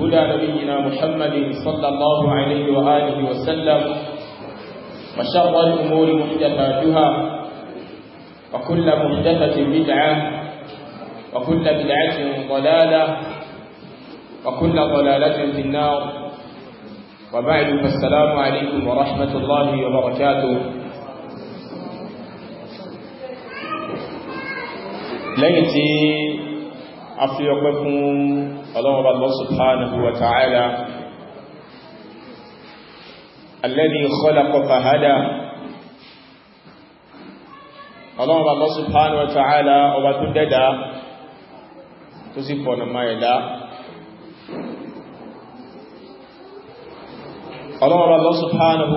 هدى نبينا محمد صلى الله عليه وآله وسلم وشر الأمور محدثاتها وكل محدثة بدعة وكل بدعة ضلالة وكل ضلالة في النار وبعد فالسلام عليكم ورحمة الله وبركاته ليتي a fi ọpẹ́ fún ọlọ́wọ́ba Allah subhanahu wa ta'ala alladhi khalaqa fahada ọlọ́wọ́ba Allah subhanahu wa ta'ala ọba tó dẹ́dà tó sì pọ̀nà máa ẹ̀dá ọlọ́wọ́ba Allah subhanahu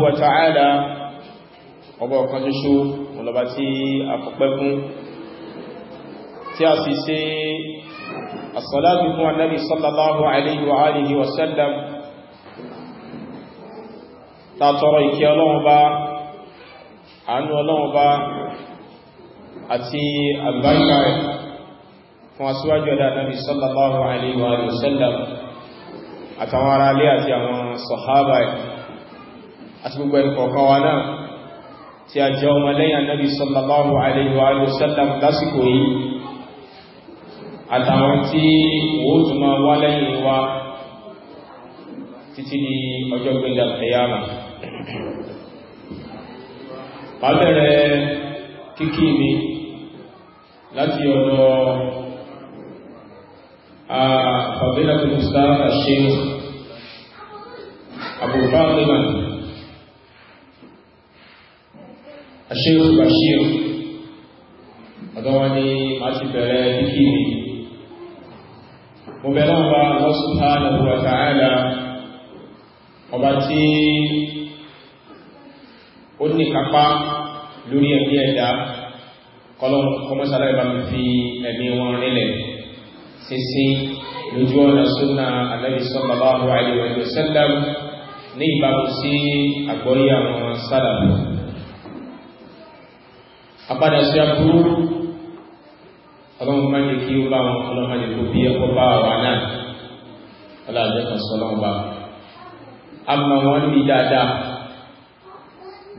ọba ọ̀kan ṣoṣo ọlọ́ba tí a fọ́pẹ́ fún tí a sì ṣe الصلاة هو النبي صلى الله عليه وآله وسلم تاترى إكي الله أنو عنو الله أتي البركة فأسواج على النبي صلى الله عليه وآله وسلم أتوارى لي أتي عن الصحابة أتبقى القوقوانا tí a jẹ́ ọmọ lẹ́yìn annabi sallallahu alaihi wa sallam àtàwọn tí ó tún máa wá lẹ́yìn wa títí di ọjọ́ gbẹ́lẹ̀ àtẹ́yàmà pàbẹ̀rẹ̀ kíkí mi láti ọ̀dọ̀ àfàbílá tó mustapha ṣe àbúrúbá ọ̀lẹ́mà àṣẹ́ òṣùgbàṣẹ́ ọ̀dọ́wọ́ ni a ti bẹ̀rẹ̀ kíkí mi mo bẹ̀rẹ̀ ọba Allah subhanahu wa ta'ala ọba tí ó ní kápá lórí ẹ̀mí ẹ̀dá kọmọ́sára ẹ̀bá mi fi ẹ̀mí wọn rílẹ̀ sísí lójú ọ̀nà súnà Ànábì sallallahu alaihi wa sallam ní ìbámu sí àgbọ́yé àwọn sálàmù apádà sí àbúrú ọlọ́run má jẹ́ kí ó bá wọn ọlọ́run má jẹ́ kó bí ẹkọ́ bá wà náà ọlọ́run kan sọ ọlọ́run bá a mọ wọn ní dáadáa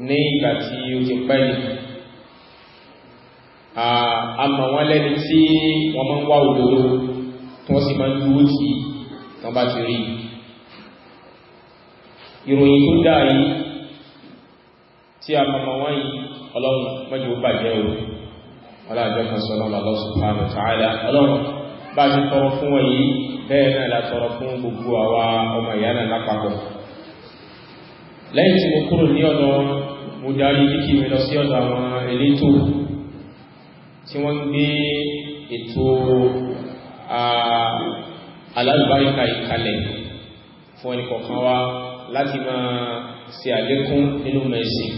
ní ìgbà tí ó ti pẹ́ ni a mọ wọn lẹ́ni tí wọ́n máa ń wá òdodo tí wọ́n sì máa ń dúró tì í wọ́n bá ti rí ìròyìn tó dáa yìí tí a mọ wọn yìí ọlọ́run má ó bàjẹ́ òun ọlọ́jọ́ kan sọ náà lọ́wọ́ subhanahu wa ta'ala ọlọ́run bá ti tọrọ fún wọn yìí bẹ́ẹ̀ náà la tọrọ fún gbogbo àwa ọmọ ìyá náà lápapọ̀ lẹ́yìn tí mo kúrò ní ọ̀dọ̀ mo darí kíkì mi láti máa ṣe àlékún nínú mẹ́sìn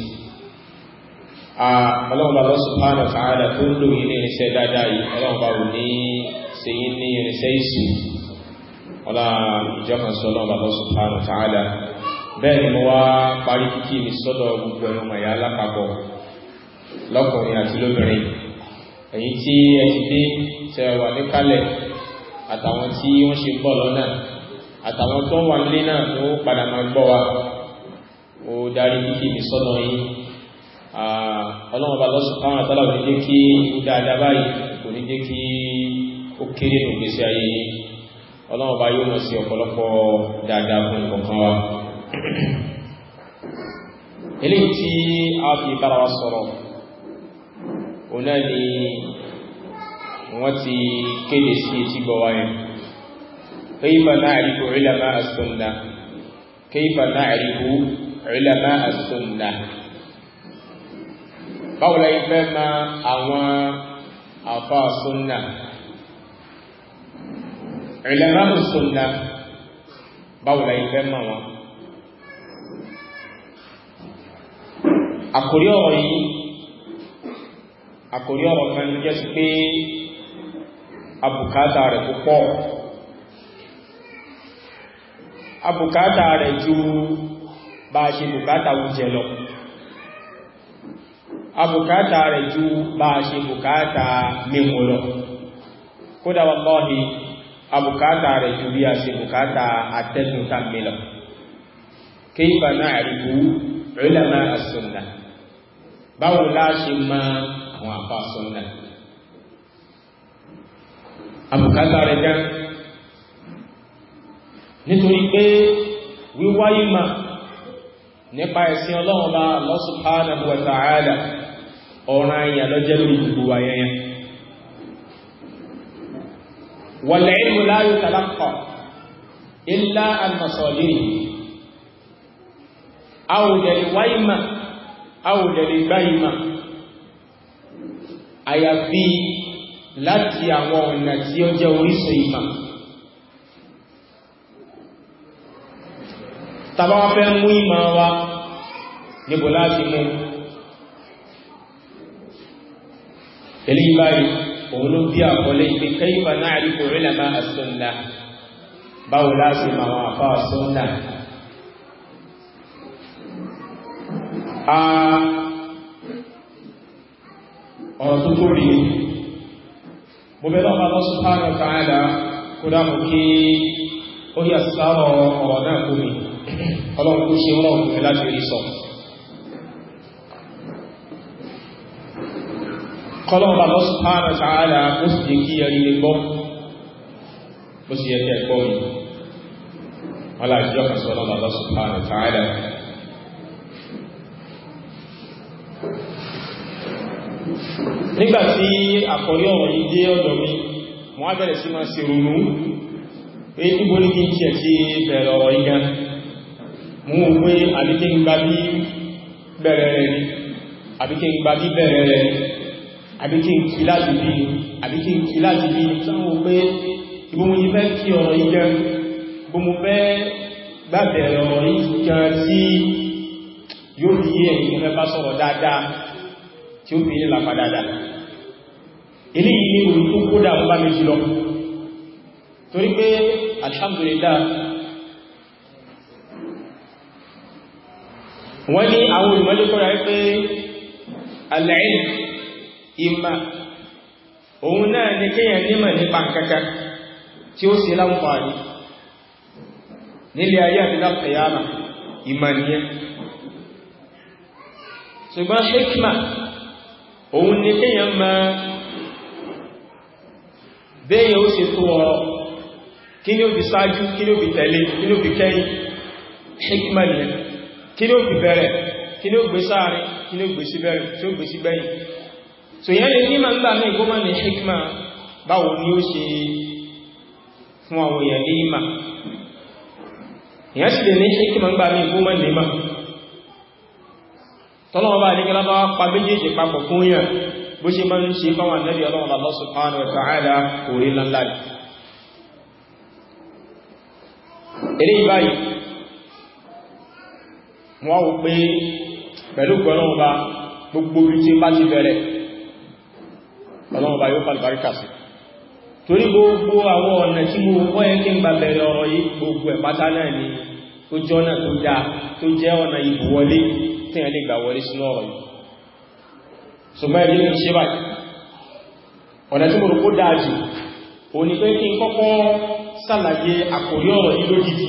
ọlọ́run bá lọ́sùn pàdà tààdà tó ń lò yí ní irinṣẹ́ dáadáa yìí ọlọ́run bá wù ní sèyí ní irinṣẹ́ ìsù ọlá ìjọkan sí ọlọ́run bá lọ́sùn pàdà tààdà bẹ́ẹ̀ ni mo wá parí kíkí mi sọ́dọ̀ gbogbo ẹ̀rọ mọ̀yá lápapọ̀ lọ́kùnrin àti lóbìnrin èyí tí ẹ ti dé tẹ wà níkàlẹ̀ àtàwọn tí wọ́n ṣe bọ̀ lọ́nà àtàwọn tó wà ọlọ́wọ́n bá lọ́sùn fáwọn àtàlà òní jẹ́ kí dáadáa báyìí kò ní jẹ́ kí ó kéré nù gbèsè ayé yìí ọlọ́wọ́n bá yóò mọ̀ sí ọ̀pọ̀lọpọ̀ dáadáa fún ìkọ̀kan wa eléyìí tí a fi bára wa sọ̀rọ̀ òun náà ni wọ́n ti kéde sí etí gbọ́ wa yẹn kéyìfà na'rifu ulama as-sunnah kéyìfà na'rifu báwo la ifẹ́ ma àwọn àfá súnnà ìlẹ̀ránù súnnà báwo la ifẹ́ ma wọn àkórí ọ̀rọ̀ yìí àkórí ọ̀rọ̀ kan ló jẹ́ sí pé abùkátà rẹ̀ púpọ̀ abùkátà rẹ̀ ju bá ṣe bùkátà wújẹ lọ abùkátà rẹ̀ ju bá a ṣe bùkátà mímú lọ kódà wallahi abùkátà rẹ̀ ju bí a ṣe bùkátà atẹ́gùn tàbí láṣe ma àwọn àfà sunnah abùkátà rẹ̀ jẹ́ nítorí pé wíwáyé ma nípa ẹ̀sìn Ọlọ́run bá Allah ọ̀ràn ayà lọ́jẹ́ lórí gbogbo wa yẹn wọ̀lẹ̀ ìlú láyé tàlápọ̀ ilá àmàsọ̀lẹ̀ àwòdẹ̀lẹ̀ wáyìmá àwòdẹ̀lẹ̀ gbáyìmá àyàfi láti àwọn ọ̀nà tí ó jẹ́ orísun ìmọ̀ tàbá wá fẹ́ mú ìmọ̀ wa níbo láti mú eléyìí báyìí òun ló bí àkọlé ìpé kẹ́yìnbà náà rí kò rílẹ̀ máa sọ́nà báwo láti ma wọn àfá sọ́nà ọ̀rọ̀ tó tó rí mo bẹ́ lọ́pàá lọ sí pàánà káàdà kó dámù kí ó yà sáàrọ̀ ọ̀rọ̀ náà kú mi ọlọ́run kú ṣe ọlọ́run kú mi láti rí sọ̀rọ̀ kọlọ́ọ̀bà Allah subhanahu wa ta'ala ó sì jẹ́ kí ẹ̀rí lè gbọ́ bó sì yẹ kí ẹ̀kọ́ mi wọ́n láti jọ́ kan sọ́lọ́ọ̀bà Allah subhanahu wa ta'ala nígbàtí àkọrí ọ̀rọ̀ yìí dé ọ̀dọ̀ mi wọ́n á bẹ̀rẹ̀ sí máa ṣe ronú pé níbo ní kí n tiẹ̀ sí bẹ̀rẹ̀ ọ̀rọ̀ yìí gan mú un pé àbíkí ń gbá bí bẹ̀rẹ̀ rẹ̀ àbíkí ń gbá bí bẹ̀rẹ̀ rẹ̀ ni àbí kí n kí láti bí àbí kí n kí láti bí sọ́nà pé ìbomú yí fẹ́ kí ọ̀rọ̀ yí gan gbogbo fẹ́ gbàbẹ̀rẹ̀ ọ̀rọ̀ yí gan tí yóò fi yé ẹ̀yìn fẹ́ bá sọ̀rọ̀ dáadáa tí ó fi yé lápá dáadáa eléyìí ní orí tó kódà torí pé alhamdulillah wọ́n ní àwọn olùmọ́lẹ́kọ́ra wípé alẹ́ ìmà òun náà ní kíyàn nímọ̀ nípa kankan tí ó sì láǹfààní nílé ayé àdínà pẹ̀yàmà ìmà nìyẹn ṣùgbọ́n hikma òun ní kíyàn mọ́ bẹ́yẹ̀ ó sì tó ọ̀rọ̀ kí ni ó fi sáájú kí ni ó fi tẹ̀lé kí ni ó fi kẹ́yìn hikma nìyẹn kí ni ó fi bẹ̀rẹ̀ kí ni ó gbé sáàrin kí ni ó gbé sí tí ó gbé sí so yẹn lè ní ma ń na mí gómà ní hikma báwo ni ó ṣe fún àwọn èèyàn ní ìmà èèyàn sì lè ní hikma ń gbà mí gómà ní ìmà tọ́lọ́wọ́ bá ní gẹ́lábá pa méjèèjì papọ̀ fún yàn bó ṣe máa ń ṣe báwọn nẹ́bí ọlọ́run Allah subhanahu pẹ̀lú ọba gbogbo ibi tí bá ti bẹ̀rẹ̀ ọlọ́run bá yóò fàlùbáríkà sí torí gbogbo àwọn ọ̀nà tí mo wọ́n yẹ kí n gbà ọ̀rọ̀ yìí gbogbo ẹ̀ pátá náà ni tó jẹ́ ọ̀nà tó dáa tó jẹ́ ọ̀nà ìbùwọlé tí wọ́n lè gbà wọlé sínú ọ̀rọ̀ yìí ṣùgbọ́n ẹ̀rí ní ṣe báyìí ọ̀nà tí mo rò kó dáa jù òun ni pé kí n kọ́kọ́ ṣàlàyé àkòrí ọ̀rọ̀ yìí lódìdí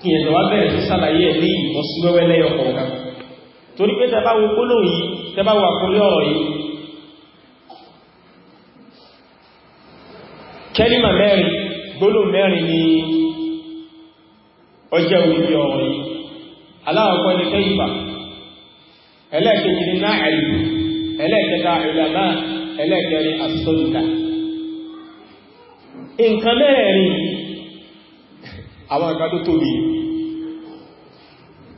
kí ẹ̀dọ̀ wá bẹ̀rẹ̀ sí ṣàlàyé ẹ̀ ní ìmọ̀síwẹ́wẹ́ lẹ́yọ̀kọ̀ọ̀kan torí pé tẹ́ bá wo gbólóhùn yìí bá wo àkòrí ọ̀rọ̀ yìí kẹ́límà mẹ́rin gbólò mẹ́rin ni ọjọ́ orí ọ̀rọ̀ yìí aláwọ̀kọ́ ni kẹ́yìnbà ẹlẹ́ẹ̀kejì ni náà ẹ̀lú ẹlẹ́ẹ̀kẹta ìlànà ẹlẹ́ẹ̀kẹrin àsọ́lùkà nǹkan mẹ́rin àwọn nǹkan tó tóbi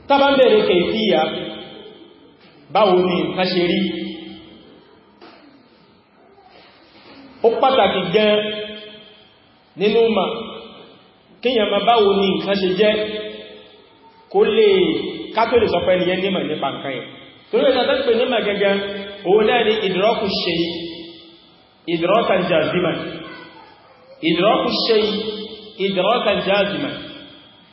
tábà ń bẹ̀rẹ̀ kẹfíyà báwo ni nǹkan ṣe rí ó pàtàkì gan-an nínú ma kíyàn ma báwo ni nǹkan ṣe jẹ́ kó lè kátó lè sọ pé ẹni yẹn nímọ̀ nípa nǹkan yẹn torí ẹ̀ta tó ń pè nímọ̀ gẹ́gẹ́ òun náà ni ìdìrọ́kù ṣe ìdìrọ́kà jazima ìdìrọ́kù ṣe ìdìrọ́kà jazima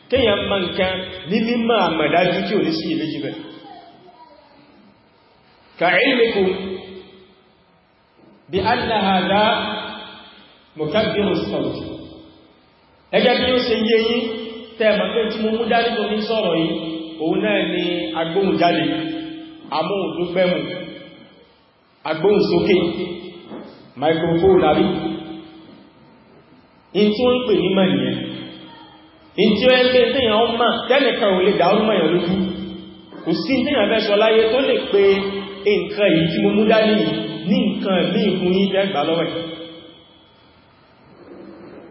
kíyàn ma nǹkan ní mímọ̀ àmàdájú tí ò ní sí ìlú jibẹ̀ ka ilmikum bi anna hadha mọ̀kábírò sọ̀t ẹgẹ́ bí ó ṣe yé yí tẹ́ẹ̀mọ̀ pé tí ni agbóhùn jáde amóhùndúgbẹ́mù agbóhùn sókè microphone lábí in tí ó ń pè ní mọ̀ nìyẹn in tí ó ń pè tíyàn ó mọ̀ tẹ́nìkan ò lè dáhùn mọ̀ yàn lójú kò sí tíyàn fẹ́ láyé tó lè pe nǹkan yìí tí mo mú dání ní nǹkan ní ìfún yí tẹ́gbà lọ́wọ́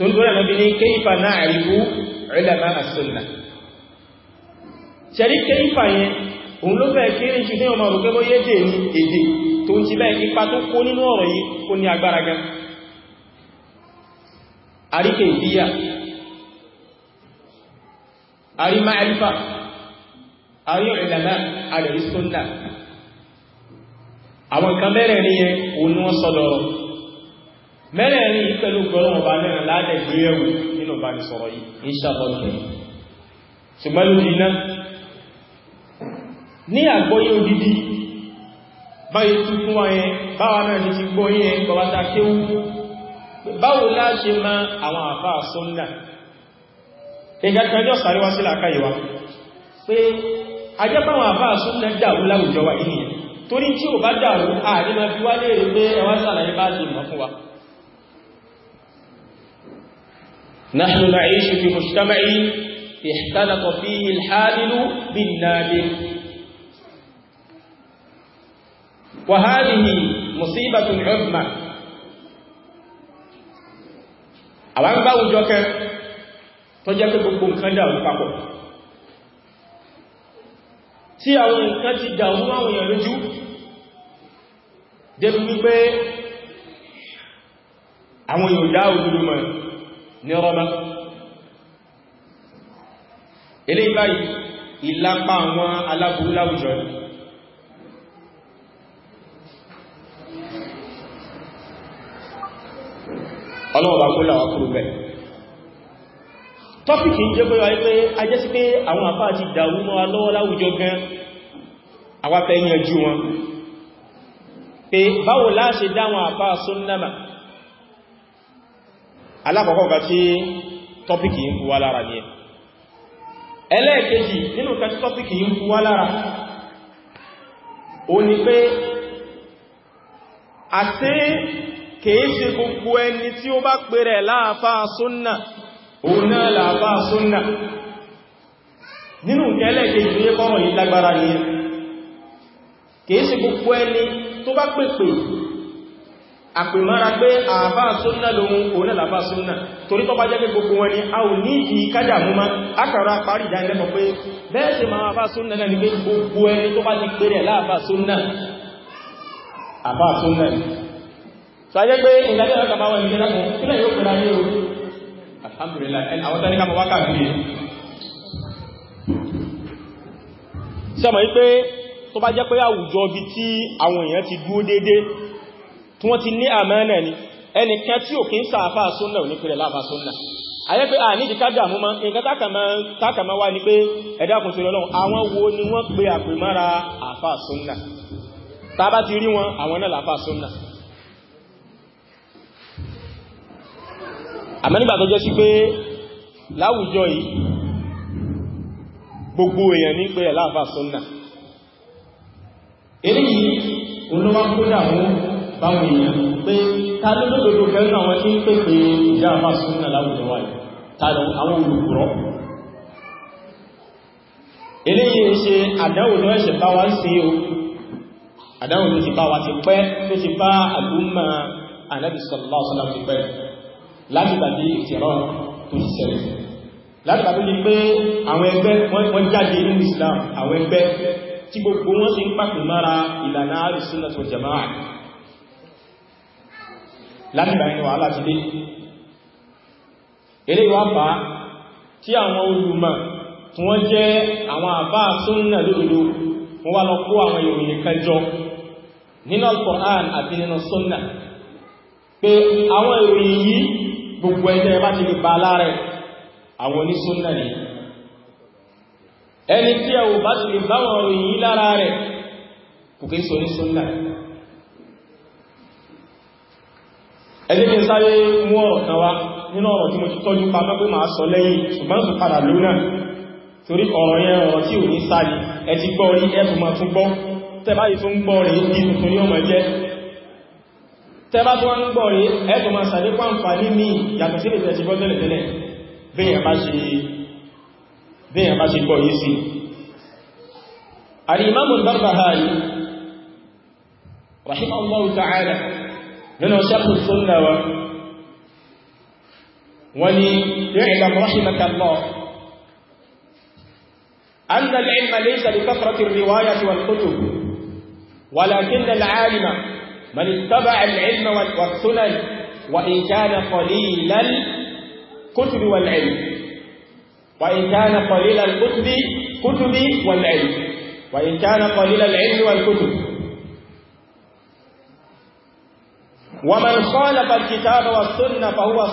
sọ́lọ́rẹ̀ lọ́bí ní kéífà náà àríwú ìlànà àṣìlá ṣẹ̀rí kéífà yẹn òun ló fẹ́ kéré jù ní ọmọ òrùkẹ́ bó yédè ní èdè tó ń ti bẹ́ ipa tó kó nínú ọ̀rọ̀ yìí kó ní agbára gan ni wọ́n sọ́dọ̀rọ̀ mẹ́rẹ̀ẹ̀rin pẹ̀lú gbọ́nà ọba mẹ́rin láàdẹ̀ gbéyẹ̀wò nínú bá ní sọ̀rọ̀ yìí inṣàlọ́dù ṣùgbọ́n ló dìí náà ní àgbọ́yé òdìdí báyé tuntun wáyé báwa náà ní ti gbọ́yé bàbátà kéwú báwo láà ṣe má àwọn àfá sọ́nà نحن نعيش في مجتمع اختلط فيه الحامل بالنادر وهذه مصيبة عظمى àwọn bá wùjọ kẹ tó jẹ́ pé gbogbo nǹkan dàrú papọ̀ tí àwọn nǹkan ti dàrú àwọn èèyàn lójú débi wípé àwọn èèyàn dá òdúrú mọ̀ ní rọ́mọ́ ilé ìbáyìí ìlápa àwọn aláburú láwùjọ ni ọlọ́wọ̀bá kó làwà kúrò bẹ̀ tọ́pìkì ń jẹ́ pé wáyé pé a jẹ́ sí pé àwọn àpá àti ìdàwú mọ́ alọ́wọ́ láwùjọ gan àwápẹ́ ní ẹjú wọn pé báwo láà ṣe dáwọn àpá súnnàmà alákọ̀ọ́kọ́ ga tí tọ́pìkì ń wá lára ní ẹ ẹlẹ́ẹ̀kejì nínú ká tí tọ́pìkì ń wá lára o ni pé àti kìí ṣe gbogbo ẹni tí ó bá pèrè láàfáà súnnà òun náà láàfáà súnnà nínú ẹlẹ́ẹ̀kejì ní ẹkọ́rọ̀ àpèmára pé àbá súnnà lóhun òun àbá súnnà torí tó bá jẹ́ pé gbogbo wọn ni a ò ní ìdí kádà mú ma ákàrà parí ìdánilẹ́kọ̀ọ́ pé bẹ́ẹ̀ sí ma àbá súnnà náà ni pé gbogbo ẹni tó bá ti pèrè láàbá súnnà àbá súnnà so a jẹ́ pé ìgbàlẹ́ tó bá jẹ́ pé àwùjọ bí tí tí wọ́n ti ní àmánà ni ẹnìkan tí ò kí ń sàáfà súnà ò ní pèrè láàfà súnà àyẹ́ pé àní ìdíká dàmú ma nǹkan tákàmá wá ní pé ẹ̀dàkùn sí ọlọ́run àwọn wo ni wọ́n pe àpè mára àfà súnà tàbá ti rí wọn àwọn náà làfà súnà àmọ́ nígbà tó jẹ́ sí pé láwùjọ yìí gbogbo èèyàn ní pé ẹ̀ láàfà súnà eléyìí olówá kó dàmú báwọn èèyàn pé ta ló lódodo kẹrin àwọn tí ń pèpè ìjà àfà súnà láwùjọ wa yìí ta lọ àwọn olùkùrọ eléyìí ṣe àdáwò ló ẹ̀ṣẹ̀ bá wa ń ṣe o àdáwò ló ti bá wa ti pẹ́ tó ti bá àdúmà ànábì sallallahu alaihi wasallam ti pẹ́ láti bàbí ìtìrọ̀ tó ti ṣẹlẹ̀ láti bàbí ni pé àwọn ẹgbẹ́ wọ́n jáde nínú Islam àwọn ẹgbẹ́ tí gbogbo wọn sì ń pàtó mára ìlànà àrùsùn náà tó jẹ̀máà látìgbà ẹni wàhálà ti dé eré wá bá tí àwọn olùmọ̀ tí wọ́n jẹ́ àwọn àbá súnnà lódodo wọ́n wá lọ kó àwọn ìròyìn kan jọ nínú Al-Qur'an àti nínú súnnà pé àwọn ìròyìn yìí gbogbo ẹgbẹ́ bá ti lè ba lára àwọn onísúnnà ni ẹni tí ẹ bá ti lè wọn ìròyìn lára rẹ̀ kò kí sọ onísúnnà ni ẹjẹ́ kí n mú ọ̀rọ̀ kan wá nínú ọ̀rọ̀ tí mo ti tọ́jú pamọ́ pé máa sọ lẹ́yìn ṣùgbọ́n tó padà torí ọ̀rọ̀ yẹn ọ̀rọ̀ tí ò ní sáàlì ẹ ti gbọ́ orí ẹ tún tún gbọ́ tẹ́bá yìí tún gbọ́ rẹ̀ ní tuntun ní ọmọ jẹ́ tẹ́bá tún wọ́n gbọ́ rẹ̀ yàtọ̀ sí ti gbọ́ nínú sẹ́kù السنة و... ولي يعلم رحمة الله أن العلم ليس لكثرة الرواية والكتب ولكن العالم من اتبع العلم والسنن وإن كان قليل الكتب والعلم وإن كان قليل الكتب كتب والعلم وإن كان قليل العلم والكتب ومن خالف الكتاب والسنة فهو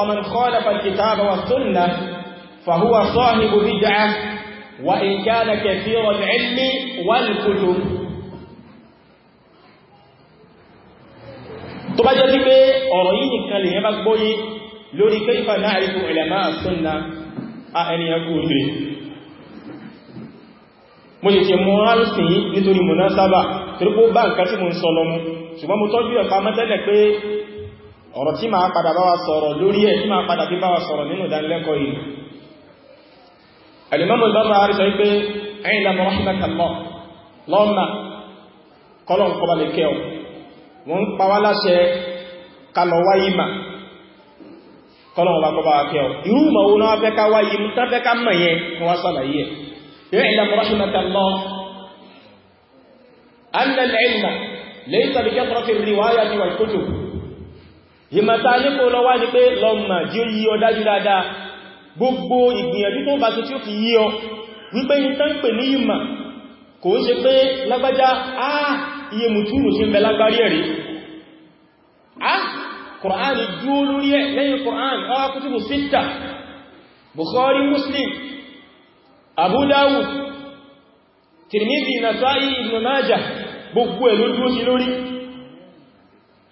ومن خالف الكتاب والسنة فهو صاحب بدعة وإن كان كثير العلم والكتب tó bá jẹ́ sí pé ọ̀rọ̀ yìí nìkan lè yẹn bá gbóyé lórí kayfa na'rifu ulama as-sunna a ẹniyàn kú lè mo yìí ṣe mọ́ nítorí mọ̀ náà sábà torípó bá nǹkan tí mo ń sọ lọ ṣùgbọ́n mo tọ́jú ẹ̀ka mẹ́tẹ́lẹ̀ pé ọ̀rọ̀ tí máa padà bá wa sọ̀rọ̀ lórí ẹ̀ tí máa padà bí bá wa sọ̀rọ̀ nínú ìdánilẹ́kọ̀ọ́ yìí ẹ̀lẹ́mọ́mọ́ ìbára rí sọ pé ẹ̀yìn lámọ́ rọ́ṣìnàkàlọ́ lọ́nà kọ́lọ̀ kọba lè kẹ́ ọ wọ́n ń pa wá láṣẹ kalọ̀ wáyé mà laysa bi kathrati riwayati wal kutub ìmọ̀ta ní kó lọ wá ní pé lọ́mà jí ó yí ọ dájú dáadáa gbogbo ìgbìyànjú tó bá ti tí ó fi yí ọ wípé ní tán pè ní ìmọ̀ kò ń ṣe pé lágbájá á iye mùtúrù sí mẹ́ lágbárí ẹ̀rí á Kùránì gbogbo ẹ̀ ló dúró sí lórí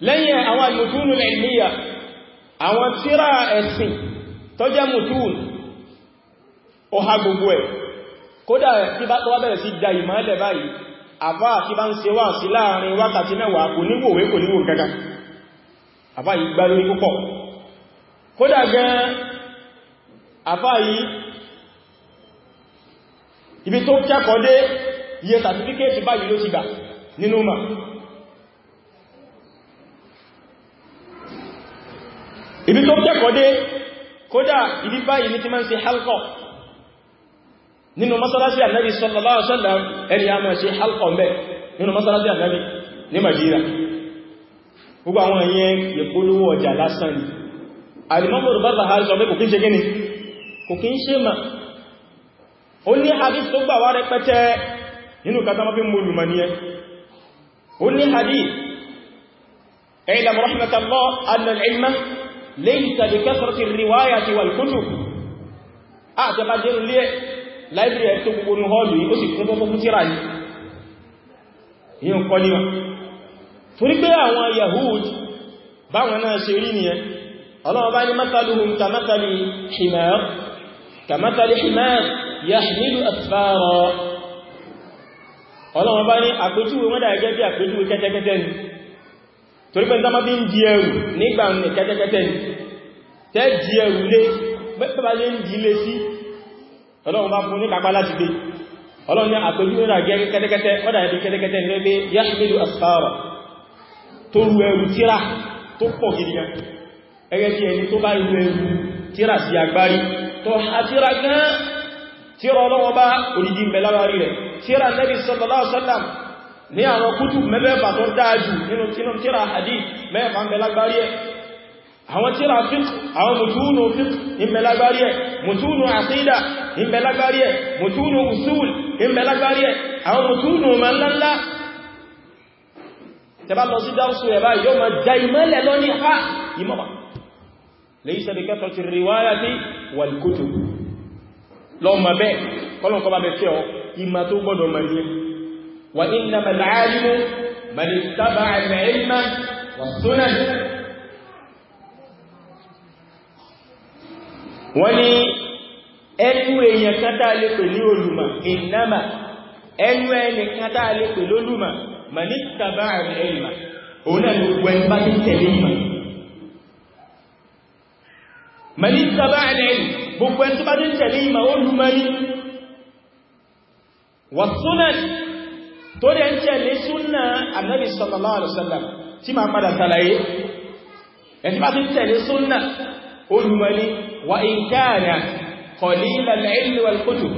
lẹ́yìn àwọn àlùtúnù lẹ́ìlíyà àwọn tíra ẹ̀sìn tó jẹ́ mùtún ọha gbogbo ẹ̀ kódà tí bá tọ́wọ́ bẹ̀rẹ̀ sí da ìmọ̀lẹ̀ báyìí àbá àti bá ń ṣe wá sí láàrin wákàtí mẹ́wàá kò níwòwé kò níwò gẹ́gẹ́ àbá yìí gbá lórí púpọ̀ kódà gan àbá yìí ibi tó kẹ́kọ̀ọ́ dé iye sàtífíkẹ́ẹ̀tì báyìí ló ti gbà nínú ma ibi tó kẹ́kọ̀ọ́ dé kódà ibi báyìí ní ti máa ń ṣe halkọ̀ nínú masalasi annabi sallallahu alaihi ẹni a máa ṣe halkọ̀ mẹ́ nínú masalasi annabi ní gbogbo àwọn ìpolówó ọjà lásán ni alimọ́bọ̀rọ̀ bá ní hadith tó gbà wá rẹpẹtẹ nínú katamọ́fí ó ní hadith اعلم رحمة الله أن العلم ليس بكثرة الرواية والكتب أعتقد لي láìbírí ẹ̀ tó gbogbo ní hall yìí ó sì fún fún fún tíra yìí yíò kọ́ níwà torí pé àwọn yahood báwọn náà ṣe rí nìyẹn ọlọ́wọ́ bá ní mataluhum kamatali himar kamatali himar yahmilu asfara ọlọ́wọ́n bá ní àpéjúwe wọ́n dàgẹ́ bí àpéjúwe kẹ́tẹ́kẹ́tẹ́ ni torí pé dámá bí ń di ẹrù nígbà ní kẹ́tẹ́kẹ́tẹ́ ni tẹ́ di ẹrù lé pẹ́pẹ́bá lé ń di lé sí ọlọ́wọ́n bá fún ní kápá láti gbé ọlọ́wọ́n ní àpéjúwe dàgẹ́ kẹ́tẹ́kẹ́tẹ́ wọ́n dàgẹ́ bí kẹ́tẹ́kẹ́tẹ́ ni lẹ́gbẹ́ yáṣílú asfára tó ru ẹrù tíra tó pọ̀ gidi gan ẹgẹ́ bí ẹni tó bá ru ẹrù tíra sí agbárí tó ha tíra gan tíra ọlọ́wọ́ bá oníjì ń bẹ lábárí rẹ̀ tíra nẹ́bí sallallahu alaihi wasallam ní àwọn kútù mẹ́fẹ́fà tó dáájú nínú tíra hadith mẹ́fà ń bẹ lágbárí ẹ̀ àwọn tíra fiqh àwọn mùtúnù fiqh ń bẹ lágbárí ẹ̀ mùtúnù àkídà ń bẹ lágbárí ẹ̀ mùtúnù usul ń bẹ lágbárí ẹ̀ àwọn mùtúnù mọ́lánlá tẹbá lọ sí dáúsù lọ́mọ bẹ́ẹ̀ kọ́lọ̀kọ́ bá bẹ fẹ́ ọ ìmà tó gbọ́dọ̀ mọ̀ ní wà iná mẹ́láàrímú mẹ́lì sábà àmẹ́ìmá wà súnà wọ́n ni ẹnu èèyàn kátà lè pè ní olùmọ̀ ìnámà ẹnu ẹni kátà lè lólùmọ̀ mẹ́lì ní tẹ̀lé ìmọ̀ mẹ́lì sábà àmẹ́ìmá gbogbo ẹni tó bá dé tẹ̀lé ìmọ̀ olùmọ́ni wà súnà tó dẹ̀ ń tẹ̀lé súnà annabi sallallahu alaihi wasallam tí ma padà sàlàyé ẹni bá ti tẹ̀lé súnà olùmọ́ni wà in kana qalila al-ilm wal-kutub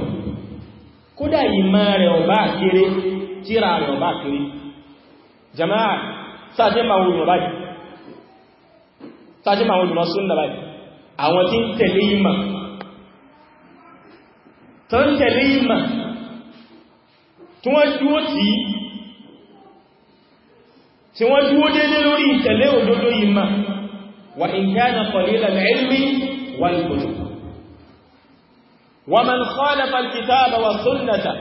tó ń tẹ̀lé ìmà tí wọ́n dúó tí tí wọ́n dúó dédé lórí ìtẹ̀lé òdodo ìmà wà ìkánà kọ̀lílà ilmi wà ìkòtò wà man khalafa al-kitaba wà sunnata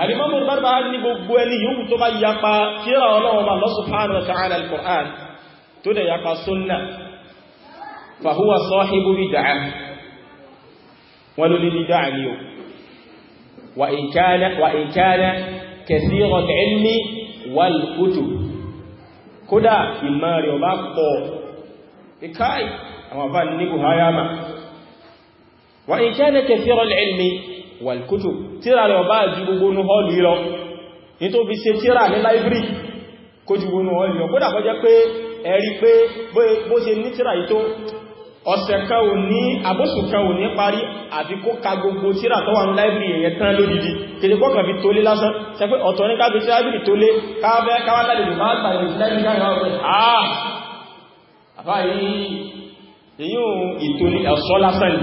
alimamu barba ní gbogbo ẹni yíò tó bá yapa kíra ọlọ́wọ́ Allah subhanahu wa ta'ala al-Qur'an tó da yapa sunna fa huwa sahibu bid'ah wọ́n ló ní dídá àní o wà ìkáná kẹsí ọ̀tẹ̀ ẹni wà lùkútù kódà ìmá rẹ̀ ọba pọ̀ ìkáì àwọn àbá ní kò háyàmà wà ìkáná kẹsí ọ̀tẹ̀ ẹni wà lùkútù tíra rẹ̀ ọba ju gbogbo ní hall lọ nítorí ṣe tíra ní láìbírì kó ju gbogbo ní hall lọ ọ̀sẹ̀ kan ò ní àbóṣù kan ò ní parí àfi kó ka gbogbo tírà tó wà ní láìbìrì èyàn tán lódìdí kèdè pọ́ kàn fi tó lé lásán ṣe pé ọ̀tọ̀ ní káàkiri láìbìrì tó lé káàbẹ́ káwátàlè lè máa tàbí láìbìrì káàkiri ah! àfáà yìí èyí ò ìtò ní ẹ̀ṣọ́ lásán ni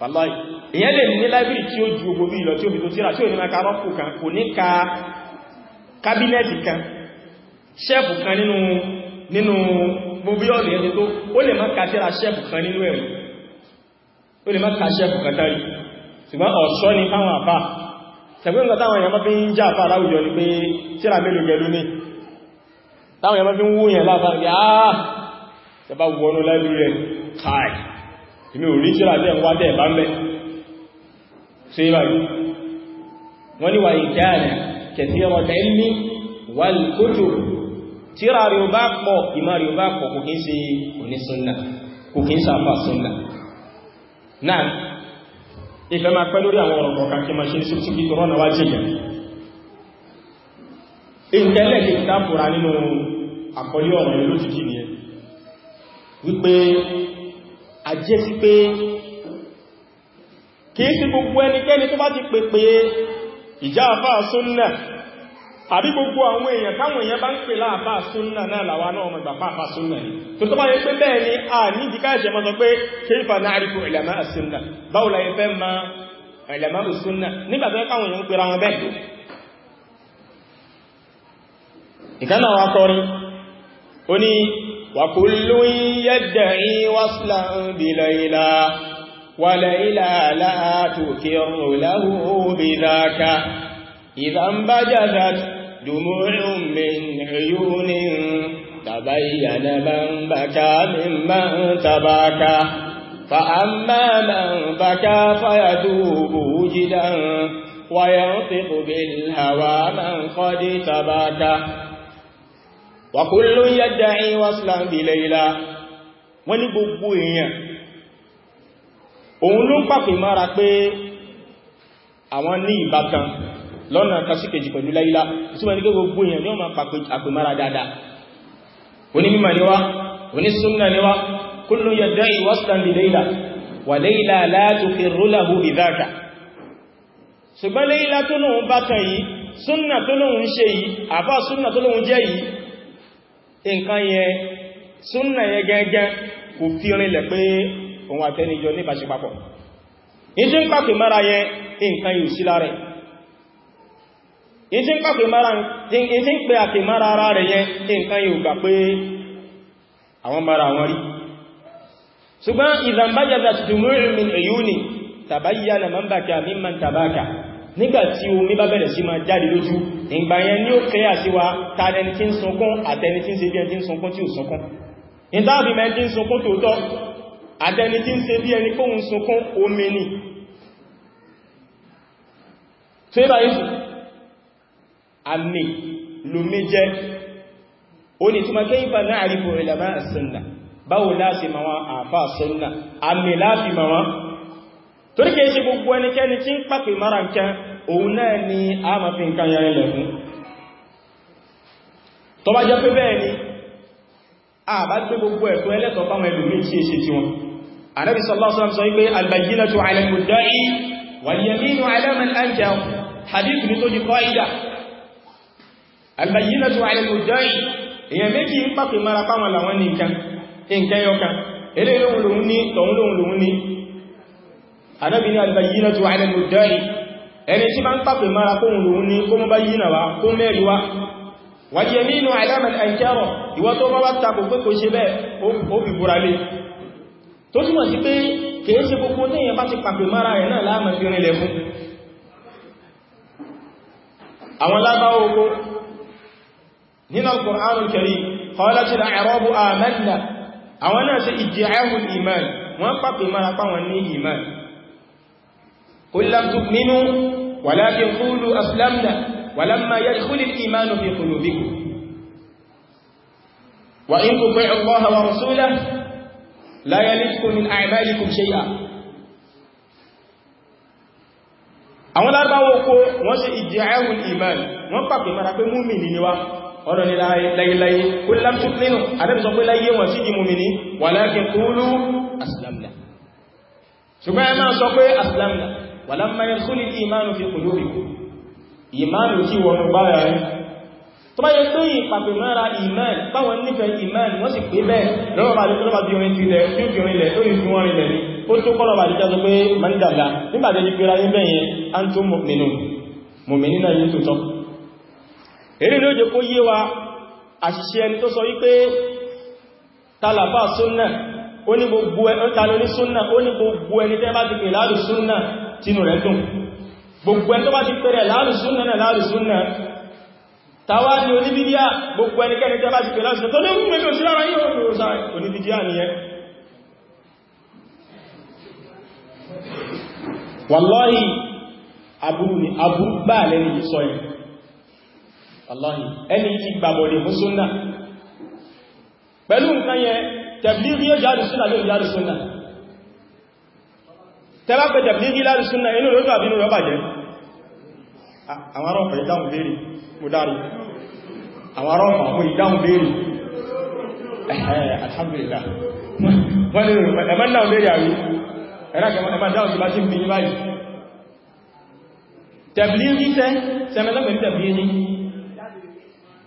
wàláì èyàn lè ní láìbìrì tí ó ju gbogbo ìlọ tí ó fi tó tírà tí ò ní máa kárọ́ kò ní ka kábínẹ̀tì kan ṣẹ́ẹ̀fù kan nínú nínú bóbíọ̀lù ẹni tó ó lè má kàtíra ṣẹ́fù kan nínú ẹ̀rù ó lè má kà ṣẹ́fù kan tàrí ṣùgbọ́n ọ̀ṣọ́ ni fáwọn àfà ṣẹ̀gbọ́n nǹkan táwọn èèyàn fi ń já àfà láwùjọ ni pé tíra mélòó gẹ̀lú ní táwọn èèyàn fi ń wú yẹn láfà ní àá ṣẹba wọnú lẹ́lú rẹ̀ káì tíra rí o bá pọ̀ ìmá rí o bá pọ̀ kò kí ń ṣe onísúnnà kò kí ń sàfà súnnà náà ìfẹ́ máa pẹ́ lórí àwọn ọ̀rọ̀ kọ̀ọ̀kan kí máa ṣe sí kí tó rọ́nà wá jẹ́gẹ̀ ti àbí gbogbo àwọn èèyàn táwọn èèyàn bá ń pè láàpá súnnà náà làwa náà ọmọ ìgbàpá àpá súnnà ni tó tó bá yẹ pé bẹ́ẹ̀ ni a ní ìdíká ìṣẹ́ mọ́ sọ pé kéfà náà rí fún ìlàmá súnnà báwo la yẹ fẹ́ ma ìlàmá súnnà nígbà tó káwọn èèyàn ń pera wọn bẹ́ẹ̀ ìkan náà wá kọrin ó ní wàkúlù yẹ́dẹ̀ wàsílà bìlà ìlà دموع من عيون تبين من بكى ممن تباكى فأما من بكى فيتوب وجدا وينطق بالهوى من قد تباكى وكل يدعي وصلا بليلى wọ́n ní gbogbo èèyàn òun ló ń pàpè mára pé àwọn ní ìbátan lọ́nà kásíkèjì pẹ̀lú láyílá ìtumọ̀ ní gbogbo èèyàn ni ó máa pàpẹ àpèmára dáadáa onímọ̀ ni wá onísúnnà ni wá kullu yadda'i waslan li Layla wa Layla la tuqirru lahu bidhaka ṣùgbọ́n Layla tó lóun bá tàn yìí súnnà tó lóun ṣe yìí àbá súnnà tó lóun ìtí ń pè àkè mára ara rẹ̀ yẹn nǹkan yóò gbà pé àwọn mara àwọn rí ṣùgbọ́n ìzàmbájáza tùmúrù min uyuni tabayyana man baka mimman tabaka nígbàtí omi bá bẹ̀rẹ̀ sí máa jáde lójú ìgbà yẹn ni ó kẹ́yà sí wa tàbí tí ń sunkún àtẹni tí ń ṣe bí ẹni tí ń sunkún tí ò sunkún ìdáàbì mẹ́ tí ń sunkún tòótọ́ àtẹni tí ń kóhun sunkún omi ni tó ibà yìí àmì lómi jẹ́ ó ní túnmọ̀ kayfa na'rifu ulama as-sunnah báwo láti ma wọn àfà sunnah àmì láti ma wọn torí kìí ṣe gbogbo ẹnikẹ́ni tí ń pàpè mara nǹkan òun náà ni a ma fi nǹkan yẹn rẹ̀ fún tó bá jẹ́ pé bẹ́ẹ̀ ni a bá gbé gbogbo ẹ̀kọ́ ẹlẹ́tọ̀ọ́ àgbàyínà tó àrẹ òjò yìí èyàn méjì ń pàpè mara páwọn làwọn ní nǹkan nǹkan yọka eré lóhun lòun ní tọ̀hún lóhun lòun ní àdábìnrin àgbàyínà tó àrẹ òjò yìí ẹni tí bá túnmọ̀ sí pé kìí ṣe gbogbo tẹ́yìn bá ti pàpè mara rẹ̀ náà láàmà fi rinlẹ̀ fún àwọn lábáwọ́ ogun nínú al-Qur'an al-Karim qalatil a'rabu amanna àwọn náà ṣe ìjìyàwó iman wọ́n pàpè mara pàwọn ní iman qul lam tu'minu walakin qulu aslamna walamma yadkhulil imanu fi qulubikum wa in tuti'u Allaha wa rasulahu la yalidkum min a'malikum shay'a àwọn lábáwọ́ kó wọ́n ṣe ìjìyàwó mara pé múmi ni wa ọ̀rọ̀ ni láìláì kúlám tó nínú àdẹ́bìsọ pé láyé wọn sí ìmúmi ní walakin qulu aslamna ṣùgbọ́n ẹmà sọ pé aslamna walamma yadkhulil ìmánu fi qulubikum ìmánu tí wọn bára rí tó bá yẹ pé ìpàpẹ̀mọ́ra ìmán báwọn nífẹ̀ẹ́ ìmán wọ́n sì pé bẹ́ẹ̀ lọ́wọ́ bá lè tọ́lọ́bà bí orin ti rẹ̀ tí ó fi orin lẹ̀ lórí fún orin lẹ̀ ní tó kọ́lọ̀bà lè jásọ pé eré ló jẹ́ kó yé wa àṣìṣe ẹni tó sọ wípé tàlàbà súnnà ó ní gbogbo ẹ̀ntàlò ní súnnà ó ní gbogbo ẹni tẹ́ bá ti pè láàrù súnnà tínú rẹ̀ dùn gbogbo ẹni tó bá ti pèrè láàrù súnnà náà láàrù súnnà tàwà ní oníbídíà gbogbo ẹnikẹ́ni tẹ́ bá ti pè láàrù aláàrin ẹni tí gbàbọ̀lẹ̀ fún súnnà pẹ̀lú nǹkan yẹn tẹ̀blírí yóò jáàrù súnnà yóò jáàrù súnnà tẹ́bá pẹ̀ tẹ̀blírí láàrù súnnà inú lójú àbínú rọ́bà jẹ́ ah, àwọn arọ́pàá ìdáhùn béèrè mo dárí àwọn arọ́pàá mo ìdáhùn béèrè ẹ̀hẹ́ alhamdulillah wọ́n lè ẹ̀mọ́ náà béèrè àrí ẹ̀rọ dáhùn sí bá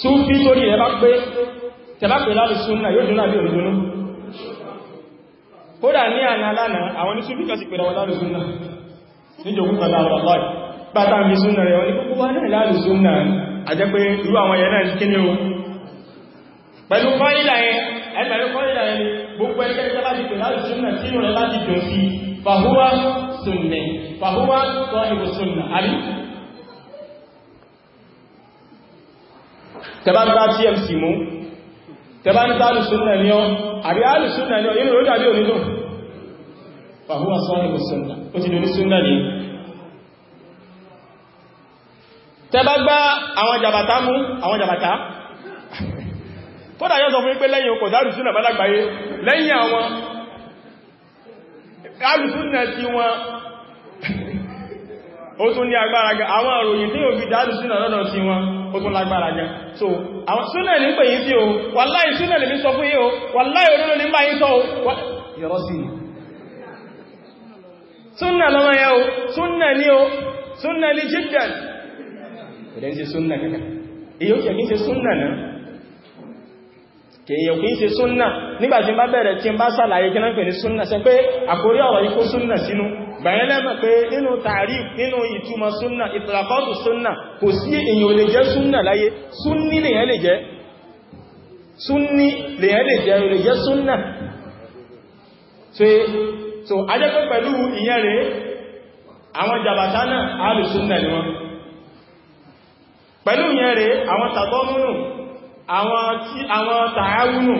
súnfí torí rẹ̀ bá pé tẹ̀lápẹ̀ láti súnnà yóò dúnà bí òdúnú kódà ní àná lánà àwọn ní súnfí kàsì pẹ̀lẹ̀ láti súnnà níjòkú láàrùn aláì bátà súnnà rẹ̀ wọ́n ní kókó wá náà láti àjẹ́ pé irú àwọn yẹn náà kí ní o tẹbá ń bá tmc mú tẹbá ń bá alùsùnà ní ọ àbí alùsùnà ní ọ inú ló dàbí onídùn fàhúwà sọ́rọ̀ ìbùsùnà ó ti dorí súnà ní tẹbá gbá àwọn jàbàtà mú àwọn jàbàtà kódà yọ́ sọ fún pé lẹ́yìn okò dárùsùnà bá lágbàáyé lẹ́yìn àwọn alùsùnà tí wọn ó tún ní agbára àwọn àròyìn tí yóò fi dárùsùnà lọ́nà tí wọn ó tún lágbára gan so àwọn súnà ní pè yí sí o wàláì súnà lè mi sọ fún yí o wàláì olóró ní báyí sọ o yọrọ sí ni súnà lọ́mọ yẹ o súnà ní o súnà ní jíjẹ̀n ìdẹ́ ń ṣe súnà kankan èyí ó kẹ̀ kí ń ṣe súnà náà kèèyàn kìí ṣe súnà nígbàtí bá bẹ̀rẹ̀ tí ń bá sàlàyé kí náà pè ní súnà ṣe pé àkórí ọ̀rọ̀ yìí kó sínú bẹ̀rẹ̀ lẹ́mọ̀ pé nínú tààrí nínú ìtumọ̀ súnnà ìtàlàkọ́tù súnnà kò sí èyàn lè jẹ́ súnnà láyé súnní lèyàn lè jẹ́ so ajẹ́pẹ́ pẹ̀lú ìyẹn rẹ̀ àwọn jàbàtà náà ààrù súnnà ni wọ́n pẹ̀lú ìyẹn rẹ̀ àwọn tàtọ́múnù àwọn tààwúnù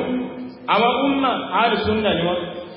àwọn umma ààrù ni wọ́n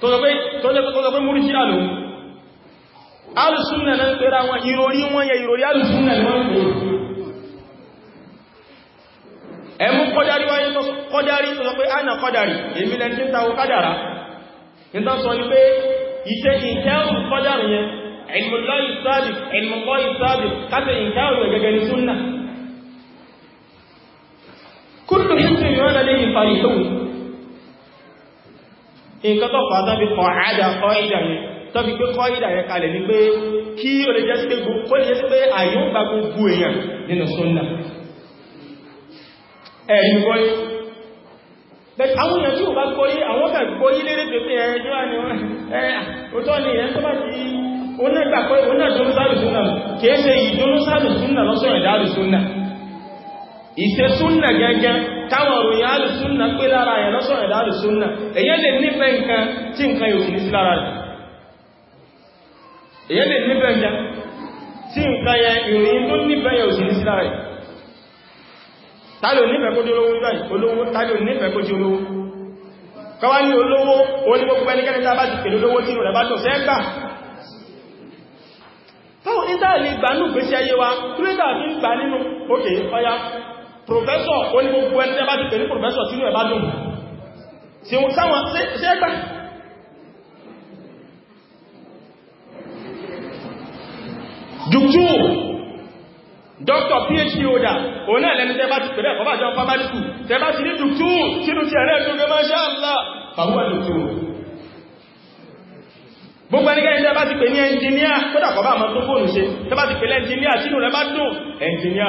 tó lọ pé múrí sí àlò alùsúnnà náà pẹ̀lú àwọn ìròrí wọn yẹ ìròrí alùsúnnà náà ẹmú kọjárí wáyé tó kọjárí tó lọ pé àìnà kọjárí èmi lẹ́ni tí ń tàwó kádàrá ìta sọ ní pé ìtẹ́ ìkẹ́rù kọjárí yẹn ẹ̀lmọ̀lọ́ ìsáàdì ẹ̀lmọ̀lọ́ ìsáàdì káfẹ́ ìkẹ́rù ẹ̀gẹ́gẹ́ ní súnnà kúrò nǹkan tó fà tàbí kọ̀ àádà kọ́ ìdà yẹn tó fi pé kọ́ ìdà yẹn kalẹ̀ ní pé kí o lè jẹ́ sí pé kó lè jẹ́ sí pé àyíò gbà gbogbo èèyàn nínú súnnà ẹ̀yìn gbọ́ yìí bẹ́ẹ̀ àwọn èèyàn tí ò bá gbọ́ yìí àwọn ọ̀gá gbọ́ yìí lérè pé ẹjọ́ ni wọ́n ẹ̀ òtọ́ ni ẹ̀ tó bá ti ó náà gbà pé ó náà jónú sáàlù súnnà kìí ìṣe súnnà gẹ́gẹ́ káwọn òròyìn alùsúnnà pé lára ẹ̀ lọ́sọ̀rọ̀ ẹ̀dá alùsúnnà èyẹ́ lè nífẹ́ nǹkan tí nǹkan yóò ní sí lára rẹ̀ èyẹ́ lè nífẹ́ nǹkan tí nǹkan yẹ ìròyìn tó nífẹ́ yóò sí ní sí lára rẹ̀ tàbí onífẹ́ kó di olówó tàbí onífẹ́ di professor ó ní gbogbo ẹni tẹ́ bá ti pè ní professor tí ní ẹ̀bá dùn sí wọ́n sáwọn sí ẹgbà dùkú dr phd holder òun náà lẹ́ni tẹ́ bá ti pè ní ẹ̀kọ́ bá jọ primary school tẹ́ bá ti ní dùkú sínú ti ẹ̀rẹ́ ìlú gẹ́mọ́ ṣe àlá fàwọ́ dùkú gbogbo ẹnikẹ́ni tẹ́ bá ti pè ní ẹnjìníà kódà kọ́ bá mọ́ tó fóònù ṣe tẹ́ bá ti pè ní ẹnjìníà sínú rẹ̀ bá dùn ẹnjìníà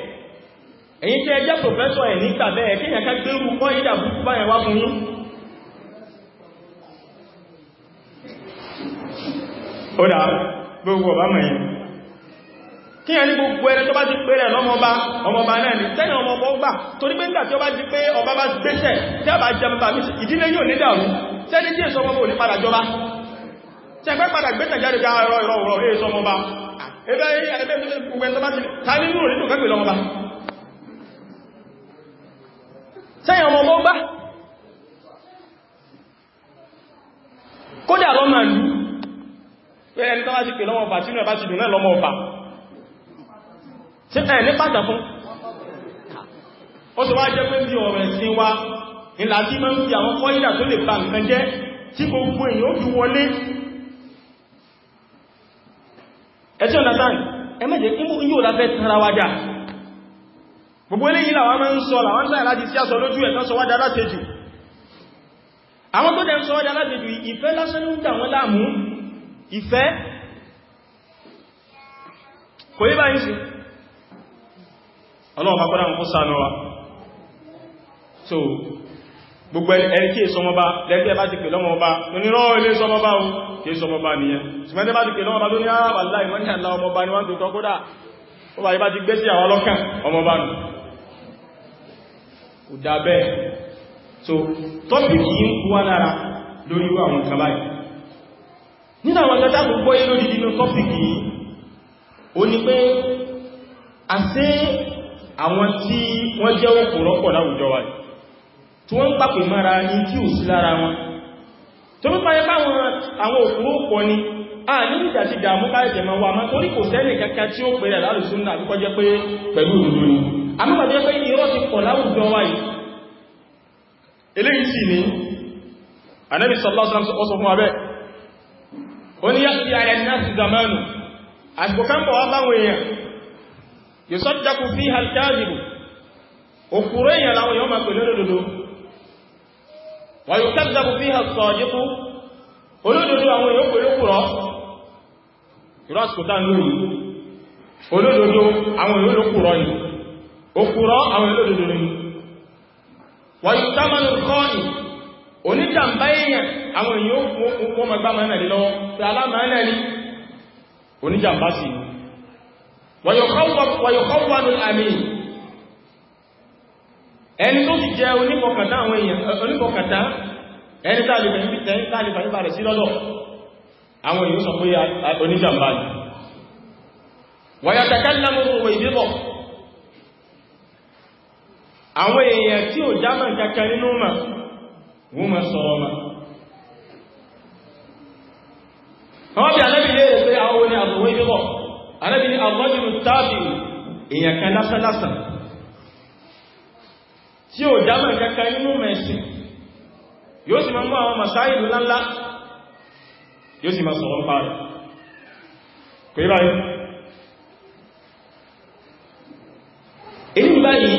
ẹ̀yin tẹ́ ẹjẹ́ pòfẹ́sọ̀ ẹ̀ nígbà bẹ́ẹ̀ kí ẹ̀yàn ká gbérú wọ́n ìdà búkú báyẹ̀ wá fún yín ó dá gbogbo ọba mẹ́yìn kí ẹni gbogbo ẹni tó bá ti pẹ́rẹ̀ lọ́mọba ọmọba náà ni tẹ́lẹ̀ ọmọba ó gbà torí pé nígbà tí ó bá ti pé ọba bá gbéṣẹ̀ tí a bá jẹ bàbá mi ìdílé yóò ní dàrú tẹ́lẹ̀ tí èso ọmọba ò ní padà jọba tẹ́gbẹ́ padà gbéṣẹ̀ jáde já ẹ̀rọ ìrọ̀ ìrọ̀ èso ọmọba ẹgbẹ́ ah, ẹgbẹ́ gbogbo ẹni tó bá ti ta nínú òrìdùn kẹ́gbẹ̀ lọ́mọba sẹ́yìn ọmọ ọmọ gbá kódà lọ́mà lú pẹ̀lẹ̀ ní tọ́lá ti pè lọ́mọ ọ̀fà si ẹ̀bá ti dùn náà lọ́mọ ọ̀fà ẹ̀ ní pàtà fún ó sì wá jẹ́ pé bí ọ̀rẹ̀ sí wa ìlà tí mọ́ ń fi àwọn kọ́ídà tó lè nǹkan jẹ́ tí gbogbo èèyàn ó fi wọlé gbogbo eléyìí làwọn máa ń sọ làwọn sáyà láti sí aṣọ lójú ẹ̀ tán sọ wádá látẹjù àwọn tó dẹ̀ ń sọ wádá látẹjù ìfẹ́ lásán ń dà wọ́n láàmú ìfẹ́ kò yí báyìí sí ọlọ́ọ̀bá wa so gbogbo ẹni kí èsọmọba lẹ́gbẹ́ bá ti pè lọ́mọba onírọ́ ilé sọmọba o kí èsọmọba nìyẹn ṣùgbọ́n bá ti pè lọ́mọba ló ní àwàláì ah, wọ́n ní àlá ọmọba ni wọ́n tó tọ́kódà ó bá yí bá ti gbé sí àwọn ọlọ́kàn ọmọba nù kò so tọ́pìkì yí ń kú wá lára lórí àwọn nǹkan báyìí nínú àwọn ọ̀gá tábù gbọ́ yé lórí nínú tọ́pìkì yìí ó ní pé àṣé àwọn tí wọ́n jẹ́ òkúrọ́ pọ̀ láwùjọ wa tí wọ́n ń pàpè mára ní tí ò sí lára wọn tó ń pa ẹbá a ní ìdàtí dàmú káyẹ̀jẹ̀ máa torí kò sẹ́nì kankan tí ó pẹ̀rẹ̀ lálùsúnnà àbíkọ́ jẹ́ pé pẹ̀lú òdúdó ni àmúgbàjẹ́ pé irọ́ ti pọ̀ láwùjọ wáyìí eléyìí sì ní Ànábì sallallahu alaihi wasallam ọsọ fún abẹ́ ó ní yá sí ààrẹ náà sí zamanu àsìkò kan bọ̀ wá báwọn èèyàn yusaddaqu fiha al-kadhibu òkúrò èèyàn láwọn yọ́ máa pẹ̀lú olódodo wa yukadhdhabu fiha as-sadiqu olódodo àwọn èèyàn pẹ̀lú kúrọ̀ ìrọ̀ àsìkò tá ń lórí olódodo àwọn èèyàn ló yìí òkúrọ́ àwọn olódodo ni wọ́n yóò kọ́ọ̀nì oníjàmbá èèyàn àwọn èèyàn ó mọ́ gbá mọ́nà lọ pé alámọ́nà ni oníjàmbá sí wọ́n yóò kọ́wọ́ ní àmì ẹni tó ti jẹ oníkọ̀kàtà àwọn èèyàn ni àwọn èèyàn tí ò jámà kankan nínú mà wọ́n ma sọ̀rọ̀ ma wọ́n bí alẹ́bí lè rẹ̀ pé àwọn ni àbúwé bíbọ̀ alẹ́bí ni àbọ́jùrù tábì èèyàn kan lásánlásán tí ò jámà kankan nínú mẹ́sìn yóò sì máa mú àwọn masáìlú láńlá yóò sì máa sọ̀rọ̀ pààrẹ̀ kò yí báyìí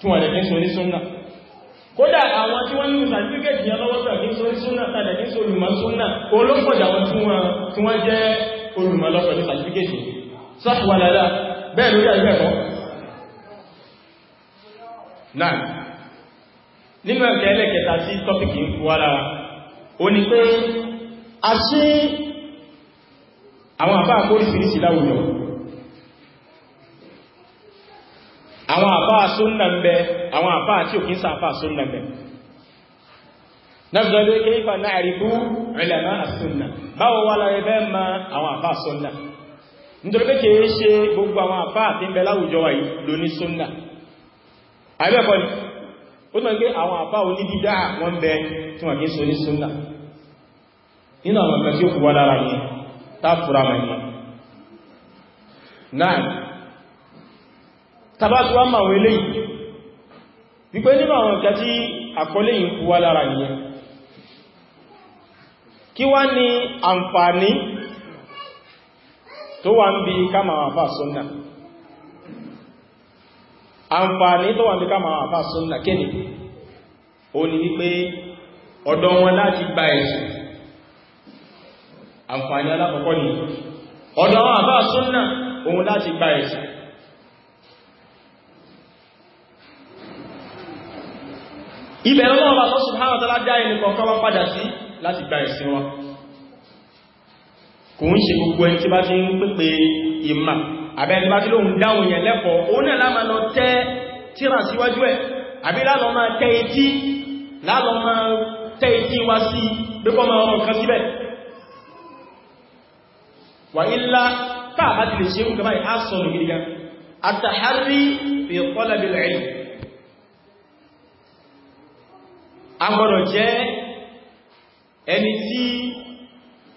tí wọ́n dẹ̀kí sọ ní súnnà kódà àwọn tí wọ́n ní sàtífíkẹ̀tì yẹn lọ́wọ́ tàbí sọ ní súnnà tàbí sọ olùmọ̀ súnnà olóòpọ̀jà wọn tí wọ́n jẹ́ olùmọ̀ lọ pẹ̀lú sàtífíkẹ̀tì sáfùwàlálà bẹ́ẹ̀ lórí àgbẹ̀kọ́ náà nínú ẹ̀kẹ́ ẹlẹ́kẹta sí tọ́pìkì wára o ní pé a ṣe àwọn àbá àkórísìírísìí láwùjọ àwọn afaa súnnà ń bẹ àwọn àfáà tí ò kí ń sàfáà súnnà bẹ kéfà náà rí ìlànà àsúnnà báwo wà láyé ma àwọn àfáà súnnà nítorí pé kìí ṣe gbogbo àwọn àfáà tí ń láwùjọ wà yìí ló ní súnnà ni ó tàn àwọn wọn bẹ tí ní súnnà nínú àwọn tí ó wá lára mọ̀ tàbátí wá máa wọlé yìí wípé nínú àwọn ìkà tí àkọlé yìí kú wá lára nìyẹn kí wá ní àǹfààní tó wà ń bí kámàwà fà súnnà àǹfààní tó wà ń bí kámàwà súnnà kéni ó ní wípé ọ̀dọ̀ wọn láti gba ẹ̀sùn àǹfààní alákọ̀ọ́kọ́ ni ọ̀dọ̀ wọn àfà súnnà òun láti gba ẹ̀sùn ibẹ̀ lọ́wọ́ Allah subhanahu wa ta'ala dá ẹni kọ̀ọ̀kan wá padà sí láti gba ẹ̀sìn wa kò ń ṣe gbogbo ẹni tí bá ti ń pípe ìmà àbẹ́ni bá ti lóhun dáhùn yẹn lẹ́kọ̀ọ́ òun náà láàmà lọ tẹ́ tíra síwájú ẹ̀ àbí lálọ máa tẹ́ etí a gbọ́dọ̀ jẹ́ ẹni tí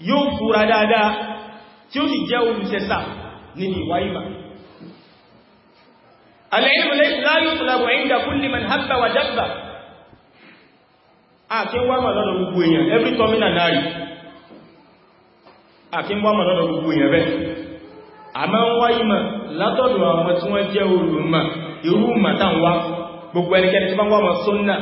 yóò fúra dáadáa tí ó sì jẹ́ olùsẹsà nínú ìwà ìmà al-ilmu la yutlabu 'inda kulli man habba wa dabba àti wá mà lọ́dọ̀ gbogbo èèyàn nari àti wá mà lọ́dọ̀ gbogbo èèyàn bẹ́ẹ̀ a máa ń wá ìmọ̀ látọ̀dọ̀ àwọn tí wọ́n jẹ́ olùmọ̀ irú màtàwá gbogbo ẹnikẹ́ni tí wọ́n wá mà sunnah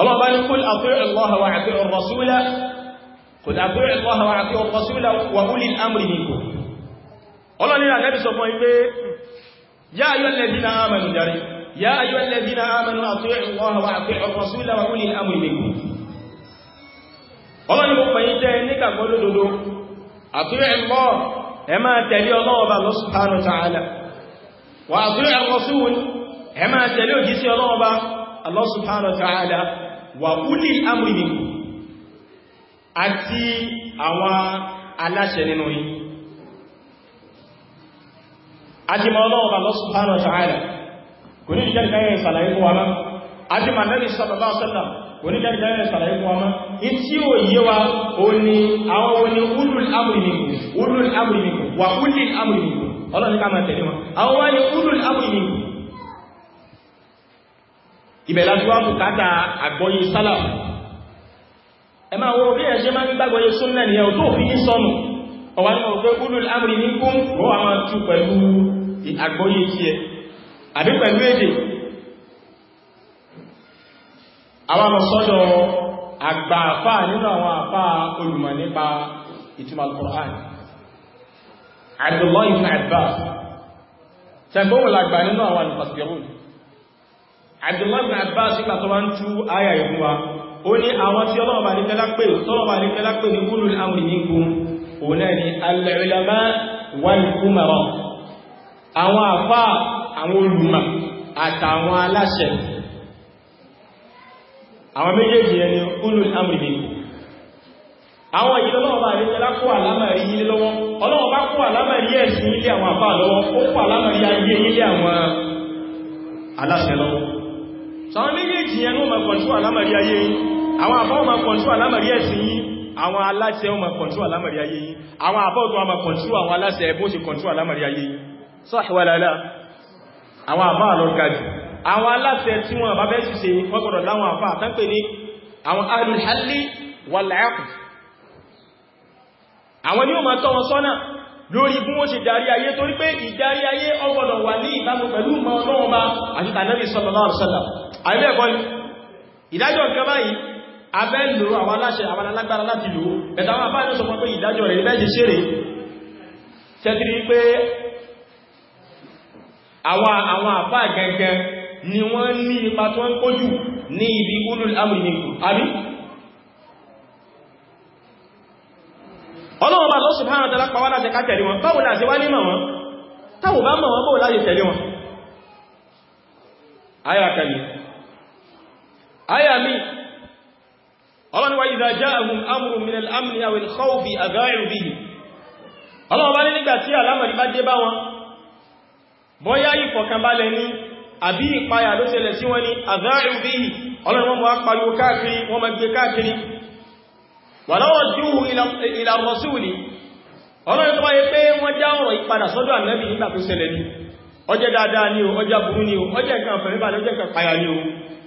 ọlọ́ọ̀bá ní kúl àtúrò ìlọ́ha wà àti ọ̀rọ̀súlá kùl àtúrò ìlọ́ha wà àti ọ̀rọ̀súlá wà húlì àmìrì nìkò ọlọ́nira nẹ́bí sọ fún ipé yá ayọ́ lẹ́dínà àmàlù jari yá ayọ́ lẹ́dínà àmàlù àtúrò ìlọ́ha wà àti ọ̀rọ̀súlá wà húlì àmìrì nìkò ọlọ́ni mo pẹ̀yìn tẹ́ nígbà gbọ́dọ̀dọ̀dọ̀ àtúrò ìlọ́ ẹ máa tẹ̀lé ọlọ́ọ̀bá lọ subhanahu ta'ala wà àtúrò ìlọ́sùn ẹ wà úlì amúnì àti àwọn aláṣẹ nínú yìí ajima ọlọ́wọ́ Allah subhanahu wa ta'ala kò ní jẹ́rìkáyẹ̀ ìsàlàyé fún wa mọ́ ajima Nabi sallallahu alaihi wasallam kò ní jẹ́rìkáyẹ̀ ìsàlàyé fún wa mọ́ ìtí ò yé wa o ní àwọn oní ulul amri minkum ulul amri minkum wà ulil amri ìbẹ̀lá tí wá bùkátà àgbọ́yé sálà ẹ máa wọ́n bí ẹ̀ṣẹ́ máa ń gbàgbọ́yé súnnà ní ẹ̀ tó fi ní sọnù ọwá ní ọ̀pẹ́ ulul amri minkum rọ́ a máa tú pẹ̀lú àgbọ́yé tí ẹ àbí pẹ̀lú èdè àwọn àmọ̀sọ́dọ̀ àgbà àfà nínú àwọn àfà olùmọ̀ nípa ìtumọ̀ al-Qur'an Abdullah ibn tẹ̀gbọ́n Abdullahi bin Abbas ìgbà tó bá ń tú ayà ìfún wa ó ní àwọn tí ọlọ́ọ̀bà ní kẹ́lá pé tọ́lọ̀bà ní kẹ́lá pé ní kúrò láwọn ìyíkún òun náà ni al-ulama wal-umara àwọn àfá àwọn olùmọ̀ àtàwọn aláṣẹ àwọn méjèèjì ẹni kúrò láwọn ìyíkún àwọn ìyí lọ́wọ́ba ní kẹ́lá kó àlámàrí yílé lọ́wọ́ aláṣẹ lọ́wọ́ sọ́wọ́n méjèèjì yẹn wọ́n ma kọ̀ntú alámàrí ayé yìí àwọn àbá wọn ma kọ̀ntú alámàrí ẹ̀sìn yìí àwọn aláṣẹ wọn ma kọ̀ntú alámàrí ayé yìí àwọn àbá wọn ma kọ̀ntú àwọn aláṣẹ bó ṣe kọ̀ntú alámàrí ayé yìí sọ́hìwàlálá àwọn àbá àlọ́gájù àwọn aláṣẹ tí wọ́n bá bẹ́ ṣiṣe wọ́n gbọ́dọ̀ láwọn àbá àtàpẹ́ ní àwọn ahlul halli wal aqd àwọn ni ó ma tọ́ wọn sọ́nà lórí bí wọ́n ṣe darí ayé torí pé ìdarí ayé ó wà ní ìbámu pẹ̀lú mọ́ ọlọ́wọ́n bá àti tànàbí sallallahu alaihi àìbẹ́ ẹ̀kọ́ ni ìdájọ́ nǹkan báyìí abẹ́ lò àwọn aláṣẹ àwọn alágbára láti lò ẹ̀ta àwọn afáà ló sọ pé ìdájọ́ rẹ̀ bẹ́ẹ̀ ṣe ṣeré tẹ́tìrí pé àwọn àwọn afáà gẹ́gẹ́ ni wọ́n ní ipa tó ń kójú ní ibi ulul amri minkum àbí ọlọ́wọ́ bá lọ́sùn fáwọn tẹ́lá pàwọ́ láti ká tẹ̀lé wọn báwo láti wá nímọ̀ wọn táwọn bá mọ̀ wọn báwo láti tẹ̀lé wọn ayákanì aya mi ọlọ́ni wa idha ja'ahum amrun min al-amni aw al-khawfi adha'u bihi ọlọ́wọ́ bá ní nígbà tí alámọ̀rí bá dé bá wọn bọ́yá ìfọ̀kànbalẹ̀ ní àbí ìpayà ló ṣẹlẹ̀ sí wọn ni adha'u bihi ọlọ́ni wọn mọ́ apariwo káàkiri wọn mọ́ gbé káàkiri wa law radduhu ila ar wọ́n já ọ̀rọ̀ ìpadà sọ́dọ̀ ànábì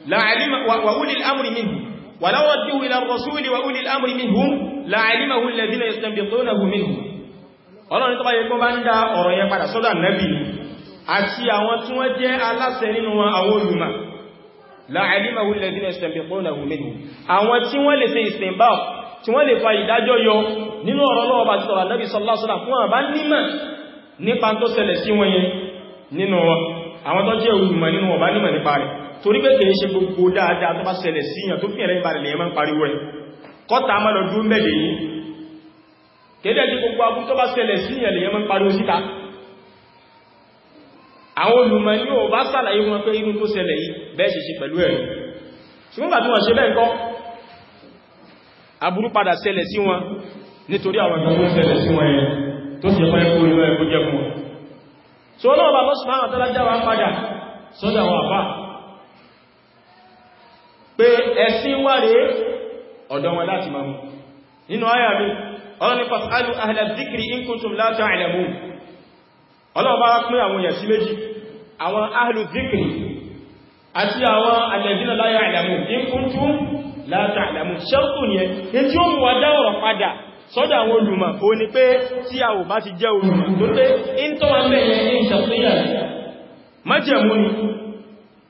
لعلم وأولي الأمر منهم ولو ردوه إلى الرسول وأولي الأمر منهم لعلمه الذين يستنبطونه منهم ọlọ́run tó bá yẹ kó bá ń dá ọ̀rọ̀ yẹn padà sọ́dọ̀ nẹ́bì àti àwọn tí wọ́n jẹ́ aláṣẹ nínú àwọn olùmọ̀ لعلمه الذين يستنبطونه منهم àwọn tí wọ́n lè ṣe ìsìnbá tí wọ́n lè fa ìdájọ́ yọ nínú ọ̀rọ̀ lọ́wọ́ bá ti sọ̀rọ̀ nẹ́bì sọ́lọ́sọ́lá fún àbá nímọ̀ nípa tó ṣẹlẹ̀ sí wọn yẹn nínú àwọn tó jẹ́ olùmọ̀ nínú ọ̀bá nímọ̀ nípa rẹ̀ torí pé kìí ṣe gbogbo dáadáa tó bá ṣẹlẹ̀ síyàn tó fìyàn ìbàrẹ̀ lè máa ń pariwo ẹ̀ kọta máa lọ dúró mẹ́lẹ̀ yìí kéde tí gbogbo agbó tó bá ṣẹlẹ̀ síyàn lè máa ń pariwo síta àwọn olùmọ̀ ní o bá sàlàyé wọn pé inú tó ṣẹlẹ̀ yìí bẹ́ẹ̀ ṣe ṣe pẹ̀lú ẹ̀ ṣùgbọ́n gbà tí wọ́n ṣe bẹ́ẹ̀ kọ́ aburú padà ṣẹlẹ̀ sí wọn nítorí àwọn ìgbà tó ṣẹlẹ̀ sí wọn yẹn tó ṣe pẹ́ kó inú ẹ̀ kó jẹ́ fún wọn so náà bá pé ẹ̀sìn wà rí ọ̀dọ̀ wọn láti máa mú nínú àyà mi ọlọ́ni pàtàkì ahla dhikri in kuntum la ta'lamun ọlọ́ọ̀bá pín àwọn èèyàn sí méjì àwọn ahlu dhikri àti àwọn alladhina la ya'lamun in kuntum la ta'lamun ṣẹ́kù yẹn ní tí ó mú wa dá ọ̀rọ̀ padà sọ́dọ̀ àwọn olùmọ̀ o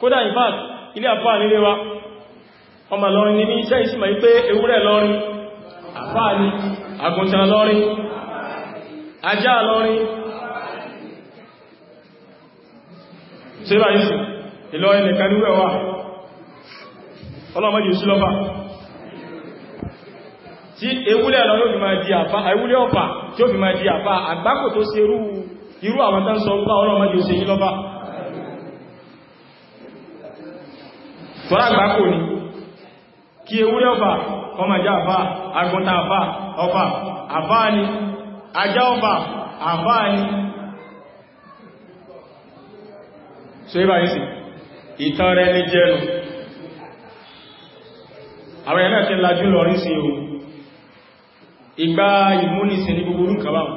kódà ìbáà ilé àfáà nílé wa ọmọ lọrin ní iṣẹ́ ìsìnmọ̀ ipé ewúrẹ́ lọrin àfáà ní àgùntàn lọrin ajá lọrin ṣébà ìsìn ìlọrin nìkan níwẹ̀ wà ọlọ́mọdé ìṣúlọ́bà tí ewúrẹ́ lọrin ó máa di àfá ewúrẹ́ ọ̀pá tí ó máa di àfá àgbákò tó ṣe irú àwọn tán sọ rúbá ọlọ́mọdé ìṣẹ́yìn lọ́bà tọ́rọ àgbà kò ní kí ewúrẹ́ ọba ọmọjá àbá agbọ́ta àbá ọba àbá ni ajá ọba àbá ni so ibà ní sí ìtàn rẹ̀ ní jẹ́nu àwọn ẹ̀mẹ́ ti lajú lọ rí sí o ìgbà ìmúnisìn ní gbogbo orúkà báwọn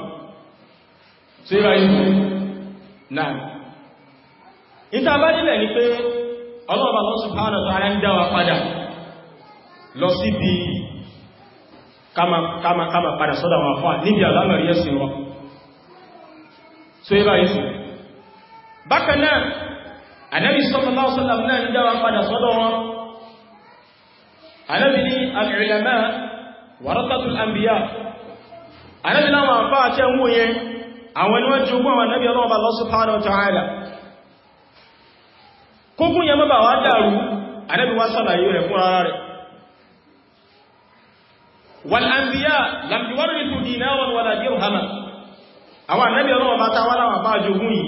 so ibà sí náà ìtàbájílẹ̀ ni pé ọlọ́ọ̀bà lọ subhanahu wa ta'ala ń dá wa padà lọ sí bí kama padà sọ́dọ̀ wọn fún níbi alámọ̀rí ẹ̀sìn wọn so yíba yìí sí bákan náà anábi sallallahu alaihi wasallam náà ń dá wa padà sọ́dọ̀ wọn anábi ní al-ulama warathatul anbiya ni wọ́n jogún àwọn kókún yẹ mọ́bà wá dàrú Ànábì wá sàlàyé rẹ̀ fún ara rẹ̀ wal anbiya lam yuwarrithu dinaran wala dirhaman àwọn Ànábì ọlọ́wọ́ bá táwà láwọn bá àwọn ni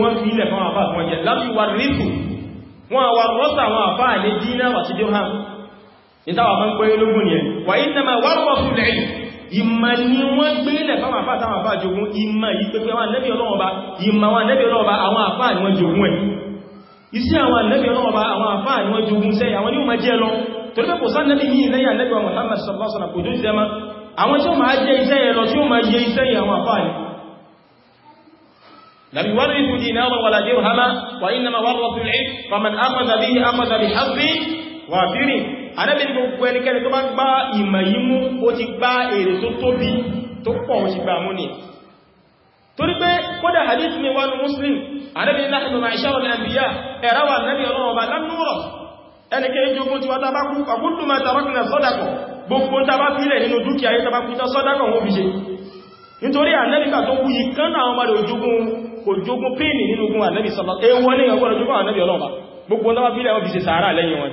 wọ́n fi ilẹ̀ fún àbá àwọn jẹ lam yuwarrithu wọn àwà rọ́sà àwọn àbá àlé dínà àti dirham ìtawà bá pẹ́ ológun yẹn wà innama warrathu al-ilm ìmọ̀ ni wọ́n gbé ilẹ̀ fáwọn àfáà táwọn àfáà jogun ìmọ̀ yìí pé àwọn ànẹ́bí ọlọ́ọ̀ba ìmọ̀ àwọn ànẹ́bí ọlọ́ọ̀ba àwọn àfáà ni wọ́n jogun ẹ̀ iṣẹ́ àwọn ànẹ́bí ọlọ́ọ̀ba àwọn àfáà ni wọ́n jogun sẹ́ àwọn ni ó máa Ànábì ní gbogbo ẹnikẹ́ni tó bá gbá ìmọ̀ yìí mú ó ti gbá èrè tó tóbi tó pọ̀ ó ti gbá mú ni torí pé kódà hadith mi wà ní Muslim Ànábì ní láti mọ̀ àìṣàrọ̀ ní àbíyà ẹ̀rá wà náà ọlọ́run ọba lánúrọ̀ ẹnikẹ́ni jogun ti na sọ́dakọ̀ gbogbo tabá fílẹ̀ nínú dúkìá yìí tabakú ta sọ́dakọ̀ wọ́n fi ṣe nítorí Ànábì ká tó kú yìí kán náà ọmọdé ojogun kò jogun píìnì nínú ogun Ànábì sọ́lọ́ ewọ́ ní ọgbọ́n ojogun Ànábì ọlọ́ọ̀bá gbogbo tabá fílẹ̀ wọ́n sàárà lẹ́yìn wọn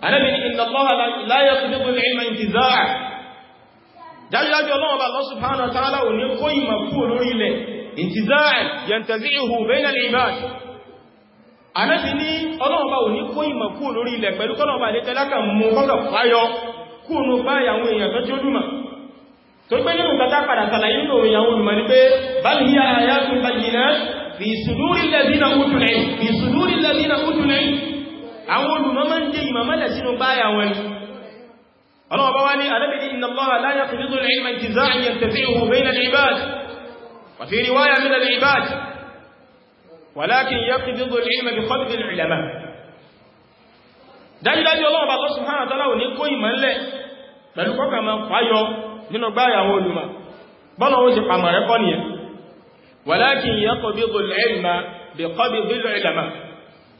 Ànábì ní inna Allaha la yaqbidu al-ilma intizaa dájúdájú ọlọ́wọ́ bá Allah subhanahu wa ta'ala ò ní kó ìmọ̀ kú lórí ilẹ̀ intizaa yantazi'uhu bayna al-ibad Ànábì ní ọlọ́wọ́ bá ò ní kó ìmọ̀ kú lórí ilẹ̀ pẹ̀lú kọ́lọ̀ bá lè tẹ́lákà mú kọ́lọ̀ fáyọ kúrò báyà àwọn èèyàn tó jó dùmọ̀ àwọn olùmọ́ máa ń dé ìmọ̀mọ́lẹ̀ sínú báyà wọn ọlọ́wọ́ bá wá ní adábìdí inna Allah la yaqbidu al-ilma intiza'an yantazi'uhu bayna al-ibad wa fi riwaya min al-ibad walakin yaqbidu al-ilma bi qabdi al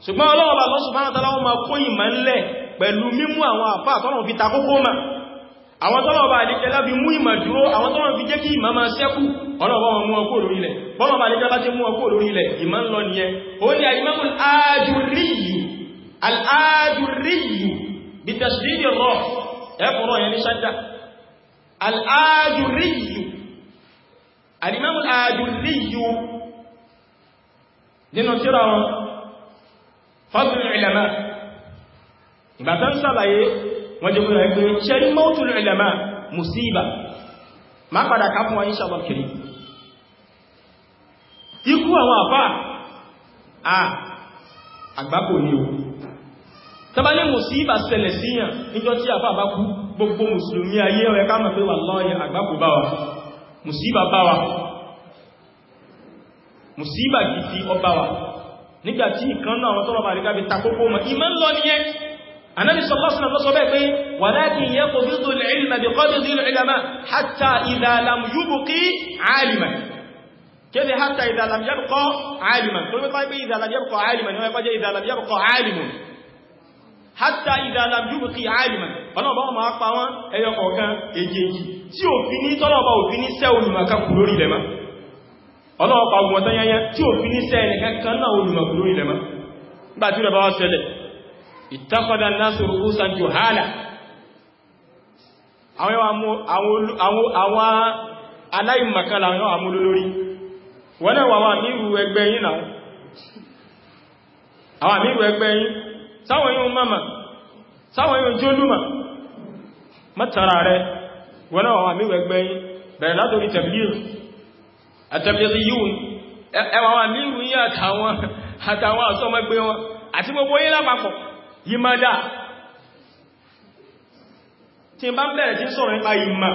ṣùgbọ́n ọlọ́ọ̀bà lọ subhanahu wa ta'ala ma kó ìmọ̀ ńlẹ̀ pẹ̀lú mímú àwọn àfá àtọ́nà fi takókó ma àwọn tọ́lọ̀bà àdíkẹ́ lábí mú ìmọ̀ dúró àwọn tọ́lọ̀ fi jẹ́ kí ìmọ̀ máa ṣẹ́kù ọlọ́ọ̀bà wọn mú ọkó lórí ilẹ̀ bọ́lọ̀bà àdíkẹ́ bá ti mú ọkó lórí fadlu ulama ìbátan sàlàyé wọ́n jẹ́ múra ẹgbẹ́ ṣẹ́rí mọ́tù ulama musiba ma padà ká fún wa insha afọ a ikú àwọn àfá à àgbákò ní o tàbá ní musiba síyàn tí àfá bá kú gbogbo mùsùlùmí ayé ó yẹ musiba musiba nígbàtí ìkan náà àwọn tọ́rọ bàríká bí takókó mọ̀ ìmọ̀ lọ ní ẹ́ anábi sọlọ́sọ̀nà lọ́sọ bẹ́ẹ̀ pé wà láti yẹ kò bí tó lẹ́ìlmà bí kọ́bí sí ìlàmà hátà ìdàlàm yúbùkí àlìmà kéde hátà ìdàlàm yẹ́bùkọ́ àlìmà tó wípá pé ìdàlàm yẹ́bùkọ́ àlìmà ni wọ́n pàjẹ́ ìdàlàm yẹ́bùkọ́ àlìmù hátà ìdàlàm yúbùkí àlìmà ọlọ́ọ̀bá wọn máa pa wọn ẹyọ kọ̀ọ̀kan èjèèjì tí òfin ní tọ́lọ̀ọ̀bá òfin ní sẹ́ olùmọ̀ká kù lórí ilẹ̀ máa ọlọ́wọ́ pa ogun ọ̀tán yányá tí ò fi ní sẹ́ ẹnìkan kan náà olùmọ̀kù lórí ilẹ̀ mọ́ nígbà tí rẹ̀bá wá ṣẹlẹ̀ ìtàkọ́dá náàsù rúrúsàn jù hálà àwọn aláìmọ̀kànlá àwọn amúlólórí wọ́n náà wà mírù ẹgbẹ́ yín náà àwọn mírù ẹgbẹ́ yín sáwọn yíò mọ́mà rẹ̀ wọ́n náà wà mírù ẹgbẹ́ bẹ̀rẹ̀ látòrí tẹ̀bílì àtàbílẹ̀rìyún ẹwà wà ní ìrùn yí àtàwọn àsọmọgbé wọn àti gbogbo yí lápapọ̀ yí máa dáa tí bá bẹ̀rẹ̀ tí sọ̀rọ̀ nípa ìmà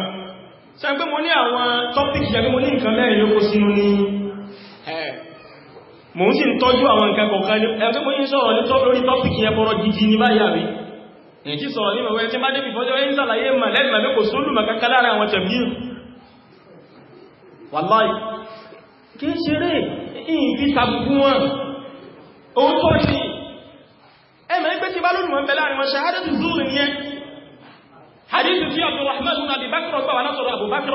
ṣe pé mo ní àwọn topic yẹ pé mo ní nǹkan mẹ́rin ló kó sínú ní ẹ̀ mo ń sì ń tọ́jú àwọn nǹkan kọ̀ọ̀kan ní ẹgbẹ́ mo yí sọ̀rọ̀ ní lórí wàláì kí ń ṣeré ìyìnbí tàbùkú wọn òun tó ní ẹmẹ́ pé ti bá lónìí wọn bẹ̀lá àríwọ̀n ṣàhádẹ́tù zúrù ní ẹ hadithu fi Abdurrahman ibn Abi Bakr gbà wà látọ̀rọ̀ Abu Bakr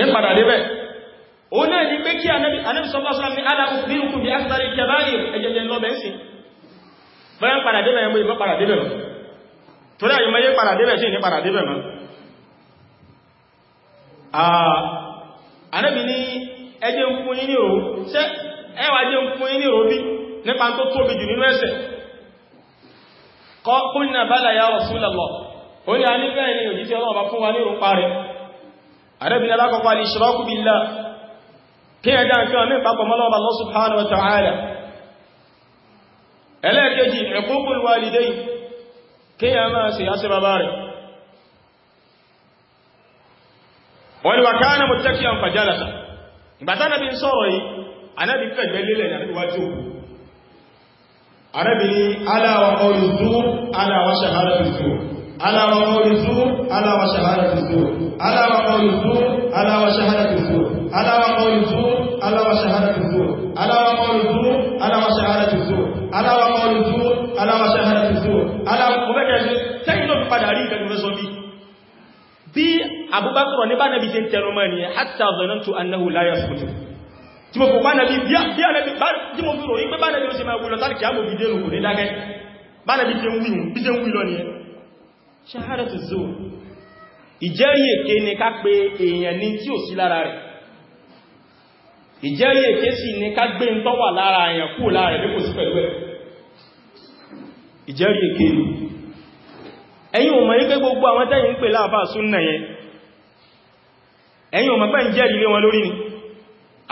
in padà débẹ̀ òun náà ni pé kí Ànábì sallallahu alaihi wasallam bí akthari al-kaba'ir ẹjẹjẹ lọ́bẹ̀ẹ́sìn torí àyíma yé padà débẹ̀ sí ní padà débẹ̀ mọ́ ànábì ní ẹjẹ́ ń fún yín ní òun ṣe ẹwà jẹ́ ń fún yín ní òun bí nípa tó tóbi jù nínú ẹ̀ṣẹ̀ qulna bala ya Rasulullah ó ní a nífẹ́ ní òjì tí ọlọ́ọ̀bá fún wa ní kíyà máa sì yá sí bàbá rẹ̀ wọ́n wà káà na mọ̀tẹ́kì àwọn fàjálàsà ìgbàtà nàbí sọ́rọ̀ yìí anábi pẹ̀gbẹ̀ lílẹ̀ nàbí wájú anábi ni aláwọ̀ ọlùzú aláwọ̀ ṣàhárà ìzú aláwọ̀ ọlùzú aláwọ̀ ṣàhárà ìzú aláwọ̀ ọlùzú aláwọ̀ ṣàhárà ìzú aláwọ̀ ọlùzú aláwọ̀ ṣàhárà ìzú aláwọ̀ abubakar ní bá nàbí ṣe ń tẹnu mọ́ ni hatta zanantu annahu la yasqutu tí mo fi bá nàbí bí a nàbí tí mo fi ròyìn pé bá nàbí ó ṣe máa wùlọ tàbí kí a mọ̀ bí dé rùkù ní dágẹ́ bá nàbí ṣe ń wíhun bí ṣe ń wílọ ni ṣahadatu zuur ìjẹ́rìí èké ni ká pé èèyàn ní tí ò sí lára rẹ̀ ìjẹ́rìí èké sì ni ká gbé ń tọ́wà lára èèyàn kú lára rẹ̀ bí kò sí pẹ̀lú ẹ̀ ìjẹ́rìí èké ni ẹ̀yin ò mọ̀ ní pé gbogbo àwọn tẹ́yìn ń pè láàfà súnnà yẹn ẹ̀yin ò mọ̀ pé ń jẹ́rìí lé wọn lórí ni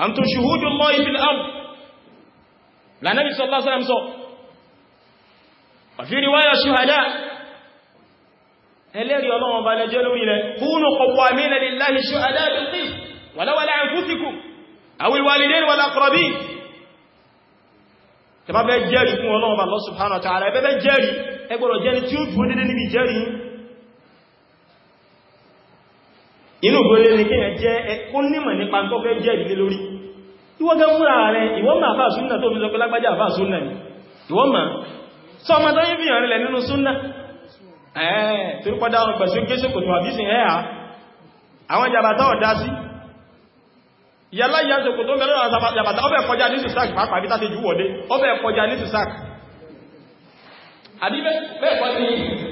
antum shuhudullahi fil ard lànàbí sallallahu alaihi wasallam sọ ọ̀fí riwaya shuhada ẹlẹ́rìí ọlọ́wọ́n bá lẹ́jẹ́ lórí rẹ̀ kunu qawwamina lillahi shuhada bil qist walaw ala anfusikum awil walidain wal aqrabin tẹ́bá bẹ́ jẹ́rìí fún inú ìgbólé ní kí ẹ jẹ́ ẹkún nímọ̀ nípa tó fẹ́ jẹ́ ìdílé lórí ìwọ́gẹ́ múra rẹ̀ ìwọ́mà àfà súnnà tó fi sọ pé lágbájá àfà súnnà ni ìwọ́mà sọ ọmọ tó yí fi hàn rẹ̀ nínú súnnà ẹ̀ẹ́ torí pọ́dá ọ̀rọ̀ pẹ̀sí gẹ́sẹ̀ kò tó àbísìn ẹ́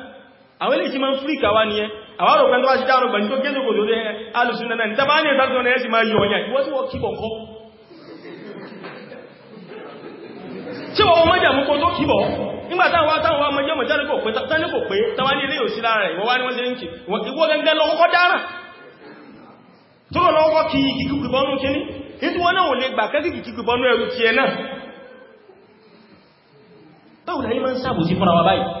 àwọn ilé ìsinmi fríkà wá ní ẹ àwọn àrọ̀pẹ́ tó bá ṣe dáàrọ̀ gbẹ̀ni tó gẹ́lẹ̀ kò tó dé alùsùn náà ní tàbá ní ẹ̀ta tó náà sì máa yọ ọ̀yà ìwọ́n tí wọ́n kí kọ̀ọ̀kọ́ tí wọ́n mọ́jà mú kó tó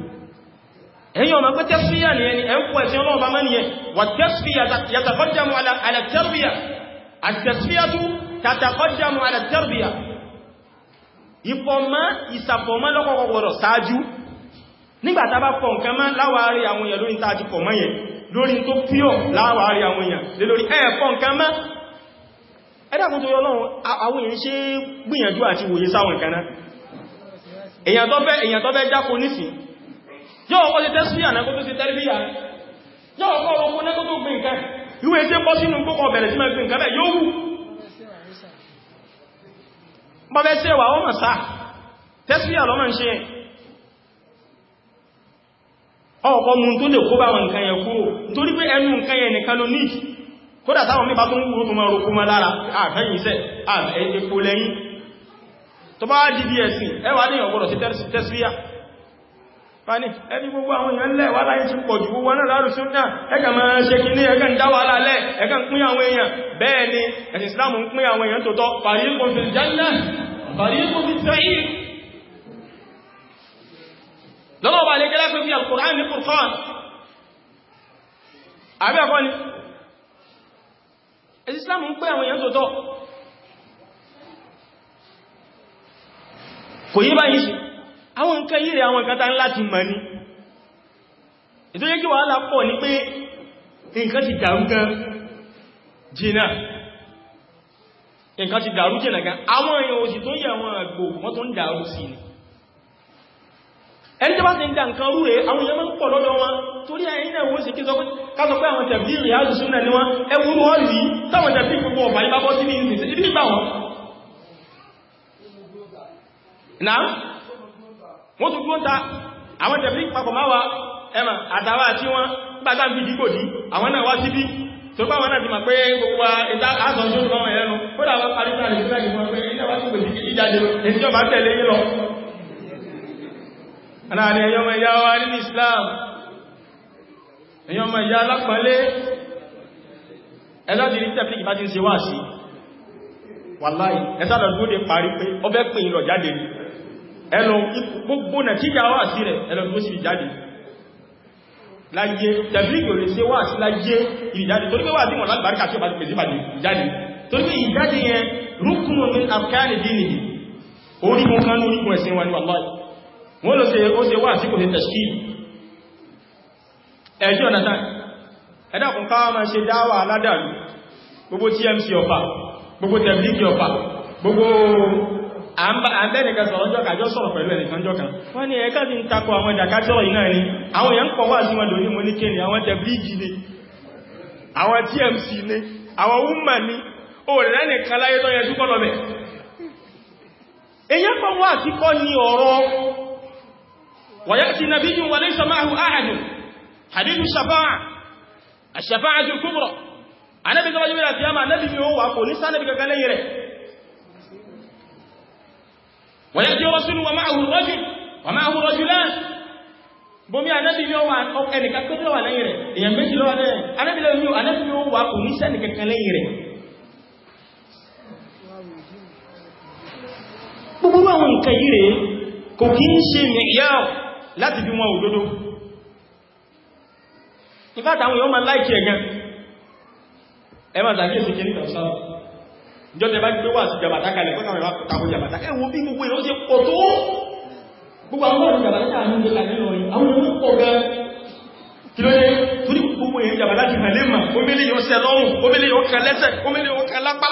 ẹ̀yìn ọmọ pẹ́ tẹ́síyà ni ẹni ẹ̀ ń fún ẹ̀sìn ọlọ́ọ̀bá mẹ́niyẹ wà tẹ́síyà yàtàkọ́jàmù alàtẹ́rbíyà àtẹ́síyà tó tàtàkọ́jàmù alàtẹ́rbíyà ìfọ̀mọ́ ìsàfọ̀mọ́ lọ́kọ̀kọ̀kọ̀rọ̀ sáájú nígbàtà bá fọ̀ nǹkan mọ́ láwárí àwọn èèyàn lórí tààjú pọ̀ mọ́ yẹn lórí tó píọ̀ láwárí àwọn èèyàn lè lórí ẹ̀ẹ̀fọ̀ nǹkan mọ́ ẹ̀dàkùn tó yọ lọ́run àwọn èèyàn ṣe gbìyànjú àti wòye sáwọn nǹkan náà èèyàn tó fẹ́ jákò nísìn yóò ọkọ̀ ṣe tẹ́síyà náà kó tó ṣe tẹ́lifíyà yóò ọkọ̀ ọkọ̀ náà kó tó gbé nǹkan ìwé tí bọ́ sínú gbókọ̀ bẹ̀rẹ̀ sí máa gbé nǹkan bẹ̀ yóò wù bọ́bẹ̀ sí ẹwà ọmọ sáà tẹ́síyà lọ́mọ ń ṣe ọkọ̀ mú tó lè kó bá wọn nǹkan yẹn kúrò nítorí pé ẹnu nǹkan yẹn nìkan ló ní kódà táwọn mẹ́bà tó ń wúrò tó máa rokú mọ́ lára àfẹ́yìn iṣẹ́ àfẹ́ e, epo lẹ́yìn tó bá dìbí ẹ̀sìn ẹwà ní ọgbọ̀rọ̀ sí tẹ́síyà fani ẹni gbogbo àwọn èèyàn lẹ́ wà láyé ti pọ̀ jù gbogbo náà láàrù súnnà ẹka ma ṣe kì ní ẹka ń dá wà lálẹ́ ẹka ń pín àwọn èèyàn bẹ́ẹ̀ ni ẹ̀sìn Islam ń pín àwọn èèyàn tòótọ́ fariqun fil jannah fariqun fis sa'ir lọ́wọ́ bá lè kò yí báyìí àwọn nǹkan yìí rẹ̀ àwọn nǹkan mani ń láti mọ̀ ní ètò yẹ́ kí wàhálà pọ̀ ní pé nǹkan ti dàrú gan jìnà nǹkan ti dàrú jìnà gan àwọn èèyàn òsì tó yẹ àwọn àgbò wọ́n tó ń dàrú sí ni ẹni tó bá ti ń da nǹkan rú rẹ̀ àwọn èèyàn pọ̀ lọ́dọ̀ wọn torí ẹ̀yìn náà wọ́n kí sọ pé àwọn tẹ̀bí rẹ̀ ni wọ́n ẹwúrú wọ́n rí táwọn tẹ̀bí gbogbo ọ̀bà yìí bá bọ́ sí ní ìsìn wọ́n tún gbọ́n ta àwọn tẹ̀bí papọ̀ máa wa ẹmà àtàwà tí wọ́n gbàgbà ń fi dígbò dí àwọn náà wá síbí tó bá wọn náà ti mà pé gbogbo ìta àzọ̀ tó lọ́wọ́ ẹ̀rẹ́nu ó dà wọ́n parí náà lè fẹ́ ìwọ̀n pé ìjọba ti pèsè ìjáde èyí tí ó bá tẹ̀lé yí lọ aláàrẹ ẹ̀yọ́ ọmọ ìyá wa nínú Islam ẹ̀yọ́ ọmọ ìyá alápọ̀lé ẹlọ́dìrí tẹ́fì ìbájú ṣe wá sí wàláì ẹ̀sàdọ̀gbọ́dẹ̀ parí pé ọbẹ̀ pè ń lọ jáde ni ẹlọ gbogbo nàtíjà wà sí rẹ̀ ẹlọ tó sì jáde láyé tẹ̀blígò lè ṣe wà sí láyé ìjáde torí pé wà sí mọ̀lá àgbàríkà tí ó bá ti pèsè ìbàdì jáde torí pé ìjáde yẹn rúkùnù ní afghani dínì orígun kan ní orígun ẹ̀sìn wa ní wàláì wọ́n lọ ṣe wà sí kò ṣe tẹ̀ṣkì ẹ̀ṣẹ́ ọ̀nà tán ẹ̀dàkùn àbẹ́nìkan sọ̀rọ̀ jọ kàjọ́ sọ̀rọ̀ pẹ̀lú ẹnìkan jọ kan wọ́n ní ẹ̀ẹ́kà ti ń takọ àwọn ìdàkájọ́ ìná ẹni àwọn èèyàn kọ̀ wà sí wọn lórí mo ní kéènì àwọn tẹ̀blígì ni àwọn tmc ni àwọn woman ni o rẹ̀ lẹ́nì kan láyé tó yẹ túkọ́ lọ́bẹ̀ èèyàn kọ̀ wà sí kọ́ ní ọ̀rọ̀ wọ̀yá ti nàbí yìí wọlé sọmáhù áhàdù hadithu shafa'a ashafa'atu kubra anabi tó wájú bí i àti yàmà anabi ni ó wà kò ní sánàbì kankan lẹ́yìn rẹ̀ ويأتي رسول ومعه رجل ومعه رجلان bomi anabi yóò wà ẹnìkan tó wà lẹ́yìn rẹ̀ èèyàn méjì lọ́wọ́ lẹ́yìn anabi lẹ́yìn yóò anabi yóò wà kò ní sẹ́nì kankan lẹ́yìn rẹ̀ gbogbo àwọn nǹkan yìí rẹ̀ kò kí ń ṣe mìíyàwó láti bí wọn òdodo ìfàtàwọn yóò máa láìkì ẹ̀gán ẹ ìjọba gbé wà sí jàbàtà kalẹ̀ fún àwọn àpòtàkò jàbàtà ẹwọ bí gbogbo ìlú ṣe pọ̀ tó gbogbo àwọn ọ̀rọ̀ jàbàtà àwọn ìlú kalẹ̀ lọ yìí àwọn ìlú pọ̀ gan kí ló dé torí gbogbo ìlú jàbàtà ti hàn lémà omele yóò ṣe lọ́rùn omele yóò kan lẹ́sẹ̀ omele yóò kan lápá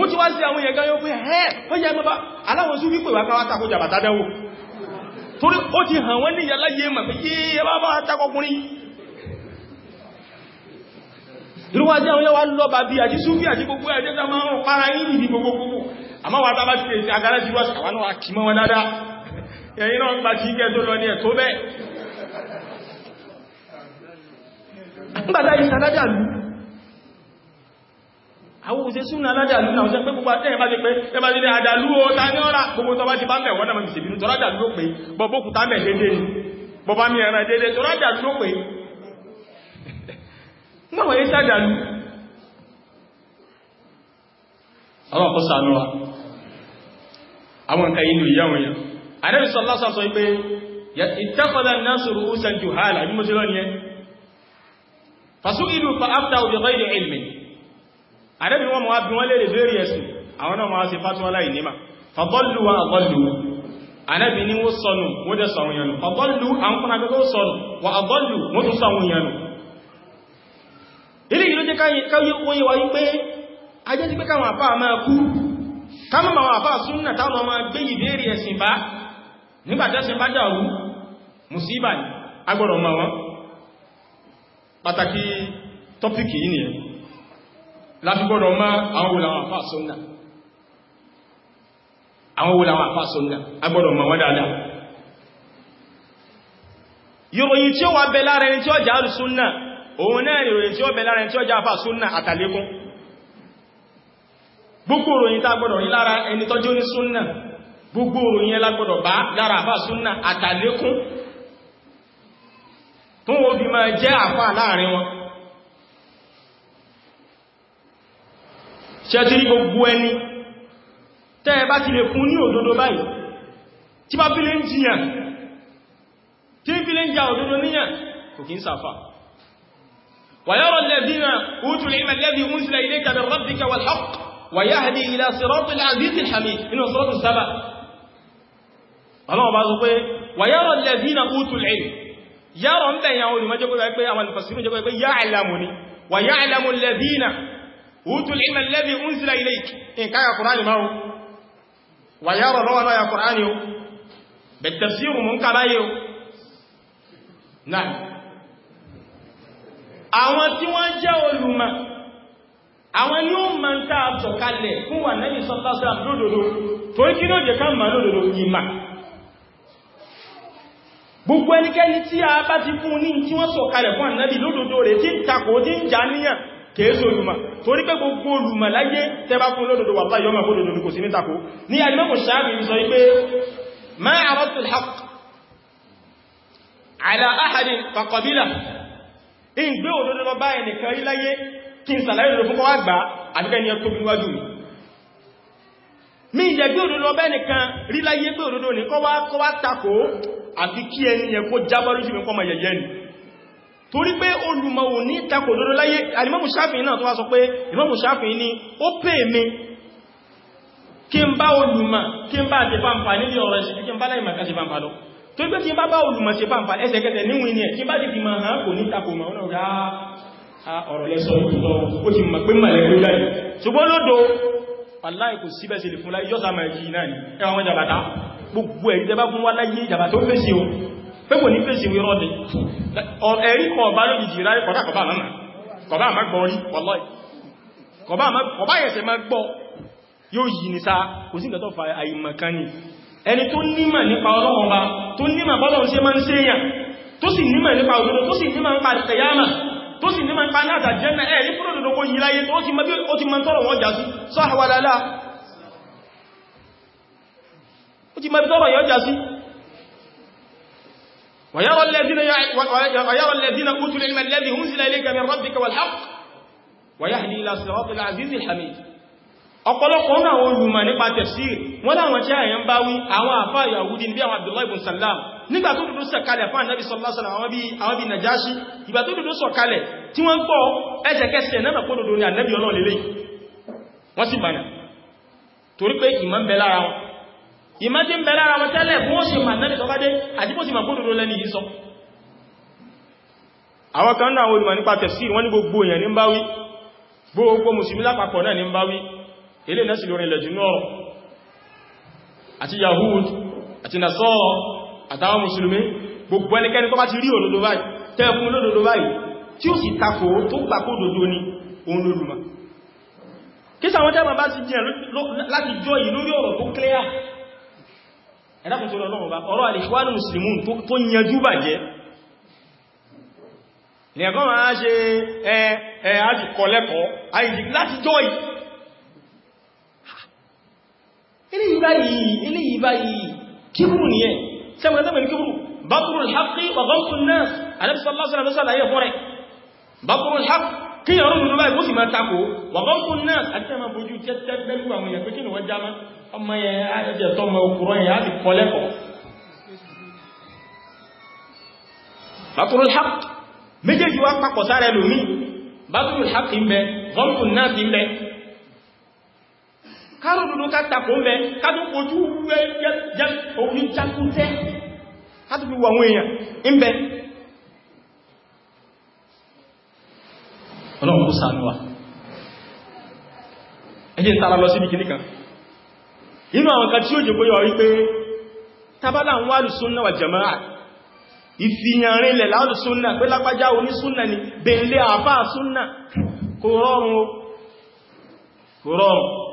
ó ti wá sí àwọn èèyàn gan yóò pé ẹ́ ó yẹ mọ́ bá aláwọ̀ sí wípé wà káwà tako jàbàtà dẹ́wò torí ó ti hàn wọ́n ní yàlá yé mà pé yé ẹ bá bá takọkùnrin lúwájá àwọn yẹ́wà lọ bàbí àti súnfí àti gbogbo ẹ̀jẹ́ tó máa ń para yìí ní gbogbogbò àmọ́ wà tábà ti èsì agárá ti wáṣà wà náà kí mọ́ wọn dáadáa ẹ̀yìn náà gbà kí kẹ́ tó lọ ní ẹ̀tọ́ bẹ́ẹ̀ nígbàtá yìí aládàlú àwọn òṣè sún aládàlú náà ṣe pé gbogbo àtẹ́yìn bá ti pé ẹ bá ti ní àdàlú o ta ní ọ́rà gbogbo tọba ti bá mẹ́ wọ́n náà mọ̀ ni bọ́bá mi ẹ̀ràn dédé tọ́rádàlú ló náà yí sàdàlú àwọn kọ́ sànú wa àwọn nǹkan yìí lè yáwọn yà Ànábì sallallahu alaihi wasallam pé ittakhadha an-nasu ru'usan juhala bí mo ti lọ́nìyẹ fasu'ilu fa'aftau bi ghayri ilmin Ànábì wọn mọ̀ wá bí wọ́n lè lè ẹ̀sìn àwọn náà máa ṣe fatuwa láì níma fadallu wa káyé kóyé wa wípé ajẹ́ ti a káwọn ku máa kú káwọn àwọn àfáà wọn pàtàkì tọ́pìkì yìí láfígbọ́rọ̀ ma àwọn wo àfáà súnnà àwọn àfáà ma wọn dáadáa ìròyìn tí ó wà bẹ lára tí ó jà òun náà ìròyìn tí ó bẹ lára ẹni tí ó jáfà súnnà àtàlékún gbogbo ìròyìn tá gbọ́dọ̀ rí lára ẹni tọ́jú ní súnnà gbogbo ìròyìn ẹlá gbọ́dọ̀ bá lára àfà súnnà àtàlékún tó wọ́n fi máa jẹ́ àfà láàrin wọn ṣẹ́tí ní gbogbo ẹni tẹ́ẹ̀ bá ti lè fún ní òdodo báyìí tí bá fi lè ń jiyàn tí fi lè ń ja òdodo níyàn kò kí ń sàfà ويرى الذين أوتوا العلم الذي أنزل إليك من ربك والحق ويهدي إلى صراط العزيز الحميد إنه صراط السبع الله بعض ويرى الذين أوتوا العلم يرى أنت يا أولي ما تقول يقول أما المفسرون جاكوا يقول يعلمني ويعلم الذين أوتوا العلم الذي أنزل إليك إن كان القرآن ما هو ويرى روى يا قرآن بالتفسير منكر نعم àwọn tí wọ́n jẹ́ olùmọ̀ àwọn ní ó ma ń tàà sọ̀kalẹ̀ fún wà náà ìsọ́tàṣà lódòdó tó ń kí ní òjè ká mà lódòdó ìmà gbogbo ẹnikẹ́ni tí a bá ti fún ní tí wọ́n sọ̀kalẹ̀ fún ànábì lódòdó rẹ̀ tí ń takò tí ń já níyàn kèéso olùmọ̀ torí pé gbogbo olùmọ̀ láyé tẹ́bá fún lódòdó wà láyọ́ mà lódòdó kò sí ní takò ní alimọ́mù sáàbì sọ pé ma aradtu al-haqq ala ahadin faqabila in gbé òdodo lọ bá ẹnìkan rí láyé kí n sàlàyé òdodo fún wá gbà àbíkẹ́ ni ẹ tóbi níwájú mi mi ìjẹ́ gbé òdodo lọ bá ẹnìkan rí láyé gbé òdodo ní kọ́ wá takò àbí kí ẹni yẹ kó jábọ́ lójú mi pọ́mọ yẹ̀yẹ́ ni torí pé olùmọ̀ ò ní takò òdodo láyé tó gbé tí bá bá olùmọ̀ ṣe pàǹpà ẹsẹ̀kẹsẹ̀ níwìn ní ẹ̀ tí bá dì fi máa hàn kò ní tapò ma ọ̀nà rá ọ̀rọ̀ lẹ́sọ ìtọ́ ó ti mọ̀ pé mọ̀lẹ̀ ló jáde ṣùgbọ́n lódò aláì kò síbẹ̀ sí lè fún láyé yọ́sà máa yìí náà ni ẹwà wọn jàbàtà gbogbo ẹ̀rí tẹ́bá fún wá láyé ìjàbà tó fèsì o pé kò ní fèsì wí rọ́dẹ̀ ẹ̀rí kan ẹni tó nímà nípa ọlọ́run bá tó nímà bọ́lọ̀ ṣe máa ń ṣèyàn tó sì nímà nípa òdodo tó sì nímọ̀ nípa ìtẹ̀yàmà tó sì nímọ̀ nípa náà àtàjẹ́ náà ẹ̀rí fún òdodo kó yí láyé tó ti mọ́ bí ti tọ́rọ̀ wọn jà sí sọ́hàwàlálá ọ̀pọ̀lọpọ̀ náà àwọn olùmọ̀ nípa tafsir wọ́n láwọn tí àyàn bá wí àwọn àfá Yahudi bí àwọn Abdullahi ibn Salam nígbà tó dúdú sọ̀kalẹ̀ fún ànábì sọ̀lásọ̀lá bí Najashi ìgbà tó dúdú sọ̀kalẹ̀ tí wọ́n gbọ́ ẹ̀jẹ̀kẹsẹ̀ náà kó dòdò ní ànábì ọlọ́lẹ̀lẹ̀ wọ́n sì bànà torí pé ìmọ̀ ń bẹ lára wọn ìmọ̀ tí ń bẹ lára wọn tẹ́lẹ̀ fún ó sì mà náà tọ́bádé àdíbò sì mà kó dòdò àwọn kan gbogbo èèyàn lápapọ̀ náà ní ń bá wí ilé náà sì lórí ilẹ̀ jù náà àti yahud àti nasọ́ọ̀ àtàwọn musulmi gbogbo ẹnikẹ́ni tó bá ti rí òdodo báyìí tẹ́ẹ̀kún lódodo báyìí tí ó sì takò tó gbàkó òdodo ni òun lólùmọ̀ kí sàwọn tẹ́mà bá ti jẹ́ láti jọ yìí lórí ọ̀rọ̀ tó clear ẹ̀dàkùn tó lọ náà bá ọ̀rọ̀ al ìyẹ̀kọ́ máa ṣe ẹ̀ àti kọ̀lẹ́kọ̀ọ́ àìdí láti jọ yìí eléyìí báyìí eléyìí báyìí kíbùrù nìyẹn sẹ́wọ̀n tẹ́mẹ̀ ní kíbùrù batrul haqqi wa ghamtun nas Ànábì sallallahu alaihi wasallam yẹ fọ́rẹ̀ batrul haqqi kí yàrá òun báyìí kó sì máa takò wa ghamtun nas àti ẹ̀mà bojú tẹ́tẹ́gbẹ́lú àwọn èèyàn pé kí ni wọ́n jámá ọmọ yẹn á jẹ́ tọ́mọ òkúrọ̀ yẹn á sì kọ́ lẹ́kọ̀ọ́ batrul haqqi kárùn-ún ló ká tàkó ń bẹ kátó ojú wúwẹ́ jẹ́ orí jákútẹ́ kátó fi wà àwọn èèyàn ń bẹ ọlọ́run kó sàánúwà ẹjẹ́ tààrà lọ sí ibi kìníkan inú àwọn kan tí ó wípé tabala ń wà lùsúnnà wà jama'a ìfìyànrin lẹ̀ pé lápájá onísúnnà ni bèèlé àfáà súnnà kò rọrùn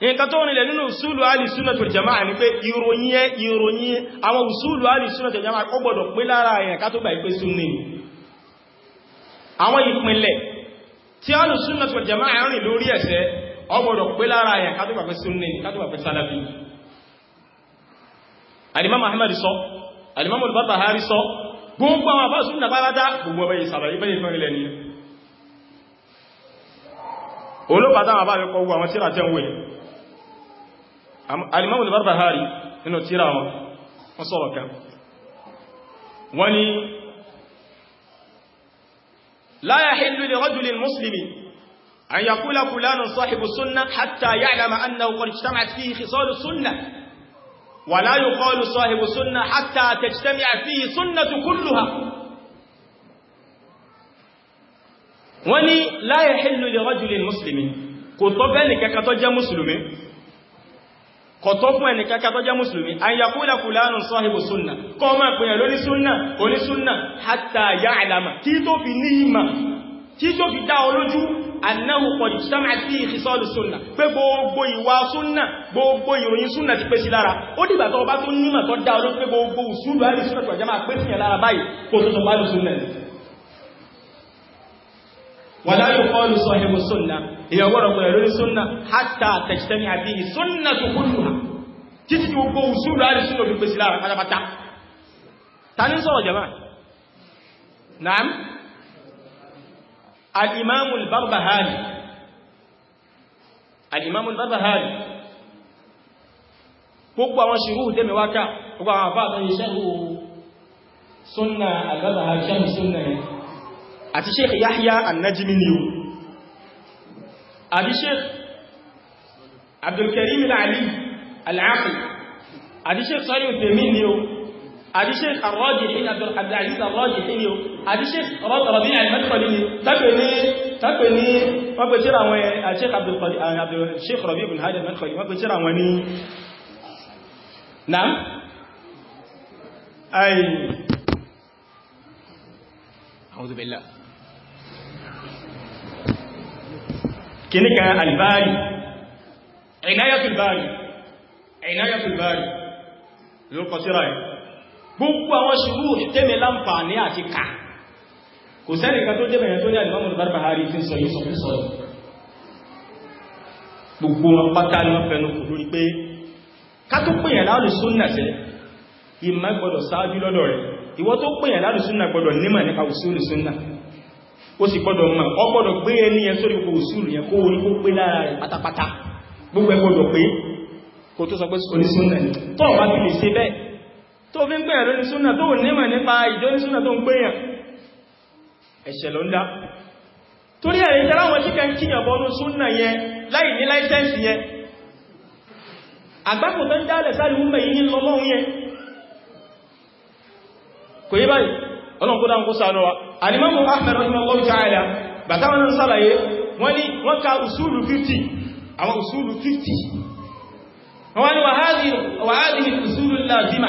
nǹkan tó nílẹ̀ nínú usulu alìsúnà tó jama'a ní pé ìròyìn ẹ ìròyìn àwọn usulu alìsúnà tó jama'a kò gbọdọ̀ pé lára ẹ̀yàn ká tó gbà ìpé súnni àwọn ìpínlẹ̀ tí alìsúnà tó jama'a rìn lórí ẹ̀sẹ̀ ó gbọdọ̀ pé lára ẹ̀yàn ká tó gbà pé súnni ká tó gbà pé salafi alimam alimamu al-Barbahari nínú tírà wọn wọ́n sọ̀rọ̀ kan wọ́n ni la yahillu li rajulin muslimi an yaqula fulanun sahibu sunna hatta ya'lama annahu qad ijtama'at fihi khisalu sunna wa la yuqalu sahibu sunna hatta tajtami'a fihi sunnatu kulluha wọ́n ni la yahillu li rajulin muslimi kò tọ́ bẹ́ẹ̀ nìkẹ́kẹ́ tó jẹ́ musulmi kọ̀tọ́ fún ẹni kẹ́kẹ́ tó jẹ́ musulmi an yà kúlẹ̀ fulani sọ́hìbù súnnà kọ́ ọmọ ìpìyàn lóní súnnà oní súnnà hatta ya alama kí tó fi ní ìmà kí tó fi dá olójú annahu qad ijtama'at fihi khisal súnnà pé gbogbo ìwà súnnà gbogbo ìròyìn súnnà ti èyàn gbọ́dọ̀ pẹ̀lẹ̀ lórí súnnà hátà tẹ̀sítẹ́mì àti ìsúnnà tó kúrò wà títí tí gbogbo òṣùlù àrí súnnà fi pèsè lára pátápátá ta ní sọ̀rọ̀ jama naam al'imamu al-barbahari al'imamu al-barbahari gbogbo àwọn ṣirú tẹ́mẹ̀wáká gbogbo àwọn àfáà tán iṣẹ́ súnnà al-barbahari ṣẹ́ àti Sheikh Yahya an-Najmi ni àbí sheikh abdulkarim al-ali al-aqil àbí sheikh sọ́rí òtèmí ni o àbí sheikh ar-rajihi abdulaziz ar-rajihi ni o àbí sheikh rabi al-madkhali ni tápẹ̀ ní tápẹ̀ ní wọ́n pẹ̀ tíra wọn eh, sheikh abdulkarim eh, rabi ibn hadi al-madkhali kìníkà albari inayatul bari inayatul bari lórúkọ síra ẹ̀ gbogbo àwọn ṣubú tẹ́mẹ̀ láǹfààní àti ká kò sẹ́nìkan tó jẹ́mẹ̀ tó ní alimọ́mù barbahari tí ń sọ yìí sọ sọ gbogbo wọn pátá ní wọn fẹnu kò lórí pé ká tó pèèyàn láàrín súnnà sí ìmọ̀ ó sì gbọ́dọ̀ mọ̀ ọ gbọ́dọ̀ gbé ẹni yẹn sórí gbogbo òsùlù yẹn kó orí kó pé lára rẹ̀ pátápátá gbogbo ẹ gbọ́dọ̀ pé kò tó sọ pé onísúnnà ni tó ọ̀bá ti lè ṣe bẹ́ẹ̀ tó fi ń pẹ̀yàn lórí súnnà tó nímọ̀ nípa ìjọ onísúnnà tó ń pẹ̀yàn ẹ̀ṣẹ̀ ló ń dá torí ẹ̀rẹ́ ìjẹ́ láwọn tí kẹ́kí yànbọn ní súnnà yẹn láì ní láìsẹ́ǹsì yẹn àgbákò tó ń dálẹ̀ sáré ọlọ́run kó dáhùn kó sànú wa alimamu ahmed rahimahullahu ta'ala bàtà wọn ń sàlàyé wọ́n ní wọ́n ka usulu 50 àwọn usulu 50 wọ́n ní wa hadhihi usulu lazima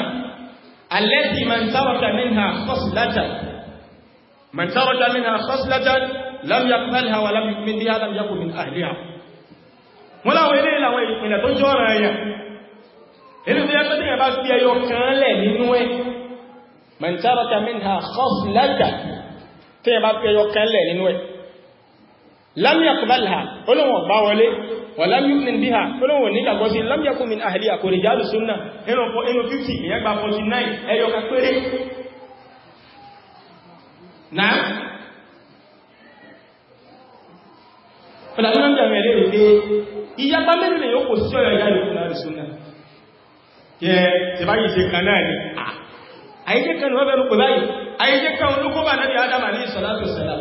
allati man taraka minha khaslatan man taraka minha khaslatan lam yaqbalha wa lam yu'min biha lam yakun min ahliha wọ́n láwọn ilé ìlàwọn ìpìnlẹ̀ tó jọ́ ọ̀rọ̀ ẹ̀yà ilé ìfẹ́ yẹ́ pẹ́ tí yẹ bá fi ẹyọ kan lẹ̀ nínú ẹ̀ mẹ̀ntàrọ̀tà mìíràn kọ́sìlẹ́tà tí ẹ bá fi ẹyọ kẹ́lẹ̀ nínú ẹ̀ lámìyàkùbálà olóhùn ọ̀bá wọlé wà lámìyàkùn bí ha olóhùn onígbàgbọ́ sí lámìyàkùn mi àhàrí àkòrí jálù súnnà nínú 50 ìyẹ́gbà 49 ẹyọ kàpéré náà pẹ̀lú àmìyàmẹ̀lẹ́ rẹ̀ pé ìyapa mẹ́rin yóò kò sí ọ̀yọ̀ jálù súnnà àyíjẹ́ kan wọ́n bẹ̀rù pẹ̀ báyìí àyíjẹ́ kan olókóbà náà adam alayhi salatu salam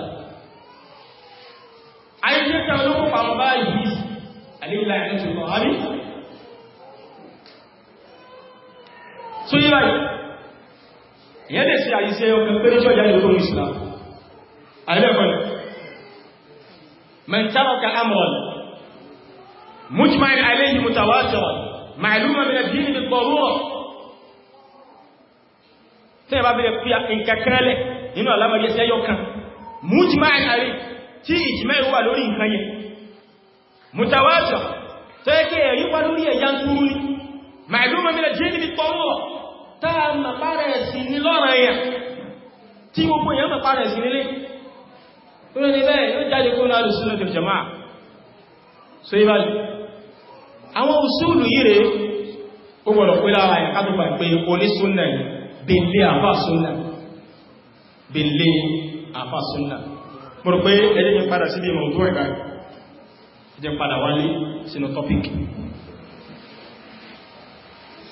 àyíjẹ́ kan olókóbà wọn báyìí alíwìlá ẹ̀rọ tó lọ rí tó yí báyìí ìyẹn lè ṣe àyíṣẹ́ ọkàn pé níjọ́ ìyá ìlú islam àyílẹ́kọ̀ọ́ من ترك أمرا مجمع عليه متواترا معلوما من الدين بالضرورة tí ẹ bá bẹ̀rẹ̀ fi nǹkan kẹ́lẹ̀ nínú alámọ̀dé sí ẹyọ kan mújìmá àrí tí ìjìmá ìwà lórí nǹkan yẹn mutawatir tó yẹ kí ẹ̀rí wá lórí ẹ̀yà ń kúrú ní màìlúmọ̀ mílẹ̀ jẹ́ níbi tọ́wọ́ táà màpá rẹ̀ sí ní lọ́rọ̀ ẹ̀yà tí gbogbo èèyàn màpá rẹ̀ sí nílé tó ní bẹ́ẹ̀ yóò jáde kó náà belé àfáàsúnnà belé àfáàsúnnà mo rò pé ẹjẹ́ mi padà síbi ìmọ̀ òtún ẹ̀bá ẹjẹ́ padà wálé sínú tọ́píkì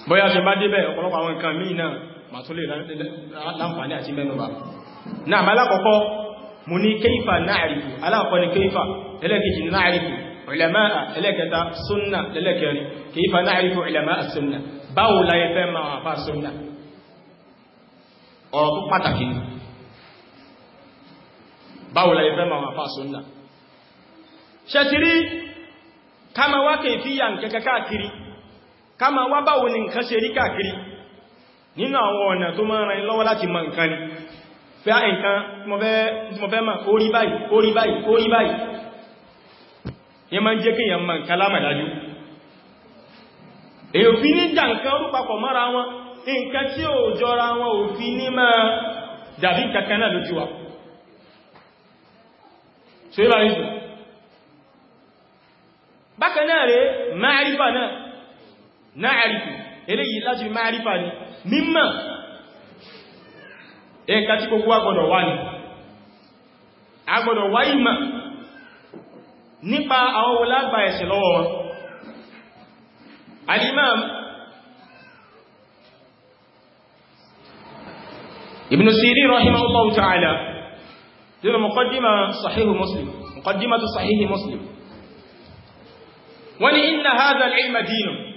bóyá ṣe bá débẹ̀ ọ̀pọ̀lọpọ̀ àwọn nǹkan míì náà ma tó lè láǹfààní àti mẹ́nubà náà ma lákọ̀ọ́kọ́ mo ní kéfà náàrífù aláàkọ́ ni kéfà ẹlẹ́kejì náàrífù ulama ẹlẹ́kẹta súnnà lẹ́lẹ́kẹrin kéfà náàrífù ulama súnnà báwo láyé fẹ́ máa fà súnnà ọ̀rọ̀ tó pàtàkì ni báwo la ìfẹ́ máa fa sunna ṣẹ̀tìrí ká máa wá kèé fíyà nkẹ́kẹ́ káàkiri ká máa wá báwo ni nǹkan ṣe rí káàkiri nínú àwọn ọ̀nà tó máa ràn lọ́wọ́ láti mọ nǹkan ni fẹ́ nǹkan mo fẹ́ mọ̀ orí báyìí orí báyìí orí báyìí yẹn máa ń jẹ́ kéèyàn mọ nǹkan lámàdájú èyí ò ní jà nǹkan rúpapọ̀ mọ́ra wọn nǹkan tí ó jọra wọn ò fi ní máa dàbí kankan náà lójú iso. ṣe bá rí bákan náà rẹ̀ máàrífà náà náàrífà eléyìí láti máàrífà ni mímọ̀ ẹ̀ka tí gbogbo agbọ̀dọ̀ wá ní agbọ̀dọ̀ wá ìmọ̀ nípa àwọn wọlágbà ابن سيرين رحمه الله تعالى ذو مقدمة صحيح مسلم مقدمة صحيح مسلم ولإن هذا العلم دين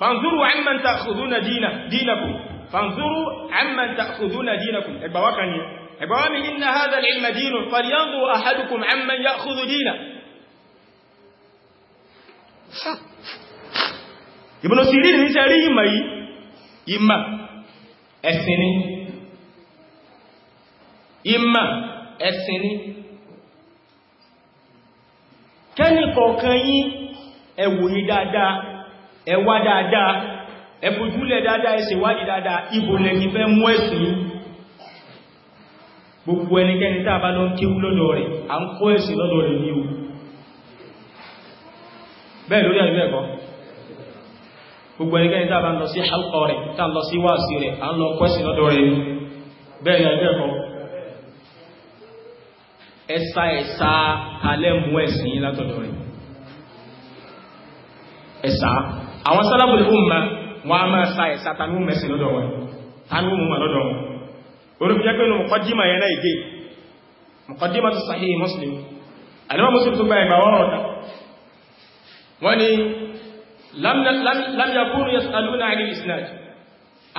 فانظروا عمن تأخذون دين دينكم فانظروا عمن تأخذون دينكم إبواكني إبوامي إن هذا العلم دين فلينظر أحدكم عمن يأخذ دينه ابن سيرين نسأليه ما يما ẹ̀sìn ni ìmà ẹ̀sìn ni kẹ́ni kọ̀ọ̀kan yín ẹ̀wòye dáadáa ẹwà dáadáa ẹ̀fòjúlẹ̀ dáadáa ẹ̀ṣèwádìí dáadáa ibò lẹ́ni fẹ́ mú ẹ̀sìn gbogbo ẹnikẹ́ni tá a bá lọ ń kéwú lọ́dọ̀ rẹ̀ à ń kọ́ gbogbo ẹnikẹ́ni tá a bá ń lọ sí halqa rẹ̀ tá a lọ sí wáàsí rẹ̀ à ń lọ kwẹ́sì lọ́dọ̀ rẹ̀ bẹ́ẹ̀ ni ẹgbẹ́ kan ẹ̀sà ẹ̀sà alẹ́ mú ẹ̀sìn yín látọ̀dọ̀ rẹ̀ ẹ̀sà àwọn salaful umma wọn a máa sa ẹ̀sà tani mú mẹ́sìn lámìyàkúrú yasaluna àrí isnad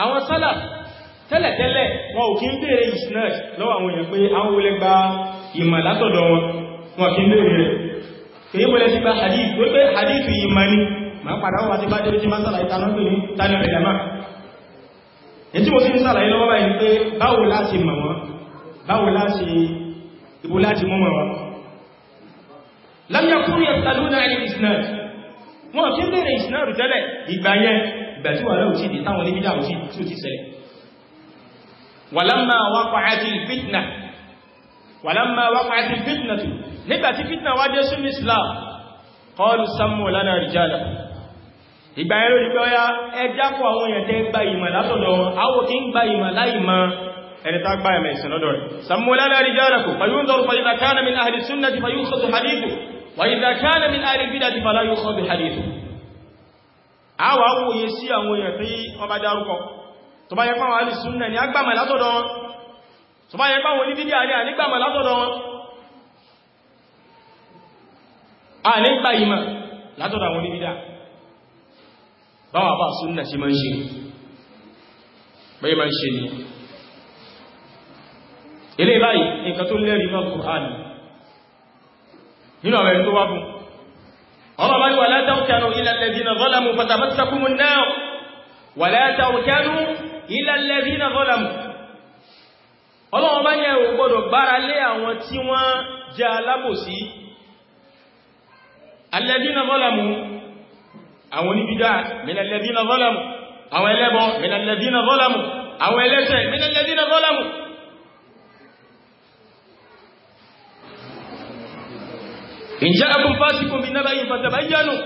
àwọn sálà tẹ́lẹ̀tẹ́lẹ̀ wọn ò kí ń bèèrè isnad lọ́wọ́ àwọn èèyàn pé àwọn olè gba ìmọ̀ látọ̀dọ̀ wọn wọn kí ń bèèrè rẹ̀ kìí wọlé ti gba hadith wípé hadith ìmọ̀ ni ma ń padà wọ́n ti bá débi tí máa sàlàyé tanú pé ní tani ẹ̀dàmá èyí tí mo ti ń sàlàyé lọ́wọ́ báyìí pé báwo láti mọ̀ wọn báwo láti ibo láti mú mọ̀ wọn lámìyàkúrú yasaluna àrí isnad wọn kí lèrè ìsìnàrù tẹ́lẹ̀ ìgbàyẹ ìgbà tí wà lọ́wọ́ sí ìdí táwọn oníbídà òsì tí ó ti ṣẹlẹ̀ wàlámà wákàtí fitna wàlámà wákàtí fitna tù nígbàtí fitna wá dé sún islam kọlu samu lana rijala ìgbàyẹ lórí pé ọya ẹjápọ̀ àwọn èèyàn tẹ́ gba ìmọ̀ látọ̀dọ̀ wọn àwọn kí ń gba ìmọ̀ láìmọ̀ ẹni tá gba ìsìnlọ́dọ̀ rẹ̀ samu lana rijala kò fayúndọ̀rù fayúndọ̀rù fayúndọ̀rù fayúndọ̀rù وإذا كان من آل البدع فلا يؤخذ بحديثه àwa wòye sí àwọn èèyàn tí wọ́n bá dárúkọ tó bá yẹ pé àwọn alìsúnnà ní agbàmà látọ̀dọ̀ wọn tó bá yẹ pé àwọn oníbídíà ní ànígbàmà látọ̀dọ̀ wọn ànígbà ìmọ̀ látọ̀dọ̀ àwọn oníbídíà nínú àwọn ẹni tó wá fún ọlọ́bàá ni wala tarkanu ila alladhina zalamu fatamassakumun nar wala tarkanu ila alladhina zalamu ọlọ́wọ́n bá yẹ ò gbọ́dọ̀ gbára lé àwọn tí wọ́n jẹ́ alábòsí alladhina zalamu àwọn oníbídá min alladhina zalamu إن جاءكم فاسق بنبأ فتبينوا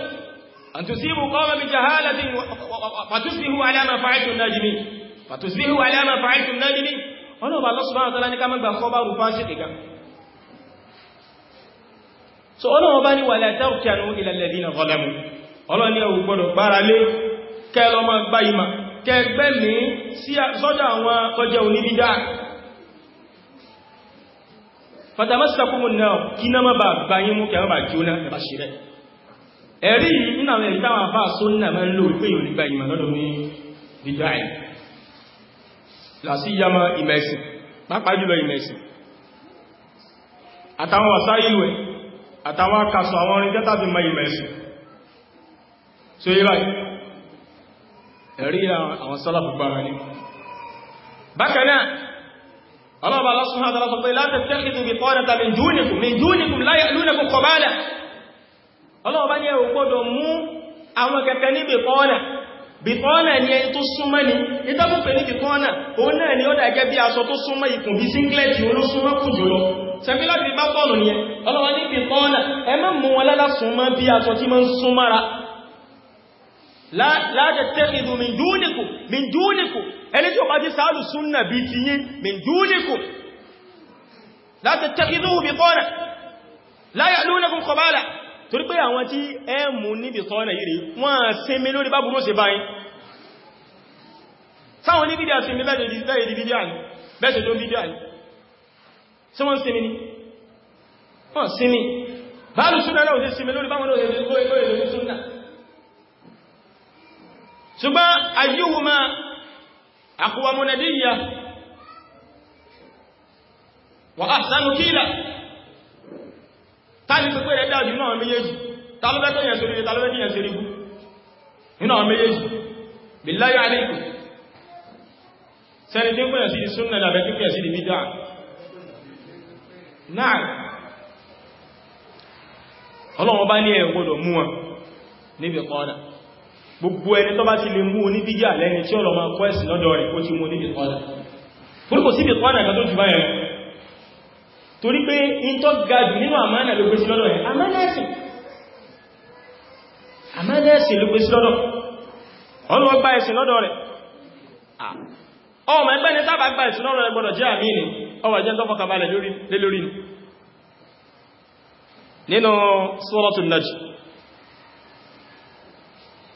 أن تصيبوا قوما بجهالة فتصبحوا على ما فعلتم نادمين فتصبحوا على ما فعلتم نادمين wọ́n náà bá lọ́sùmọ́ àtàlá ní ká mọ́gbà kọ́ bá rú fásitì kan so ọlọ́wọ́ bá ní wà látàrí kẹnu ìlàlẹ̀dí na ọlọ́mù ọlọ́ni ẹ̀wù gbọ́dọ̀ gbára lé kẹ́lọ́mọ́ gbáyìmá kẹgbẹ́mí sí sọ́jà àwọn tọ́jẹ́ oníbídá fatamassakumu náà kí náà má bàa gba yín mú kí a má bàa jóná ẹ bá ṣe rẹ̀ ẹ̀rí yìí nínú àwọn ẹ̀rí táwọn afá sónà máa ń lò pé yóò nígbà ìmọ̀ lọ́dọ̀ ní bídá ẹ̀ làsíyàmọ́ ìmẹ̀sìn pàápàá jùlọ ìmẹ̀sìn àtàwọn wàsáyìlúwẹ̀ àtàwọn akàsọ̀ àwọn orin jẹ́ta fi mọ́ ìmẹ̀sìn so yí báyìí ẹ̀rí àwọn sọ́lá ọlọ́ọ̀bà lọ́sùn àtàlá sọ pé láti tẹ́kìtù bí tọ́nàtà mìjúnìkùn láyẹ̀lúnàkùn kọbálà ọlọ́ọ̀bá ní ẹ̀rù gbọ́dọ̀ mú àwọn kẹ̀kẹ́ ní bìtọ́nà bìtọ́nà ni ẹni tó súnmọ́ ni ìtàbùfẹ́ ní bìtọ́nà òun náà ni ó dàgẹ́ bí aṣọ tó súnmọ́ ikùn bí síngilẹ́tì olóṣúnmọ́ kù jùlọ sẹ́bí láti bá tọ́nù látẹ̀tẹ̀kìdù mìndúnìkù mìndúnìkù ẹni tí ó bá ti sáàlù súnnà bí ti yí mìndúnìkù látẹ̀tẹ̀kìdù bí kọ́nà láyàlúnàkùn kọbálà torí pé àwọn tí ẹ mú níbi kọ́nà yìí wọ́n sinmi lórí bá burú sí báyìí sáwọn ní bídíà sinmi bẹ́ẹ̀ tó bídíà ni sí wọ́n ṣùgbọ́n ayyúhùmá àkọwàmúnadíyà wà ahsanu kílà tàbí pẹ̀pẹ̀ rẹ̀ dájú náà méjèèjì tàbí yẹn sórí tàbí yẹn sórí bú nínú àwọn sẹ́ni tí pẹ̀yẹ̀ sí súnnà lábẹ́ tí sí ìbídá náà gbogbo ẹni tó bá ti lè mú oníbíjà lẹ́ni tí ọ̀rọ̀ máa kọ́ ẹ̀sìn lọ́dọ̀ rẹ̀ ó ti mú oníbì tọ́nà torí kò síbì tọ́nà kan tó jù báyẹn torí pé in tó ga jù nínú àmánà ló gbé sí lọ́dọ̀ rẹ̀ àmánà ẹ̀sìn ló gbé sí lọ́dọ̀ ọ̀nà ọgbà ẹ̀sìn lọ́dọ̀ rẹ̀ ọmọ ẹgbẹ́ ni tábà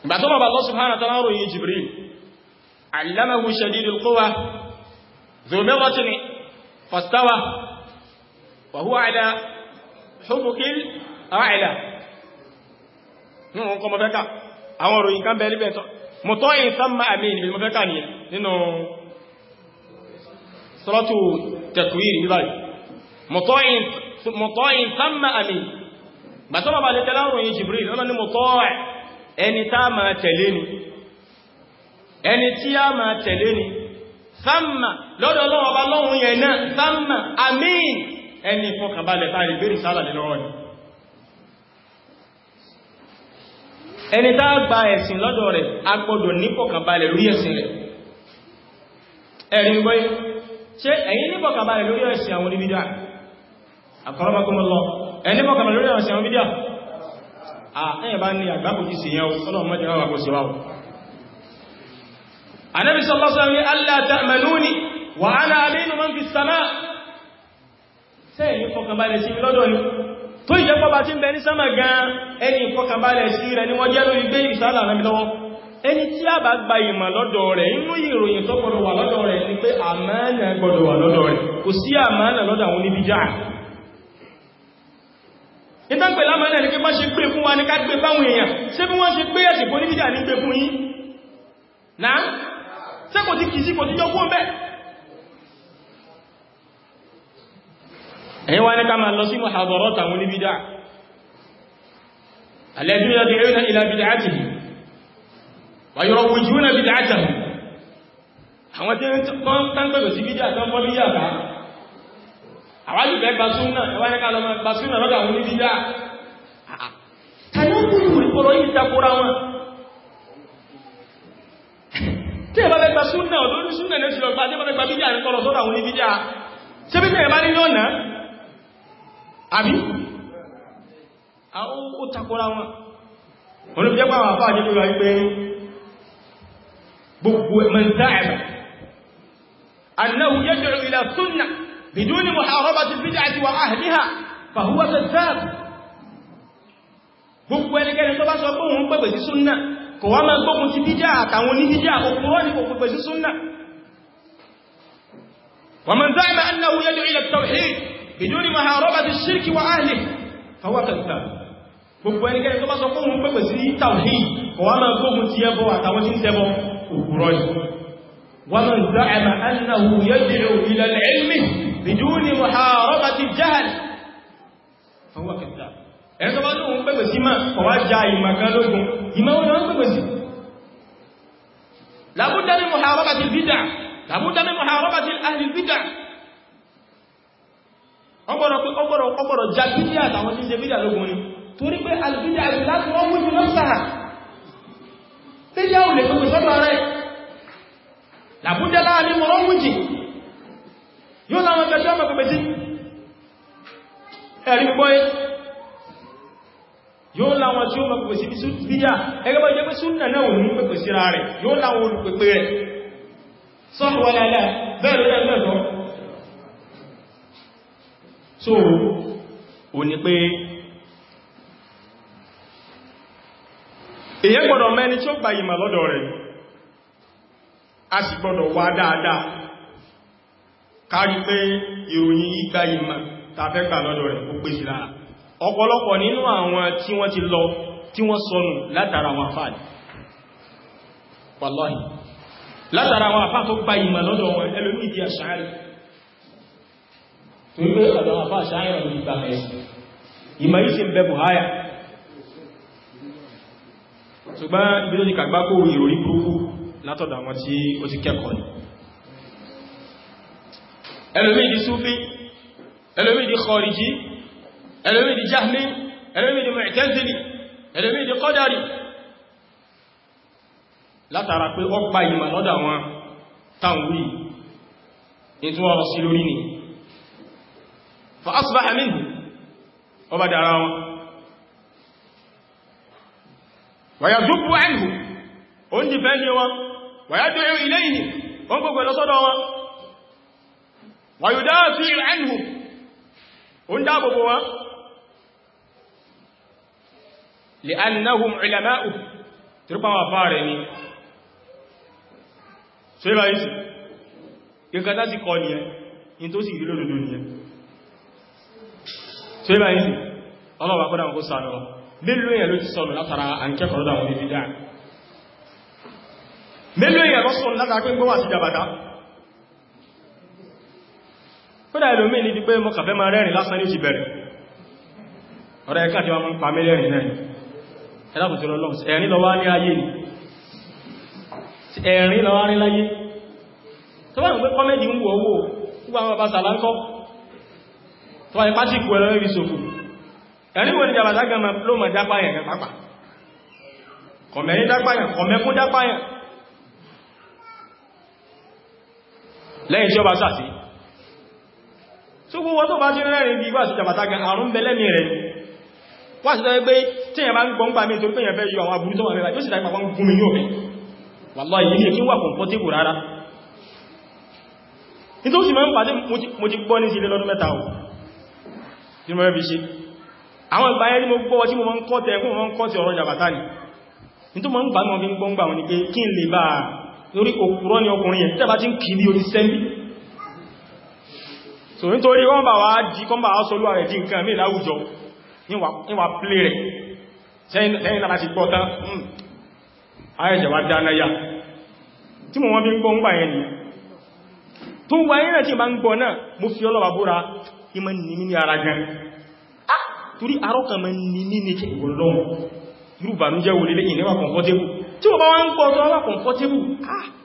ìgbà tó bàbá Allah subhanahu wa ta'ala ròyìn Jibril allamahu shadidul quwa dhu mirratin fastawa wa huwa ala hubukil a'la nínú kọmọ fẹ́ka àwọn ròyìn kan bẹ̀rẹ̀ bẹ̀ẹ̀tọ́ mọ̀tọ́ in sánmà àmì ìbí mọ̀ fẹ́ka nìyà nínú suratu takwir níbàrí mọ̀tọ́ in sánmà àmì gbàtọ́ ẹni tá a máa tẹ̀lé ni ẹni tí a máa tẹ̀lé ni sáàmà lọ́dọ̀ lọ́wọ́ bá lọ́wọ́ yẹn náà sáàmà àmín ẹni fọkànbalẹ̀ tá a lè gbérí sálà lè lọ́wọ́ ni ẹni tá a gba ẹ̀sìn lọ́dọ̀ rẹ̀ a gbọ́dọ̀ ní fọkànbalẹ̀ lórí ẹ̀sìn rẹ̀ ẹ̀rin àyẹ̀ ah, bá ní àgbàkòjì sí yẹn ọlọ́run mọ́jẹ́ ráwà kò sí wáwọ̀ anábi sọ́lọ́sọ́ ní allah ta'manuni wa ana aminu man fi sama tẹ́ ẹ̀yìn fọkànbalẹ̀ sí lọ́dọ̀ ni tó ìjẹ́ pọ́bá tí wọ́n jẹ́ lórí gbé ìsáàlà rẹ̀ ẹni tí a bá gba ìmọ̀ lọ́dọ̀ rẹ̀ inú ìròyìn tó gbọdọ̀ wà lọ́dọ̀ rẹ̀ ni pé àmánà gbọdọ̀ wà lọ́dọ̀ rẹ̀ kò sí àmánà lọ́dọ̀ àwọn oníbíjà ìtàn pẹ̀lá mẹ́rin ní pé bá ṣe gbé fún wa ní ká gbé báwọn èèyàn ṣe bí wọ́n ṣe gbé ẹ̀sìn fún nígbà ní gbé fún yín náà ṣe kò tí kìí sí kò tí yọ fún bẹ́ ẹ̀yìn wá ní ká máa lọ sí muhadarat àwọn ila bid'atihim wa yurawwijuna bid'atahum àwọn tí wọ́n tán pẹ̀lú sí bídá àwájú fẹ́ gba súnà ẹwà ní ká lọ máa gba súnà lọ́dọ̀ àwọn onídídá tàyọ́ kúrò ìpọ̀rọ̀ yìí takora wọn tí ẹ bá fẹ́ gba súnà olórí súnà lẹ́sì lọ gba tí ẹ bá fẹ́ gba bídíà ní kọlọ̀ sọ́dọ̀ àwọn onídídá ṣe bí tẹ̀yẹ̀ bá ní lọ́nà àbí ó takora بدون محاربة البدعة وأهلها فهو كذاب gbogbo ẹnikẹ́ni tó bá sọ pé òun pẹ̀pẹ̀ sí súnnà kò wá máa gbógun ti bídá àtàwọn oníbídá òkúrọ́ ní pẹ̀pẹ̀ sí súnnà ومن زعم أنه يدعو إلى التوحيد بدون محاربة الشرك وأهله فهو كذاب gbogbo ẹnikẹ́ni tó bá sọ pé òun pẹ̀pẹ̀ sí tawhid kò wá máa gbógun ti ẹbọ àtàwọn tí ومن زعم أنه يدعو إلى العلم بدون محاربة الجهل فهو كذاب ẹ̀rọ tó bá lóòun pẹ̀gbẹ̀ sí máa ọwá já ìmọ̀kan lógún ìmọ̀wọ̀n náà pẹ̀gbẹ̀ sí لابد من محاربة البدع لابد من محاربة أهل البدع ọgbọ̀rọ̀ já bídà àtàwọn tí ń ṣe bídà lógún ni torí pé albídà àti láti wọ́n mú jù yóò láwọn ẹgbẹ́ ṣọ́pàá pẹ̀pẹ̀ sí ẹ̀rí gbọ́ ẹ́ yóò láwọn tí ó mọ̀ pẹ̀pẹ̀ sí bídá ẹgbẹ́ jẹ́ pé súnnà náà ní pẹ̀pẹ̀ sí rẹ̀ yóò láwọn olùpẹ̀pẹ̀ rẹ̀ sọ́pàá a sì gbọ́dọ̀ wá dáadáa kárí pé ìròyìn ìgbà ìmọ̀ tàfẹ́gbà lọ́dọ̀ rẹ̀ ó pè sí lára ọ̀pọ̀lọpọ̀ nínú àwọn tí wọ́n ti lọ tí wọ́n sọnù látara àwọn àfáà ní wàlọ́hì látara àwọn àfáà tó gba ìmọ̀ lọ́dọ̀ wọn ẹlòmí ìdí àṣáàrí torí pé ọ̀dọ̀ àfáà àṣáàrí ọ̀dọ̀ ìgbà ṣùgbọ́n ibi tó ti kàgbákò ìròrí burúkú látọ̀dọ̀ àwọn tí ó ti kẹ́kọ̀ọ́ ẹlòmíì di súfí ẹlòmíì di kọrìjí ẹlòmíì di jahmi ẹlòmíì di mẹ̀tẹ́zìlì ẹlòmíì di kọ́dárì látara pé ó gba ìmọ̀ lọ́dà wọn tàwí ìtú ọ̀rọ̀ sí lórí ni fa asbaha minhu ọba dára wọn wàyà dúkú ẹ̀hù ó ń dìfẹ́ ní wọn wàyà dúró ilé ìhìn ó ń gbogbo lọ́sọ́dọ̀ wọn wàyùdáàfí ẹ̀nhùn ó ń dáàbòbò wọn lè annahum ìlàmáà turpa wa fara ni ṣe bá yìí sí ìkàtà sí kọ ni ẹ in tó sì rí lòdòdó ni ẹ ṣe bá yìí sí ọlọ́wà kọ́dá kó sàánà lọ mélòó èèyàn ló ti sọ̀nà látara à ń kẹ́kọ̀ọ́ pé gbọ́wà sí jàbàtà kódà ẹlòmí níbi pé mọ́ kàfẹ́ máa rẹ́rìn lásán ní ó ti bẹ̀rẹ̀ ọ̀rẹ́ ẹ̀ká tí wọ́n mú pa mílẹ̀rìn náà ẹ̀lákùntí lọ́lọ́ ẹ̀rin lọ wá ní ayé ẹ̀rin lọ wá ní láyé tó wà ní pé kọ́mẹ́dì ń wọ owó púpọ̀ àwọn bá sàlánkọ́ tó wà ní pásíkù ẹ̀rọ ibi sòfò ẹ̀rin wọ́n ni jàbàtà gama ló mọ̀ dápáyàn kan pápá kọ̀mẹ́rin dápáyàn kọ̀mẹ́kún dápáyàn lẹ́yìn tí ó bá sàtí so gbogbo tó bá ti rẹ́rin bí wáṣí jàbàtà gan àrùn bẹ̀lẹ́ mi rẹ̀ wáṣí tó gbé tí èyàn bá ń gbọ́n pàmí tó pèyàn fẹ́ yọ àwọn àbúrú tó wà mẹ́ta yóò sì dágbà wọ́n gúnmi yóò bẹ̀ wàlọ́ ìyí kí wà kọ̀m̀pọ́tébù rárá nítorí mẹ́rin pàdé mo ti gbọ́ ní sí ilé lọ́dún mẹ́ta ò tí mo fi ṣe àwọn ìgbà ẹni mo gbọ́ tí mo mọ́ ń kọ́ tẹ̀ fún mo mọ́ ń kọ́ tí ọ̀rọ̀ jàbàtà ni nítorí mọ́ ń bá lórí òkúrọ́ ni ọkùnrin yẹn tẹ́bà ti ń kìí bí orí sẹ́ńbì so nítorí wọ́n bà wá jí kọ́n bà wá sọlúwà rẹ̀ jí nǹkan mìí láwùjọ níwà plé rẹ̀ sẹ́yìn lára ti gbọ́ta hmm, ayẹ́jẹ̀ wá dánáyà tí mo wọ́n bí ń gbọ́ ń gbà yẹn ni tó wà yẹn tí ma ń gbọ́ náà mo fi ọlọ́wà búra ah! ìmọ̀ comfortable tí mo bá comfortable ah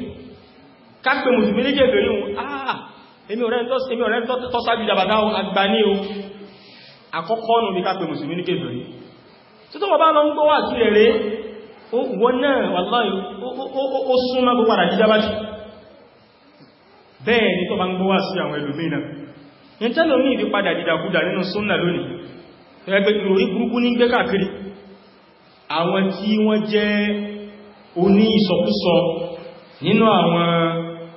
kápẹ́ ah, mùsùlùmí ní kèfèrí ohun ah èmi ọ̀rẹ́ tó sáájú ìjàbàtà àgbà ní o àkọ́kọ́ nù ní kápẹ́ mùsùlùmí ní kèfèrí tó tó bàbá lọ ń gbọ́ wà sí ẹ̀rẹ́ wọ́n náà wàláhì ó súnmọ́ gbogbo àdàjí jábájì bẹ́ẹ̀ ni tó bá ń gbọ́ wà sí àwọn ẹlòmínà ìtẹ́lòmí ìdí padà dìdàkúdà nínú súnnà lónìí ẹgbẹ́ ìròrí burúkú ní gbé káàkiri àwọn tí wọ́n jẹ́ oní ìsọkúsọ nínú àwọn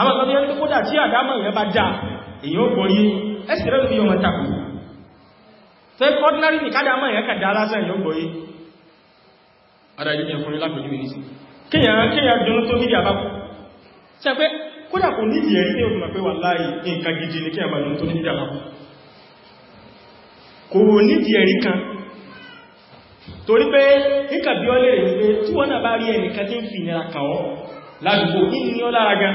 àwọn kan tó yẹ́ tó kódà tí àdámọ̀ ìyẹn bá já èyàn borí ẹ̀sì rẹ̀ lórí ọmọ takò tó yẹ́ ordinary ní kádámọ̀ ìyẹn kàdá lásán èyàn borí ara ìdí ẹkùnrin lápẹjú mi nísì kíyàn kíyàn dúnú tó nídìí àbákù tí a pé kódà kò nídìí ẹ̀rí ní òmìnà pé wà láì nǹkan gidi ní kíyàn bá dúnú tó nídìí àbákù kò nídìí ẹ̀rí kan torí pé níkàbí ọlẹ́rẹ̀ wípé tí wọ́n náà bá rí ẹnìkan tí ń fi ìnira kàn ọ́ ládùúgbò nínú ní ọ lára gan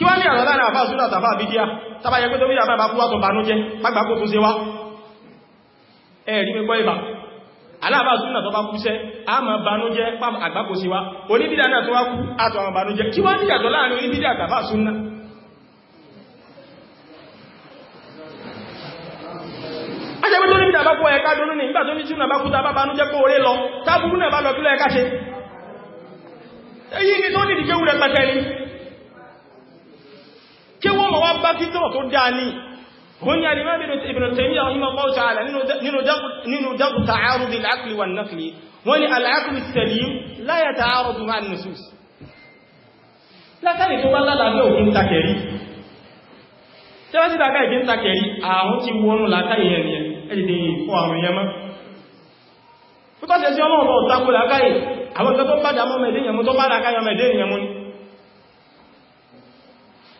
kí wá ní àrọ̀ láàrin àfáà súnà tàbá àbídíà tàbá yẹ pé tó bídà bá kúwà tó bánú jẹ́ pàgbàkó tó ṣe wá ẹ̀rí mi gbọ́ ìbà aláàbá súnà tó bá kú sẹ́ a máa bánú jẹ́ àgbàkó sí wá oníbídà náà tó wá kú àtọ̀ àwọn bánú jẹ́ kí wá ní àtọ̀ láàrin oníbídà tàbá súnà ajẹ́gbẹ́ tó níbídà bá kú ẹ̀ká dúró ní ìgbà tó ní súnà bá kú mọ̀ wá bá fítọ̀ tó dáa ní wọ́n ni àdìmọ́ Ibn Taymiyyah rahimahullah ta'ala nínú dákù ta'arud al-aql wan-naql wọ́n ni al-aql as-salim la yata'aradu ma'a an-nusus látàrí tó bá lálàáfẹ́ òfin takẹ̀rí ń bá dámọ́ mẹ́dé ìyàmú tó bá dákáyọ mẹ́dé ìyàmú ni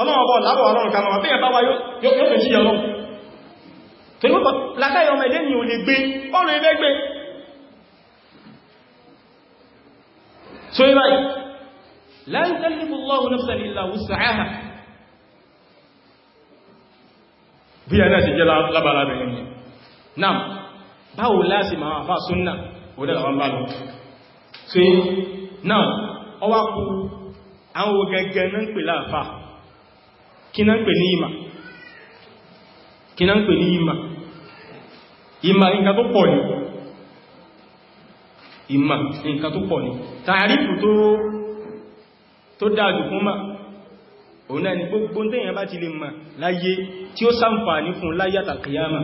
ọlọ́ọ̀bọ̀ lábọ̀ ọlọ́run kan wọ́n bẹ́yẹ̀ bá wá yóò fẹ́ sí ọlọ́run tẹ́lúpọ̀ lákáyọ ọmọ ẹ̀dẹ́ ni ò gbé ọ̀rọ̀ ilẹ́ gbé so ibá la yukallifu Allahu nafsan illa wus'aha bí ẹ̀nà ti jẹ́ lábàlá náà báwo láti máa kí náà ń pè ní ìmà kí náà ń pè ní ìmà ìmà nǹkan tó pọ̀ ní ìmà nǹkan tó pọ̀ ní tààrífù tó dáadù fún mà òun náà ni gbogbo tẹ́yìn bá ti lè mà láyé tí ó ṣàǹfààní fún láyé àtàkìyàmà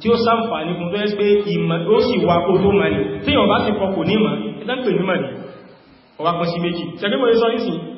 tí ó ṣàǹfààní fún tó ẹ́sì pé ìmà ó sì wà kó tó mà ní tẹ́yìn ọba ti kọkù ní ìmà ẹ̀dá ní mà ní ọwà kan sí méjì tẹ́gbẹ́gbẹ́ sọ nísìnyí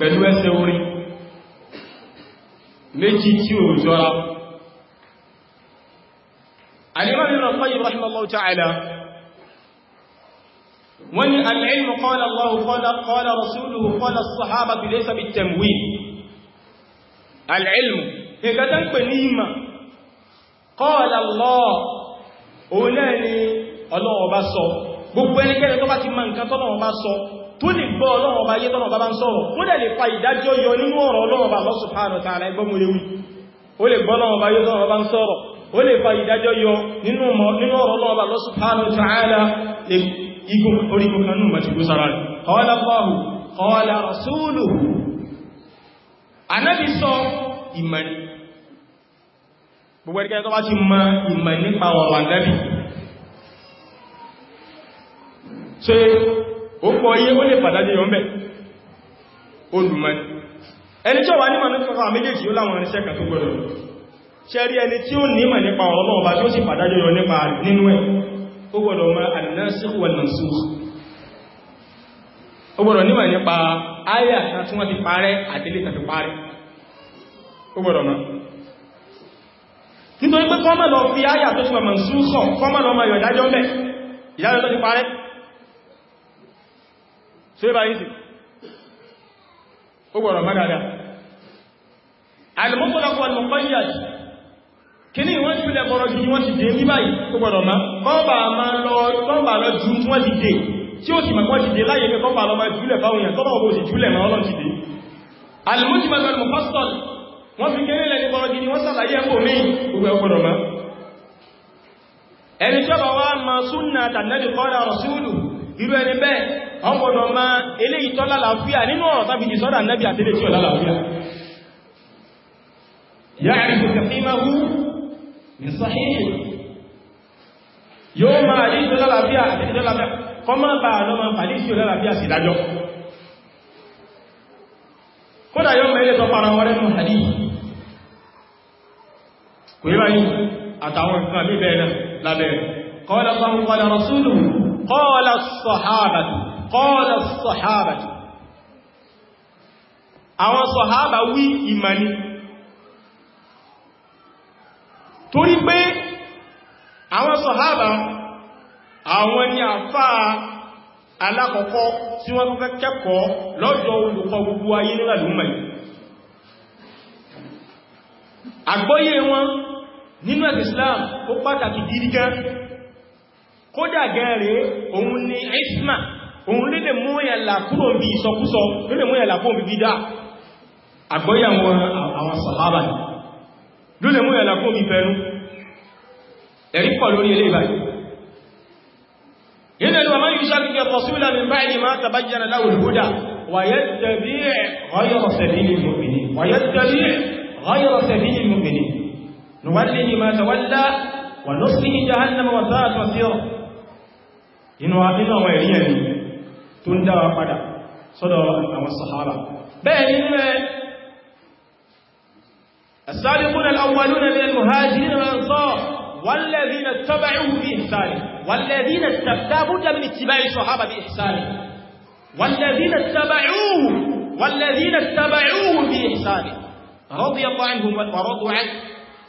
pẹ̀lú ẹsẹ̀ orin méjì tí ó jọra alimami na fayi rahimallahu ta'ala wani al'ilmu qala allahu qala rasuluhu qala sahaba bi laysa bit tamwin al'ilmu nǹkan tan pè ní ìmọ̀ qala allah o náà ni ọlọ́wọ́ bá sọ gbogbo ẹnikẹ́ni tó bá ti ma nǹkan tọ́lọ́wọ́ bá sọ tó lè gbọ́ ọlọ́wọ́ bá yé tọ́nà bá ń sọ̀rọ̀ ó dẹ̀ lè fa ìdájọ́ yọ nínú ọ̀rọ̀ ọlọ́wọ́ bá Allah subhanahu wa ta'ala ẹgbọ́n múlé wí ó lè gbọ́ ọlọ́wọ́ bá yé tọ́nà bá ń sọ̀rọ̀ ó lè fa ìdájọ́ yọ nínú ọ̀rọ̀ ọlọ́wọ́ bá Allah subhanahu wa ó kọ iye ó lè pàdájẹ́ yọ mẹ́ olùmọ̀ ẹni tí ó wà nímọ̀ nípa méjèèjì ó láwọn irinṣẹ́ kan tó gbọ́dọ̀ ṣe rí ẹni tí ó nímọ̀ nípa ọ̀rọ̀ náà bá tí ó sì pàdájẹ́ yọ nípa nínú ẹ̀ ó gbọ́dọ̀ mọ̀ an-nasikh wal-mansukh ó gbọ́dọ̀ nímọ̀ nípa ayé àṣà tí wọ́n ti parẹ́ àdílé tàbí parẹ́ mọ̀ nítorí pé kọ́mọ̀ lọ fi ayé mẹ́ ìdájọ́ tó ti parẹ́ ṣe bá yìí sí ó gbọ́rọ̀ mọ́dàdà alìmọ́tọ́lọ́pọ̀ alìmọ́kọ́yà kí ní wọ́n jùlẹ̀ gbọ́rọ̀ jù wọ́n ti dé ní báyìí ó gbọ́rọ̀ má kọ́bà lọ jù wọ́n ti dé tí ó sì mọ̀ wọ́n ti dé láyé kọ́bà lọ má jùlẹ̀ báwọn yàn tọ́bà wọ́n sì jùlẹ̀ mọ́ ọlọ́n ti dé alìmọ́tọ́lọ́pọ̀ alìmọ́kọ́sọ̀l wọ́n fi kéré lẹ́ni gbọ́rọ̀ jù ni wọ́n sàlàyé ẹ̀kọ́ mi gbogbo ọgbọ́rọ̀ má ẹni tí ó bá wá ma súnnà tàbí kọ́lá rọ̀súlù irú ẹni bẹ́ẹ̀ ọmọdọ̀ ma eléyìí tọ́lá làáfíà nínú ọ̀rọ̀ tàbí jù sọ́dà nẹ́bí àtẹ́lẹ̀ tí ọ̀lá làáfíà ya'rifu sahihahu min sahihi yóò máa rí tọ́lá làáfíà àtẹ́lẹ̀ tọ́lá làáfíà kọ́ máa bá àlọ́ máa pàdé sí ọ̀lá làáfíà sí dájọ́ kódà yóò mẹ́lẹ̀ tọ́ para wọ́n rẹ̀mù hàdí kò yíba yìí àtàwọn ìfún àmì bẹ̀rẹ̀ lábẹ̀rẹ̀ qala Allahu qala rasuluhu qala as-sahabatu qala as-sahabatu àwọn sọ̀hábà wí ìmàní torí pé àwọn sọ̀hábà àwọn ni àfáà alákọ̀ọ́kọ́ tí wọ́n fẹ́ kẹ́kọ̀ọ́ lọ́jọ́ olùkọ́ gbogbo ayé nílà lúmọ̀ yìí àgbọ́yé wọn Islam ó pàtàkì gírígán kódà gẹ́rẹ́ òun ni isma òun ló lè mú ẹ̀là kúrò bí ìsọkúsọ ló lè mú ẹ̀là kúrò bí bídá àgbọ́yà àwọn sàhábà ló lè mú ẹ̀là kúrò bí fẹ́nu ẹ̀rí pọ̀ lórí ilé ìbáyìí yínlẹ̀ lọ máa yìí ṣàkíkẹ́ rọ̀súlà min báyìí máa tàbájẹ́rẹ̀ láwùl húdà wàyẹ́tẹ̀bí ghayra sabilil mu'minin wàyẹ́tẹ̀bí inú àwọn ẹ̀rí ẹ̀rí tó ń dáwà padà sọ́dọ̀ àwọn sahaba bẹ́ẹ̀ nínú ẹ̀ السابقون الأولون من المهاجرين والأنصار والذين اتبعوه بإحسان والذين لابد من اتباع الصحابة بإحسان والذين اتبعوه والذين اتبعوه بإحسان رضي الله عنهم ورضوا عنه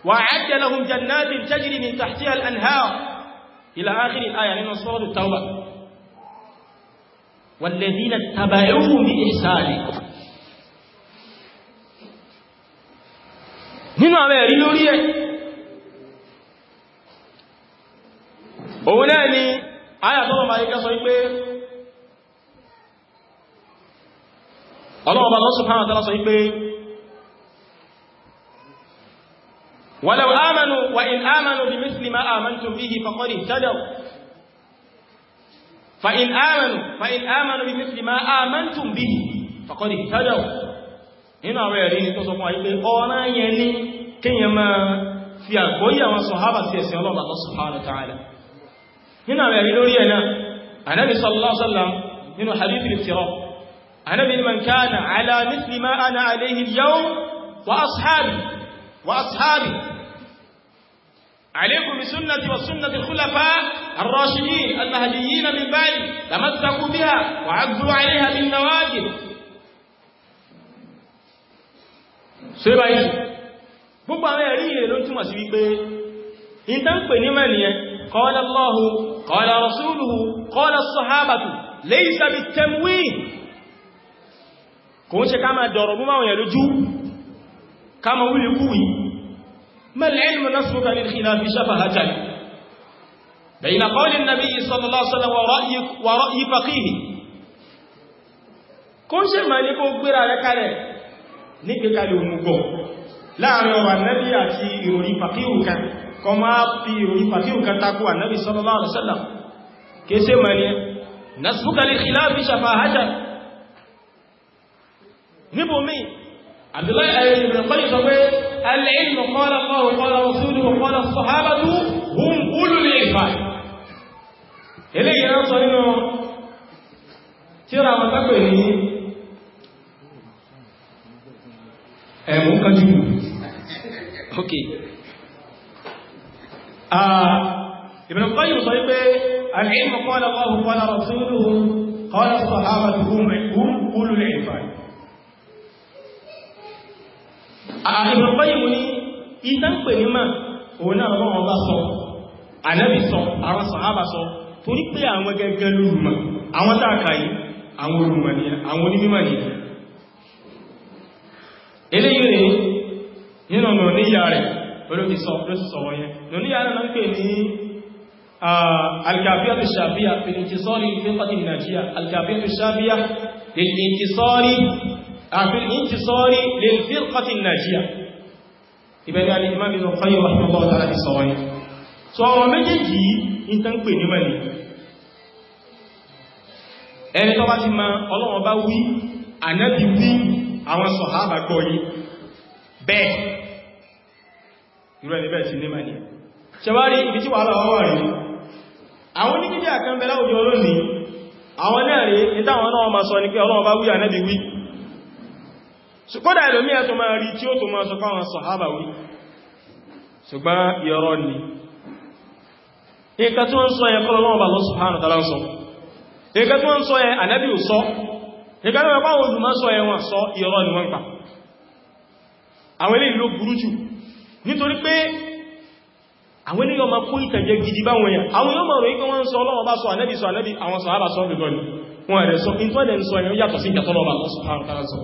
وأعد لهم جنات تجري من تحتها الأنهار ila akhiri al-aya nínú suratu tawba walladhina tabauhu bi ihsani nínú àwọn ẹ̀rí lórí ẹ̀ òun náà ni aya tó bá yíká sọ wípé ọlọ́wọ́ bá lọ́sùn fáwọn tọ́lá sọ wípé ولو آمنوا وإن آمنوا بمثل ما آمنتم به فقد اهتدوا فإن آمنوا فإن آمنوا بمثل ما آمنتم به فقد اهتدوا هنا ويرين توسو كو ايبي اونا يني في اغويا وصحابه في اسم الله سبحانه وتعالى هنا ويرين لوري انا النبي صلى الله عليه وسلم من حديث الافتراء انا من كان على مثل ما انا عليه اليوم واصحابي واصحابي عليكم بسنة وسنة الخلفاء الراشدين المهديين من بعد تمسكوا بها وعدوا عليها بالنواجذ سيبا إيه بوبا ما يريه لون تما قال الله قال رسوله قال الصحابة ليس بالتمويه كونش كما دربوا ما يرجو كما يقولوا ما العلم نصرك للخلاف شفهة بين قول النبي صلى الله عليه وسلم ورأي, ورأي فقيه كون لي نيكو غيرا ركاله نيكو كالي ومغو لا رو النبي اتي يوري فقيه كان كما في يوري فقيه كان تاكو النبي صلى الله عليه وسلم كيسه ماني نصرك للخلاف شفهة نبو مين عبد الله بن القيس العلم قال الله وقال رسوله وقال الصحابة هم أولو العرفان eléyìí náà sọ nínú tíra mọ̀tàkọ̀ èyí ẹ̀mù kájú ok Ibn Qayyim sọ wípé al-ilmu qala Allahu qala rasuluhu qala sahabatuhu mẹ́kún kúlù lẹ́yìn fàáyì àìbàbá yìí ní ìtànpè ní máa òun náà rán ọba sọ ànábì sọ àwọn sàhábà sọ torí pé àwọn gẹ́gẹ́ lórùmọ̀ àwọn tààkà yìí àwọn olùmọ̀ ni àwọn onímọ̀ ni eléyìí rẹ̀ nínú ọ̀nà níyà rẹ̀ olóbi sọ lóṣìṣọ́ wọ́nyẹn lóníyà rẹ̀ náà ń pè ní الكافية الشافية في الانتصار للفرقة الناجية الكافية الشافية للانتصار في الانتصار للفرقة الناجية ibẹ̀ ni alìmọ́bí lọ kọ́ yíwa ṣe ọgbọ́ta láti sọ so àwọn méjèèjì yìí tán ma Ọlọ́run bá wí ànábì wí àwọn sọ̀hábà gbọ́ yìí bẹ́ẹ̀ ti ibi àwọn oníkíjẹ́ àkànbẹ̀ láwùjọ lónìí àwọn náà rí ní náà ma sọ ní kódà ẹlòmí ẹ̀tọ́ máa rí tí ó tó máa sọpá wọn sọ̀hábà wí ṣùgbọ́n ìrọ́ ni nǹkan tí wọ́n sọ yẹn kọ́lọ́ wa ta'ala sọ nǹkan tí wọ́n sọ yẹn ànábì ò sọ nǹkan tí wọ́n pàwọn olùmọ́ sọ yẹn wọ́n sọ ìrọ́ ni wọ́n pa àwọn eléyìí ló burú jù nítorí pé àwọn eléyìí ọmọ kó ìtẹ̀jẹ gidi bá wọ̀nyẹn àwọn yóò mọ̀rọ̀ ikọ́ wọ́n sọ ọlọ́wọ́ bá sọ ànábì sọ ànábì àwọn sọ̀hábà sọ ọ̀rẹ́gọ́ ni wọ́n rẹ̀ sọ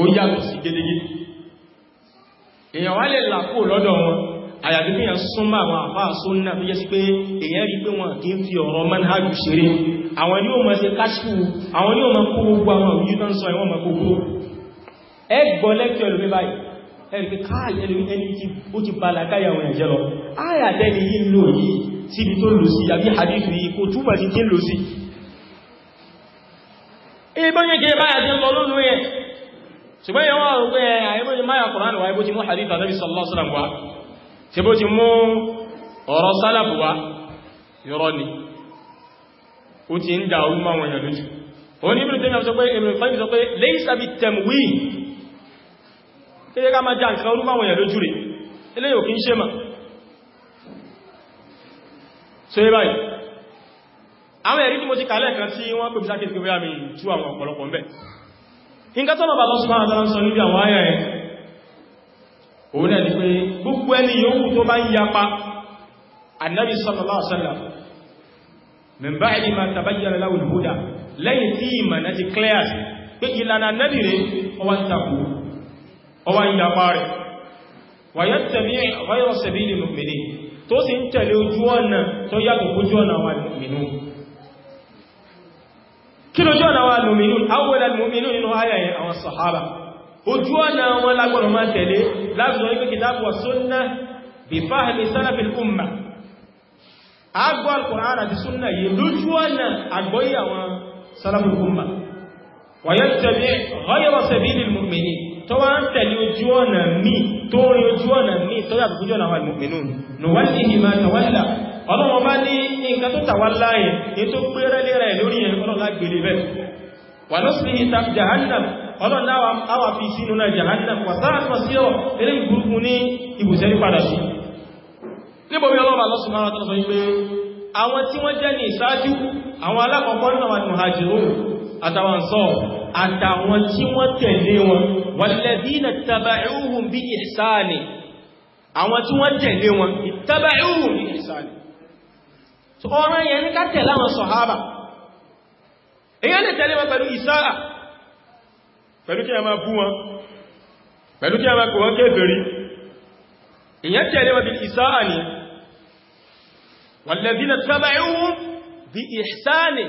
ó yàtọ̀ sí gédégé èèyàn wá lè làkó lọ́dọ̀ wọn àyàbí pé yàn súnmọ́ àwọn àfáà sónà tó yẹ sí pé èèyàn rí pé wọn kì í fi ọ̀rọ̀ manhajù ṣeré àwọn yóò mọ̀ sí káṣíkù àwọn yóò mọ̀ kó gbogbo àwọn òyìn náà sọ ìwọ̀n mọ̀ gbogbo ẹ gbọ́ lẹ́kì ọlùmí báyìí ẹ̀rì pé káàlì ẹni tí ó ti bá làkáyà wọn ẹ̀jẹ́ lọ áyàtẹ́ni yìí lò yìí síbi tó lò sí àbí hadithu yìí kò túmọ̀ sí tí lò sí ìbọn yẹ́ gẹ̀ẹ́ báyà tí ń lọ lónú yẹn ṣùgbọ́n yẹn wọ́n rúgbẹ́ àìbó ti máyà kùránì wa ibó ti mú hadith ànábì sallallahu alaihi wasallam wa ṣe bó ti mú ọ̀rọ̀ sálàbù wa yọrọ ni ó ti ń dà orúmọ àwọn èèyàn lójú ó ní ibùdó tẹ́mì sọ pé ibùdó tẹ́mì sọ pé laysa bit-tamwi kéde ká máa já nǹkan orúmọ àwọn èèyàn lójú rẹ̀ eléyìí ò kí ń ṣe mà so yé báyìí àwọn ẹ̀rí tí mo ti kàlẹ̀ kan tí wọ́n pè mí sákèsí pé bóyá mi tú àwọn ọ̀pọ̀lọpọ̀ ń bẹ̀ nǹkan tọ́nà bá lọ́sùn máa dára sọ níbi àwọn ayà ẹ̀ òun ẹni pé gbogbo ẹni yòówù tó bá ń yapa annabi sallallahu alaihi wasallam min ba'di ma tabayyana lahu al-huda lẹ́yìn tí ìmọ̀ náà ti clear pé ìlànà annabi rẹ̀ ọwá ń takò ọwá ń yapa rẹ̀ wa yattabi'u ghayra sabili al-mu'minin tó sì ń tẹ̀lé ojú ọ̀nà tó yàtọ̀ ojú ọ̀nà àwọn mìíràn kí lójú ọ̀nà wa lùmínú awọ́lẹ̀ lùmínú nínú ayayin àwọn sahaba ojú ọ̀nà wọn lágbọ̀nà máa tẹ̀lé láti sọ ní pé kìtàbù wa súnnà bí fáhìmì sálàfil umma agbọ́ alkùnrin àti súnnà yìí lójú ọ̀nà àgbọ́yí àwọn sálàfil umma wàyẹ́ tẹ̀lé ghayra sabilil mu'minin tó wá ń ọlọ́wọ́n bá ní nǹkan tó tàwà láyẹ̀ ní tó pé rẹ́lẹ́ rẹ̀ lórí ẹ̀ ọlọ́run lágbèlè bẹ̀ wà ló sí ìta jahannam ọlọ́run àwà fi sínú náà jahannam wà sáà tó sí ọ̀ eré burúkú ní ibùsẹ̀ padà sí níbomi ọlọ́run Allah subhanahu wa ta'ala sọ pé àwọn tí wọ́n jẹ́ ní ìṣáájú àwọn alákọ̀ọ́kọ́ náà àtàwọn tí wọ́n tẹ̀lé wọn walladhina taba'uhum bi ihsani àwọn tí wọ́n tẹ̀lé wọn taba'uhum bi ihsani ọ̀rọ̀ yẹn ní ká tẹ̀lé àwọn sọ̀hábà èyàn lè tẹ̀lé wọn pẹ̀lú ìsára pẹ̀lú kí a máa bú wọn pẹ̀lú kí a máa kò wọ́n kèfèrí èyàn tẹ̀lé wọn bí ìsára ni walladhina taba'uhum bi ihsani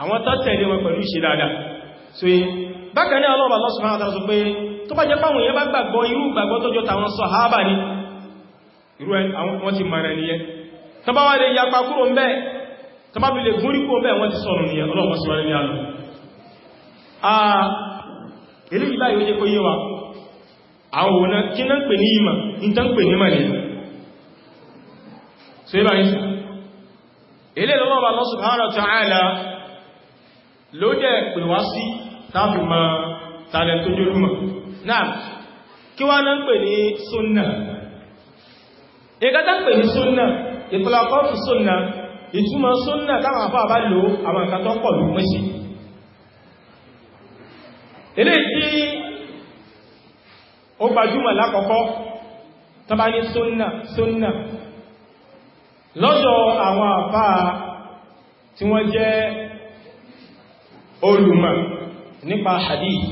àwọn tó tẹ̀lé wọn pẹ̀lú ìṣe dáadáa so bákan náà Allah subhanahu wa ta'ala sọ pé tó bá wá lè yapa kúrò ń bẹ́ tó bá bí lè gúnrí kúrò bẹ́ wọ́n ti sọ̀rọ̀ ní ọlọ́pàá sí wọ́n ní àlù ilé ìlà yóò jẹ́ kó yé wa àwọn òun náà kí náà pè ní ìmọ̀ ní ní mọ̀ ta'ala ló jẹ́ pè wá sí tábì ma tààlẹ̀ tó jórúmọ̀ náà kí wá náà pè ní ẹgbẹ́ta pè ní ìtọ́lápọ́tù súnnà ìtumọ̀ súnnà táwọn àfáà bá lò àwọn nǹkan tó pọ̀ lùmọ́ sí ilé tí ó gbajúmọ̀ lákọ̀ọ́kọ́ tó bá ní súnnà súnnà lọ́dọ̀ àwọn àfáà tí wọ́n jẹ́ olùmọ̀ nípa hadith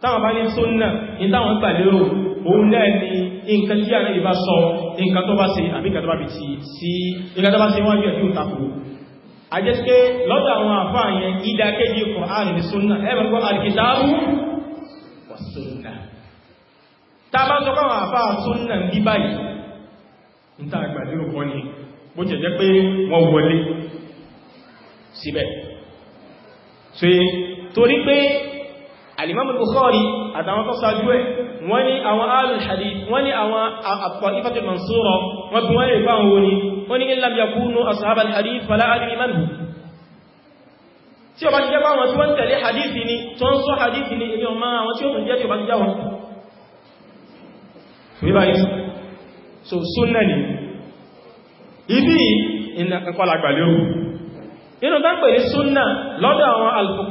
táwọn bá ní súnnà ní táwọn gbà lérò òun náà ni nǹkan tí àrẹ ìbá sọ nǹkan tó bá ṣe àbí nǹkan tó bá fi ti sí nǹkan tó bá ṣe wọ́n yẹ̀ yóò tako a jẹ́ pé lọ́dọ̀ àwọn àfáà yẹn ìdákejì Kùránì ní súnnà ẹ̀rọ gbọ́ alìkìtàrù wà ní báyìí ní alimamu bukhari àtàwọn tó sáájú ẹ̀ wọ́n ní àwọn alul hadith wọ́n ní àwọn àpọ̀lífàtul mansura wọ́n bí wọ́n lè bá wọn wọ́n ní wọ́n ní illam yakunu ashabal hadith fala adri man hum tí ó bá ti jẹ́ pàwọn tí wọ́n tẹ̀lé ni tó àwọn tí ó so sunna ni ibi ìnàkọlàgbàlẹ́ inú tán pẹ̀lú sunna lọ́dọ̀ àwọn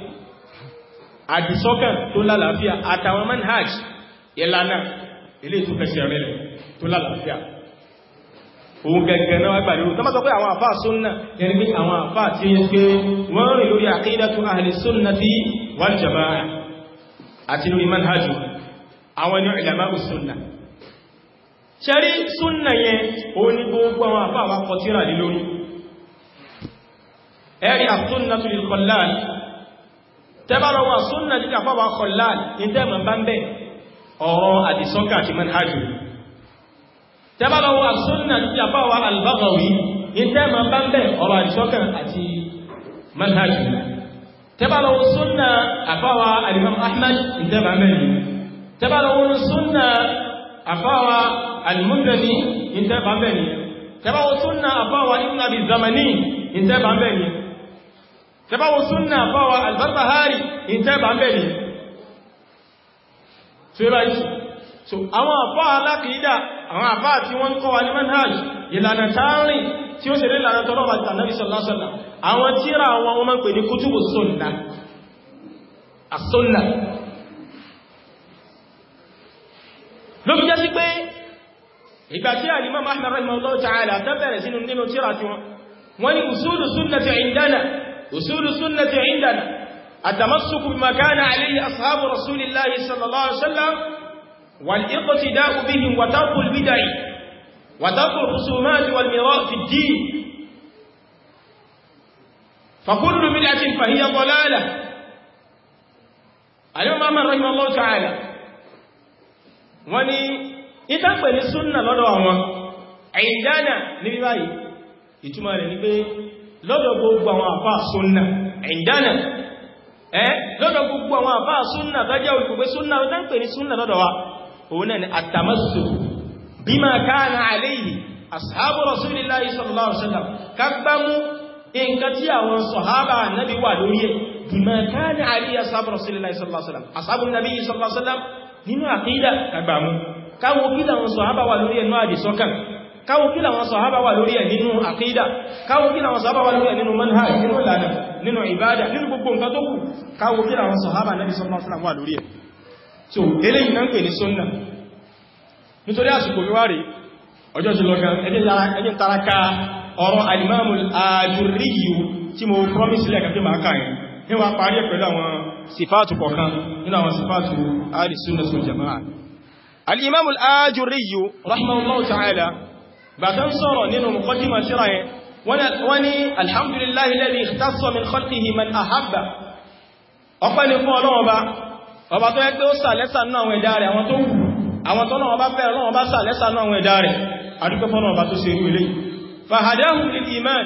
àdìsọ́kàn tó lálàáfíà àtàwọn manhaj ìlànà ilé tó fẹsẹ̀ rẹ̀ tó lálàáfíà òun gẹ̀gẹ̀ náà wáyé pàdé tó má sọ pé àwọn àfáà súnnà yẹni pé àwọn àfáà tí ó pé wọ́n rí lórí àkídàtú ahli sunnati wal jamaa àti lórí manhajù àwọn ẹni ìlàmá súnnà ṣẹ́rí súnnà yẹn ó ní gbogbo àwọn àfáà wá kọtíra lórí ẹ̀rí àsúnnatu lil khallal tẹ́bàrọ̀ wà súnnà lílà fáwà kọ̀láà ní tẹ́mà bá ń bẹ̀ ọ̀rọ̀ àdìsọ́kà ti mọ́ hajjú tẹ́bàrọ̀ wà súnnà lílà fáwà albagawi ní tẹ́mà bá ń bẹ̀ ọ̀rọ̀ àdìsọ́kà àti mọ́ hajjú tẹ́bàrọ̀ wà súnnà àfáwà alimam ahmad ní tẹ́mà bẹ̀ ní tẹ́bàrọ̀ wà súnnà àfáwà almundani tẹbáwò súnnà fáwà albarbahari in tẹba mẹ́rin tó yíba yìí so àwọn àfá alákìídà àwọn àfá tí wọ́n kọ́ wa ní manhaj ìlànà tààrin tí ó ṣeré ìlànà tọ́rọ àti ànábì sallásọ́lá àwọn tíra àwọn ọmọ pè ní kútùbù sọ́nà àsọ́nà ló fi jẹ́ sí pé ìgbà tí al-Imam Ahmad rahimahullah ta'ala tẹ́bẹ̀rẹ̀ sínú nínú tíra tí wọ́n ni usulu sunnati indana أصول سنة عندنا التمسك بما كان عليه أصحاب رسول الله صلى الله عليه وسلم والاقتداء بهم وترك البدع وترك الرسومات والمراء في الدين فكل بدعة فهي ضلالة الإمام أحمد رحمه الله تعالى وني إتنقل السنة لدوهم عندنا نبي باي ìtumọ̀ rẹ̀ pé lọ́dọ̀ gbogbo àwọn àfáà súnnà ìdánà ẹ́ lọ́dọ̀ gbogbo àwọn àfáà súnnà tó jẹ́ olùgbé súnnà tó ń pè ní súnnà lọ́dọ̀ wa òun náà ni àtàmásù bima kana alayhi ashabu rasulillahi sallallahu alaihi wasallam káwọn kí làwọn sọ̀hábà wà lórí ẹ̀ nínú àkídà káwọn kí làwọn sọ̀hábà wà lórí ẹ̀ nínú manhaj nínú ìlànà nínú ìbádà nínú gbogbo nǹkan tó kù káwọn kí làwọn sọ̀hábà Nabi sallallahu alaihi wasallam wà lórí ẹ̀ so eléyìí náà ń pè ní sunna nítorí àsìkò wíwá ọjọ́ ti lọ́gán al-Ajurriyu al-Ajurriyu rahimahullahu ta'ala bàtán sọ̀rọ̀ nínú mọ̀kọ́dímà síra yẹn wọ́n ní alhamdulillahi lẹ́bí ikhtassa min khalqihi man ahabba ọpẹ́ ni fún ọlọ́wọ́ bá ọba tó yẹ pé ó sàlẹ́sà náà àwọn ẹ̀dá rẹ̀ àwọn tó wù àwọn tó náà bá fẹ́ ọlọ́wọ́ bá sàlẹ́sà náà àwọn ẹ̀dá rẹ̀ àdúgbẹ́ fọ́nà ọba tó ṣe rú ilé fàhàdáhùn lil iman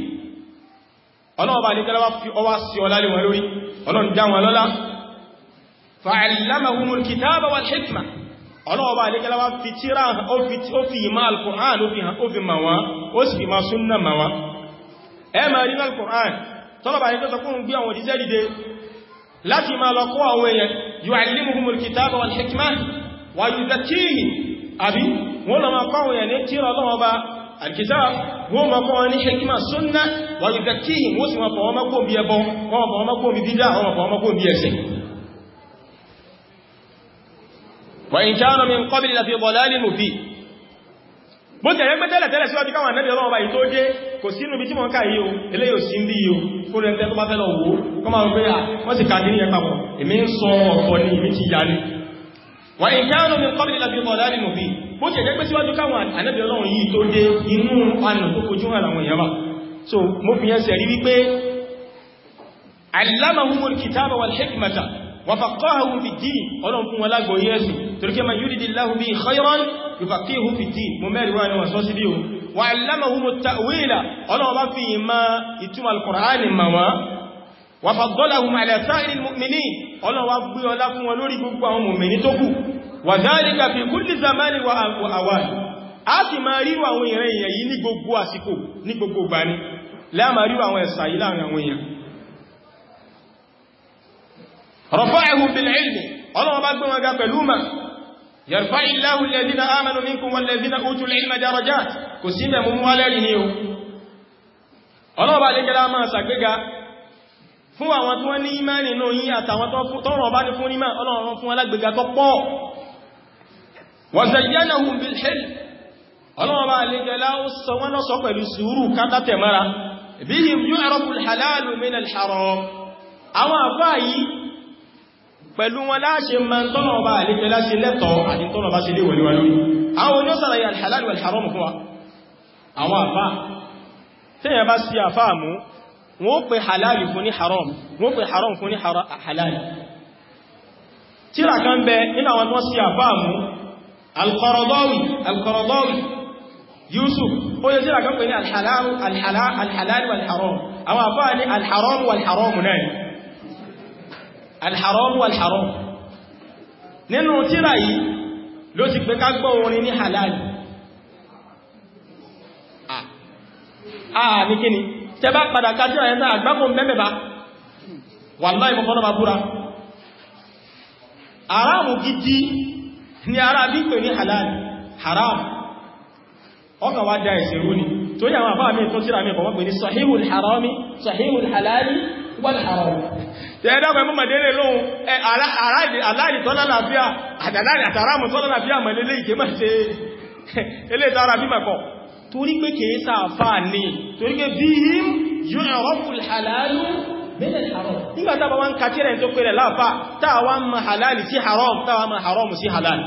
ọlọ́ọ̀bá àdíkẹ́lá fi ọwá sí ọlá lè wọn lórí ọlọ́run dá wọn lọ́lá fa'allamahumul kitaba wal hikma ọlọ́ọ̀bá àdíkẹ́lá fi tíra ó fi ìmá al-Qur'an ó fi ma wọn ó sì fi ma súnnà ma wọn ẹ ma rí al-Qur'an tọ́lọ̀bá àdíkẹ́lá fún gbí àwọn òjíṣẹ́ dìde láti ma lọ kọ́ alkitab wọ́n ma kọ́ ní hikima sunna wà yìí wọ́n sì wọ́n fọwọ́ mọ́kún bí ẹbọ wọ́n fọwọ́ mọ́kún bí bídá wọ́n fọwọ́ mọ́kún bí ẹsẹ̀ wà in kana min qabli lafi dalalin mubin bó tẹ̀lé pé tẹ́lẹ̀ tẹ́lẹ̀ síwájú káwọn ànẹ́bì ọlọ́wọ́ báyìí tó jẹ́ kò sínú bí tí mọ̀ ń káyí o eléyò sí ń bí i o kó rẹ̀ tẹ́ tó bá fẹ́lọ wó kọ́ máa rẹ̀ wọ́n sì kàdí ní bó ti ẹ̀jẹ́ pé síwájú káwọn ànábì ọlọ́run yìí tó dé inú ànà tó fojú hàn àwọn èèyàn wà so mo fi yẹn sẹ̀rí wípé allamahumul kitaba wal hikmata wa faqqahahum fi din ọlọ́run fún wọn lágbọ̀ yẹ́sù torí kí ma yuridillahu bihi khayran yufaqihu fi din mo mẹ́rin wọn ni wọ́n sọ sí bí o wa allamahumut ta'wila ọlọ́run bá fi ìmá ìtumọ̀ gbé ọlá fún wọn lórí gbogbo àwọn mùmìnì tó kù wàdálíkà fi kúlì zamani wa àwọn àwọn a ti máa ríwà àwọn èèyàn èèyàn yìí ní gbogbo àsìkò ní gbogbo gbà ní láàmà ríwà àwọn ẹ̀sà yìí láàrin àwọn èèyàn fún àwọn tí wọ́n ní ìmánì náà yí àtàwọn tọ́rọ̀ bá ní fún ìmá ọlọ́wọ́ fún alágbèga tó pọ̀ wazayyanahum bil hilm ọlọ́wọ́ bá lẹ́jẹ́ láwọ́sọ wọn lọ́sọ pẹ̀lú sùúrù kátàtẹ̀ mara bihim yu'rabu al-halalu min al-haram àwọn àfá yìí pẹ̀lú wọn láṣe ma ń tọ́nà ọba àlẹ́jẹ́ láṣe lẹ́tọ̀ àti tọ́nà bá ṣe léwọ̀ níwá lórí àwọn oní ọ̀sàlàyé al-halal wal-haram fún wa àwọn àfá tẹ́yẹ alkọrọdọ́wì alkọrọdọ́wì yusuf ó yẹ jíra kan pè ní alhalal walharam àwọn àfáà ní alharam walharam náà alharam walharam nínú tíra yìí ló ti pé ká gbọ́ orin ní halal àà ní kíni tẹ bá padà ká tíra yẹn àgbákùn mẹ́mẹ́ bá wà láì mọ́kànlá búra aráàmù gidi ní ara bí pè ní halal haram ọkà wá dá ẹ̀sẹ̀ rú ni tó yà wọn àbáwà mí tó tíra mí kọ̀wọ́ pè ní sahihul harami sahihul halali wal haram tẹ́ẹ̀dọ́gbẹ̀ mú mẹ́lẹ́lẹ́ lóhun aláàrí tọ́lálàáfíà àdàláàrí àtàràmù tọ́lálàáfíà mẹ́lẹ́lẹ́ ìké máa ṣe ilé ìtara bí mẹ́kọ̀ torí pé kìí sáàfà ní torí pé bẹ́lẹ̀ haram nígbà tàbà wá ń kàtírẹ̀ tó pẹ̀rẹ̀ láàfà tàà wá ń ma halali sí haram tàà ma haram sí halali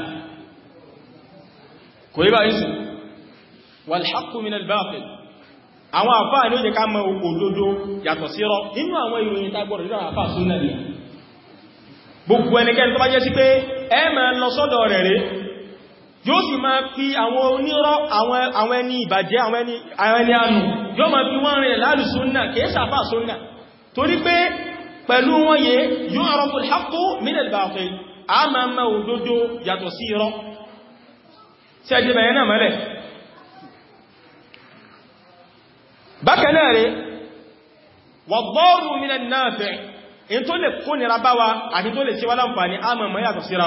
kò yí bá yí sí walhaqqu min al-batil àwọn àfà ní ó jẹ ká mọ òdodo yàtọ̀ sí rọ nínú àwọn ìròyìn tagbọ̀rọ̀ nínú àfà súnà ni gbogbo ẹnikẹ́ni tó bá jẹ́ sí pé ẹ máa lọ torí pé pẹ̀lú wọn yẹ yóò arọ́pù haqqu min al-batil a ma ma òdodo yàtọ̀ sí irọ́ sí ẹjẹ́ bẹ̀yẹ náà mẹ́lẹ̀ bákanáà rẹ̀ wad-darru min an-nafi' in tó lè kó nira bá wa àti tó lè ṣe wá láǹfààní a ma ma yàtọ̀ síra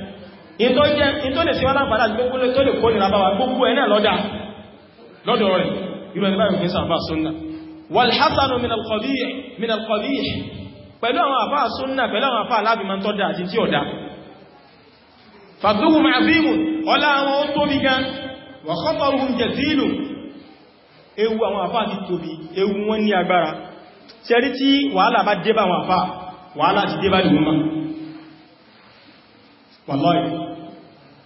ìtọ́ jẹ́ ìtọ́ lè síwá lápàdá gbogbo tó lè kórìíra bá wa gbogbo ẹ̀nà lọ́dá lọ́dọ̀ rẹ̀ irú ẹni báyìí fẹ́sà bá súnnà wàlhásánù minalkọ̀bíyì pẹ̀lú àwọn àfá súnnà pẹ̀lú àwọn àfá alábìmọ̀ tó dá àti tí ó dá fàdúhùn àbímù ọlá àwọn ó tóbi gan wà kọ́tọ̀rùn jẹ̀zílù ewu àwọn àfá ti tóbi ewu wọn ní agbára ṣẹ́rí tí wàhálà bá dé bá àwọn wàhálà ti dé bá ìwọ̀n mọ́ wàlọ́yìí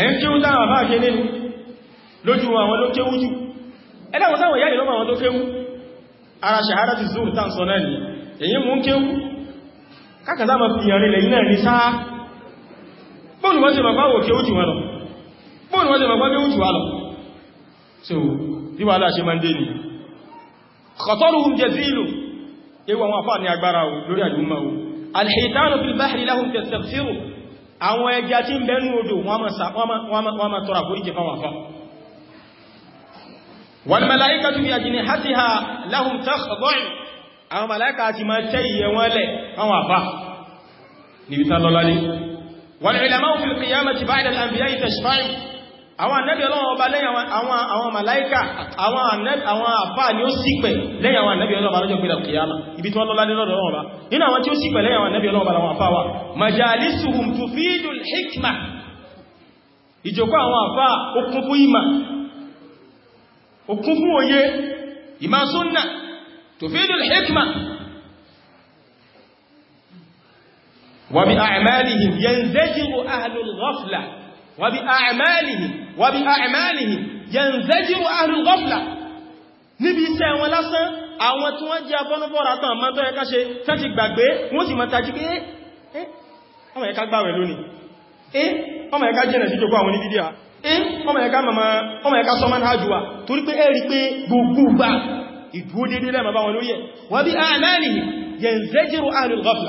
ẹ̀yìn kéwú táwọn àbá àṣẹ nínú lójú àwọn ló kéwú jù ẹlẹ́wọ̀n táwọn ìyá ìlọ́mọ̀ àwọn tó kéwú ara ṣàhádà ti zúrù tàn sọ náà ni èyí mú kéwú kákàtà ma fi yàrin lẹ́yìn náà ní sáá bóòlù wọ́n ṣe ma gbáwò kéwú jù wọn lọ bóòlù wọ́n ṣe ma gbáwò jù wọn lọ so bí wà láṣe ni àwọn ẹja tí ń bẹnu odò wọ́n ma tọrọ àforíjì fáwọn afọ́ wal malaikatu bi ajnihatiha lahum takhdu' àwọn mẹ́láíkà ti máa tẹ́ ìyẹ́ wọn lẹ̀ fáwọn afá níbi àwọn ànábì ọlọ́run ọba lẹ́yìn àwọn màláíkà àwọn àbá ni ó ṣìpẹ̀ lẹ́yìn àwọn ànábì ọlọ́run ọba pẹ̀lẹ̀ wa bi a'malihim yanzajiru ahlul ghafla وبأعمالهم وبأعمالهم ينزجر أهل الغفلة níbi iṣẹ́ wọn lásán àwọn tí wọ́n jẹ́ abọ́núbọ́ra tán ma tọ́ ẹ̀ká ṣe tán ti gbàgbé wọ́n sì ma tají pé ẹ́ eh, eh, ọmọ ẹ̀ká gbàwẹ̀ lónìí ẹ́ eh, ọmọ ẹ̀ká jẹ́nà sí jogbo àwọn oníbídíà ẹ́ ọmọ ẹ̀ká sọmọ́n hajjúwa gbà ìdúó dédé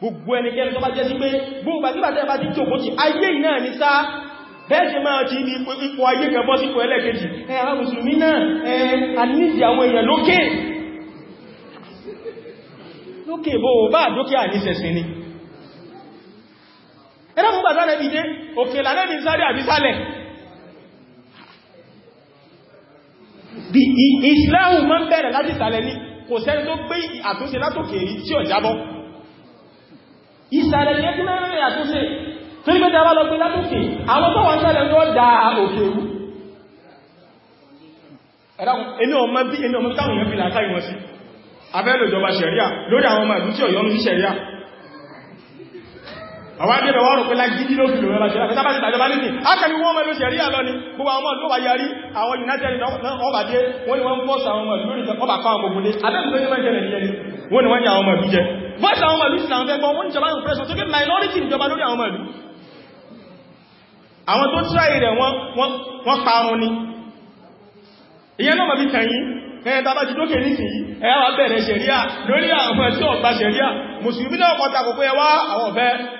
gbogbo ẹnikẹ́ni tó bá jẹ́ sí pé gbogbo àgbàtẹ́ bá ti jòkó ti ayé ìnáà ní sáà bẹ́ẹ̀ṣe máa ti ní ipò ayé kan bọ́ sípò ẹlẹ́kejì ẹ àwọn mùsùlùmí náà ẹ àníjì àwọn èèyàn lókè lókè bó bá dókè àníṣẹ̀sìn ni ẹ̀rọ mú bàtà rẹ̀ dìde òkè lànẹ́bì sáré àbísálẹ̀ bí ìsìláhùn máa ń bẹ̀rẹ̀ láti sàlẹ̀ ni kò sẹ́ni tó gbé àtúnṣe látòkè rí tí ó jábọ́ ìsàlẹ̀ yẹn tí mẹ́rin rẹ̀ àtúnṣe tó ní pẹ́ta bá lọ gbé látòkè àwọn tó wà sẹ́lẹ̀ tó dá òkè rú ẹ̀dàkùn ẹni ọmọ bí táwọn èèyàn fi làákà ìwọ̀n sí abẹ́lò ìjọba ṣẹ̀ríà lórí àwọn ọmọ ìlú àwọn adébẹ̀ wọ́n rò pé lágídí ló fìlò ẹ̀rọ ṣẹlẹ̀ tàbí ìtàjọba ní àkàrí wọ́n mẹ́lú ṣẹ̀rí àlọ́ ni gbogbo àwọn ọmọ yarí àwọn united ọba dé wọ́n ni wọ́n ń fọ́sà àwọn ọmọ ìlú ìjọ ọba kọ́ àwọn gbogbo ní abẹ́gbẹ̀rẹ̀ ní mẹ́jẹ̀ nìyẹn ni wọ́n ni wọ́n yà àwọn ọmọ ìlú jẹ fọ́sà àwọn ọmọ ìlú ìsìnà fẹ́ gbọ́n wọ́n ni jọba ń pẹ́sọ tó kí minority ìjọba lórí àwọn ọmọ ìlú àwọn tó tíráyì rẹ̀ wọ́n parun ni ìyẹn náà mọ̀ bí kẹyìn ẹ̀yẹn tàbá ti dókè ní ìsìnyí ẹ̀yà wà bẹ̀rẹ̀ ṣẹ̀ríà lórí àwọn ẹ̀tí ọ̀gbà ṣẹ̀ríà mùsùlùmí náà kọta kò ẹwà àwọn ọ̀fẹ́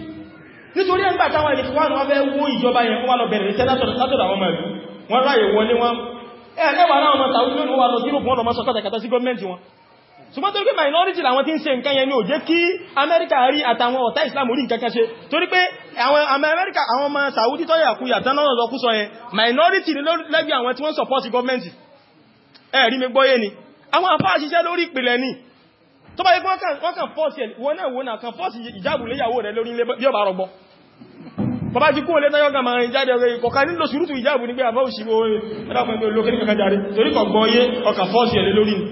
nítorí ẹgbà táwọn ẹni wọ́n wọ́n fẹ́ wó ìjọba yẹn wọ́n lọ bẹ̀rẹ̀ iṣẹ́ látọ̀dọ̀ àwọn ọmọ ìlú wọ́n ráyè wọlé wọn ẹ̀ẹ́lẹ́wà náà ọmọ tàwọn ìlú wọ́n lọ sí rògbọ́n ọmọ sọ kátàkátà sí gọ́ọ̀mẹ́ntì wọn ṣùgbọ́n torí minority làwọn tí ń ṣe nǹkan yẹn ní ó jẹ́ kí amẹ́ríkà rí àtàwọn ọ̀tá islam orí nǹkan kan ṣe torí pé àwọn amẹ́ríkà àwọn ọmọ saudi tọ́yà àkúyà tánàlọ́ lọ kúsọ yẹn minority ni lẹ́bí àwọn tí wọ́n support government ẹ̀rí mi gbọ́yé ni àwọn àfáà ṣiṣẹ́ lórí ìpìlẹ̀ ni tó bá yẹ wọ́n kàn fọ́ọ̀sì ẹ̀ wọ́n náà wọ́n náà kàn fọ́ọ̀sì ìjáàbù léyàwó rẹ̀ lórí ilé bí ọba rọgbọ́ bàbá jí kó lé náà yọ́gà máa jáde ọ̀rẹ́ kọ̀ọ̀kan nílò sùúrùtù ìjáàbù ní pé àbá òṣìwò ẹ̀dàkùn ẹgbẹ̀ olókè ní kankan jáde torí kọ̀gbọ́ yé ọkà fọ́ọ̀sì ẹ̀ lórí ni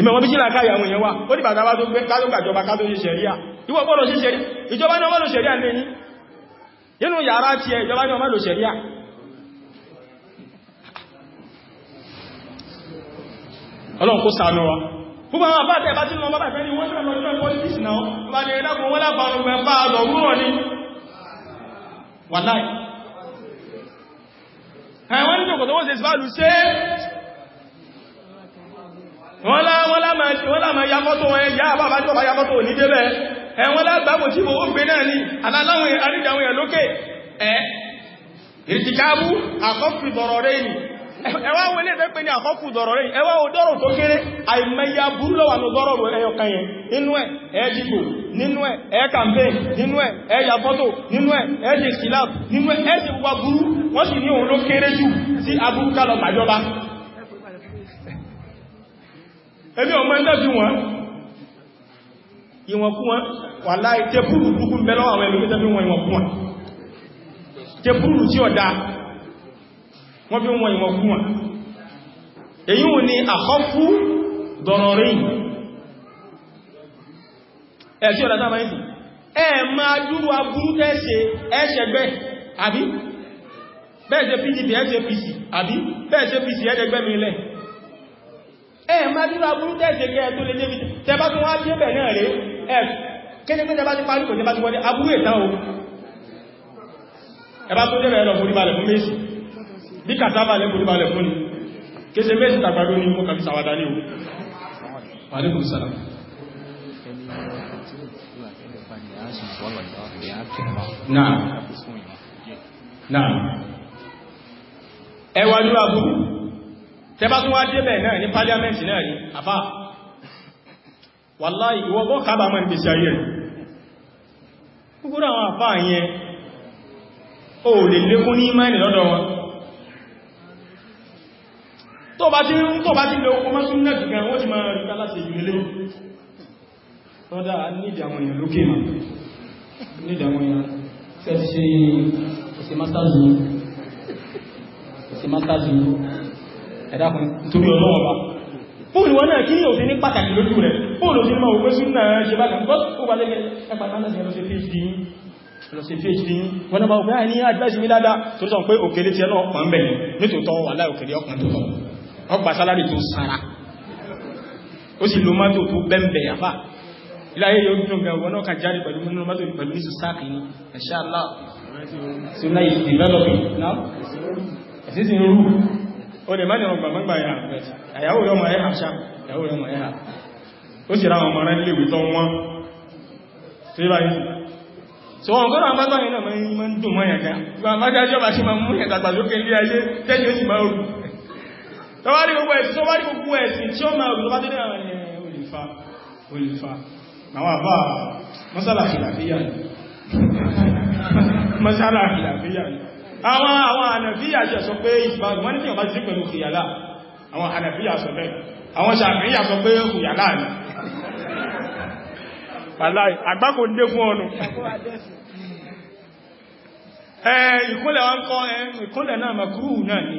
ìmọ̀ wọn bí jí làkáyà àwọn èèyàn wà ó dìbà dáwà tó gbé kájọ́gbàjọba ká tó ṣe ṣẹ̀ríà ìwọ bọ́ọ̀lọ̀ ṣe ṣẹ̀ríà ìjọba ní ọmọ lò ṣẹ̀ríà lẹ́ni nínú yàrá ti ẹ̀ ìjọba ní ọmọ lò ṣẹ̀ríà ọlọ́run kó ṣàánú wa gbogbo àwọn àbá àtẹ́bá tí lọ́wọ́ bá ìfẹ́ ni wọ́n tẹ́lọ ìfẹ́ politics náà bá ní ẹ̀dàkùn wọ́n lábàrún mẹ́ bá lọ rúrọ̀ ní wàláì ẹ̀wọ́n ní tòkòtò wọ́n se sbáàlù ṣe wọ́n lámà yàfọ́tò wọn yá àbábá tí ó bá yàfọ́tò ní débẹ̀ ẹ̀wọ́n lágbàmù tí gbé náà ní àtàláwọn àríjàwọn ẹ̀ lókè ẹ̀ ìrìtìkáàbù àkọ́fì bọ̀rọ̀ rẹ̀ yìí ẹwà wọn lè fẹ́ pé ní àkọ́kù dọ̀rọ̀ rẹ̀ ẹwà òdọ́rọ̀ tó kéré àìmẹ́yà burú lọ́wà ní dọ́rọ̀ ẹyọkan yẹn nínú ẹ̀ ẹ́jìgbò nínú ẹ̀ ẹ́ campaign nínú ẹ̀ ẹ́yà fọ́tò nínú ẹ̀ ẹ́jì síláp nínú ẹ̀ ẹ́jì gbogbo burú wọ́n sì ní òun ló kéré jù sí aburú kálọ̀ tàjọba ẹbí ọmọ ẹgbẹ́ bí wọ́n fi wọn ìwọ̀n fún wọn èyí wọn ni àkọ́fú dọ̀rọ̀rìn ẹ̀sí ọ̀dá tàbí ẹ̀sì ẹ máa dúró aburú tẹ́ẹ̀ṣe ẹ̀ṣẹ̀gbẹ́ àbí bẹ́ẹ̀ṣẹ̀ pdp ẹ̀ṣẹ̀ pc àbí bẹ́ẹ̀ṣẹ̀ pc ẹ̀ṣẹ̀gbẹ́ mi lẹ̀ ẹ máa dúró aburú tẹ́ẹ̀ṣe kẹ́ tó lè débi tẹbá tó wá débẹ̀ náà rẹ̀ ẹ̀ kéde pé tẹbá ti parí kò tẹbá ti wọlé aburú ìta o ẹbá tó débẹ̀ ẹ̀rọ forí balẹ̀ fún méjì bí kàtàbà lẹ́kùn balẹ̀ fún ni kése méjì tàgbàrú ní mọ́kàbí sàwádà ní o alaikum salam náà náà ẹwà ní àbúrú tẹbá tún wá débẹ̀ náà ní pálíámẹ́ntì náà ní àfá wàláì ìwọ̀gbọ́ kábàmọ́ ìgbésí ayé rẹ̀ gbogbo àwọn àfá yẹn ó lè lékún ní mẹ́rin lọ́dọ̀ wọn tó bá ti ń tó bá ti lè okun mọ́sún náà jù gan wọ́n ti máa ríká láti ìlú ilé ọdá nídì àwọn èèyàn lókè mà nídì àwọn èèyàn fẹ́ṣe ẹ̀sẹ̀ mátàzù ẹ̀sẹ̀ mátàzù ẹ̀dàkùn torí ọlọ́wọ́ bá fóòlù wọn náà kí ní òfin ní pàtàkì lójú rẹ̀ fóòlù sí máa òpé sún náà ṣe bá kàkọ́ ó wà lẹ́gbẹ̀ẹ́ ẹpàtà náà sí ẹlọ́sẹ̀ phd ẹlọ́sẹ̀ phd wọn náà bá òpé àìní advice mi dáadáa tó sọ pé òkèrè tí ẹlọ́ ọ̀pàá ń bẹ̀yìn nítòótọ́ wà láì òkèrè ọ̀pàá tó tọ́ wọ́n gba sálárì tó sára ó sì lo mọ́tò tó bẹ́m̀bẹ̀ àbá iláyé yóò dùn gan wọn náà kà jáde pẹ̀lú mọ́tò mọ́tò pẹ̀lú ní sùsáàkì ni ẹ̀ṣẹ́ alá so now it's developing now ẹ̀sìn sí rú ó lè má ní ọgbà mọ́gbà yà àyàwó yọ mọ̀ ẹ̀hà ṣá àyàwó yọ sì ra ọmọ rẹ̀ nílé ìwé tán wọn tó yẹ báyìí so wọn kọ́nà àbábáyìí náà máa ń dùn mọ́ yẹ̀ká tọwárí gbogbo ẹ̀sìn tọwárí gbogbo ẹ̀sìn tí ó máa rùn lọ́bá dédé àwọn ẹ̀yẹ olùfà olùfà àwọn àbá mọ́sálà fìlàfíyà mọ́sálà fìlàfíyà àwọn àwọn ànàfíyà jẹ́ sọ pé ìsìbáàrù wọ́n ní tí ọba sí pẹ̀lú kìyàlá àwọn ànàfíyà sọ bẹ́ẹ̀ àwọn sàfíyà sọ pé kìyàlá ni wàláì àgbákò dé fún ọnù ìkúnlẹ̀ wọn kọ́ ìkúnlẹ̀ náà mẹ́kúrù náà ni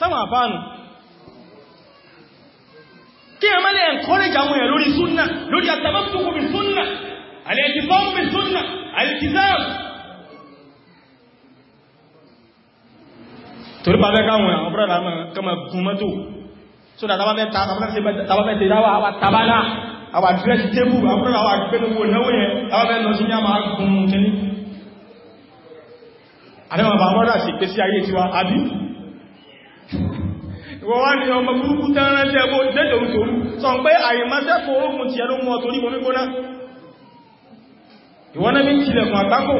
sáwọn àfáànù kí a mẹ́lẹ̀ encourage àwọn èèyàn lórí súnnà lórí àtàbátùkù bí súnnà alẹ́kìtọ́m bí súnnà alẹ́kìtọ́m torí bá fẹ́ káwọn àwọn bọ́rọ̀ láàmà kama gúnmọ́tò so da tàbábẹ́ tẹ́ dáwà àwà tàbánà àwà dírẹ́sì tébù àbúrò àwà gbẹ́gbẹ́gbẹ́ náwó yẹn tàbábẹ́ lọ sí ní àmà gúnmọ́ kẹ́ni àdẹ́mà bàbọ́dà sí pé sí ayé tiwa ìwọ̀wá ni ọmọ burúkú tẹ́rẹ́ tẹ́ ẹgbó dẹ́dẹ̀rú tòrú sọ pé àìmọ́sẹ́fò ogun ti ẹlú mọ́ torí wọn gbóná ìwọ́n náà mi àgbákò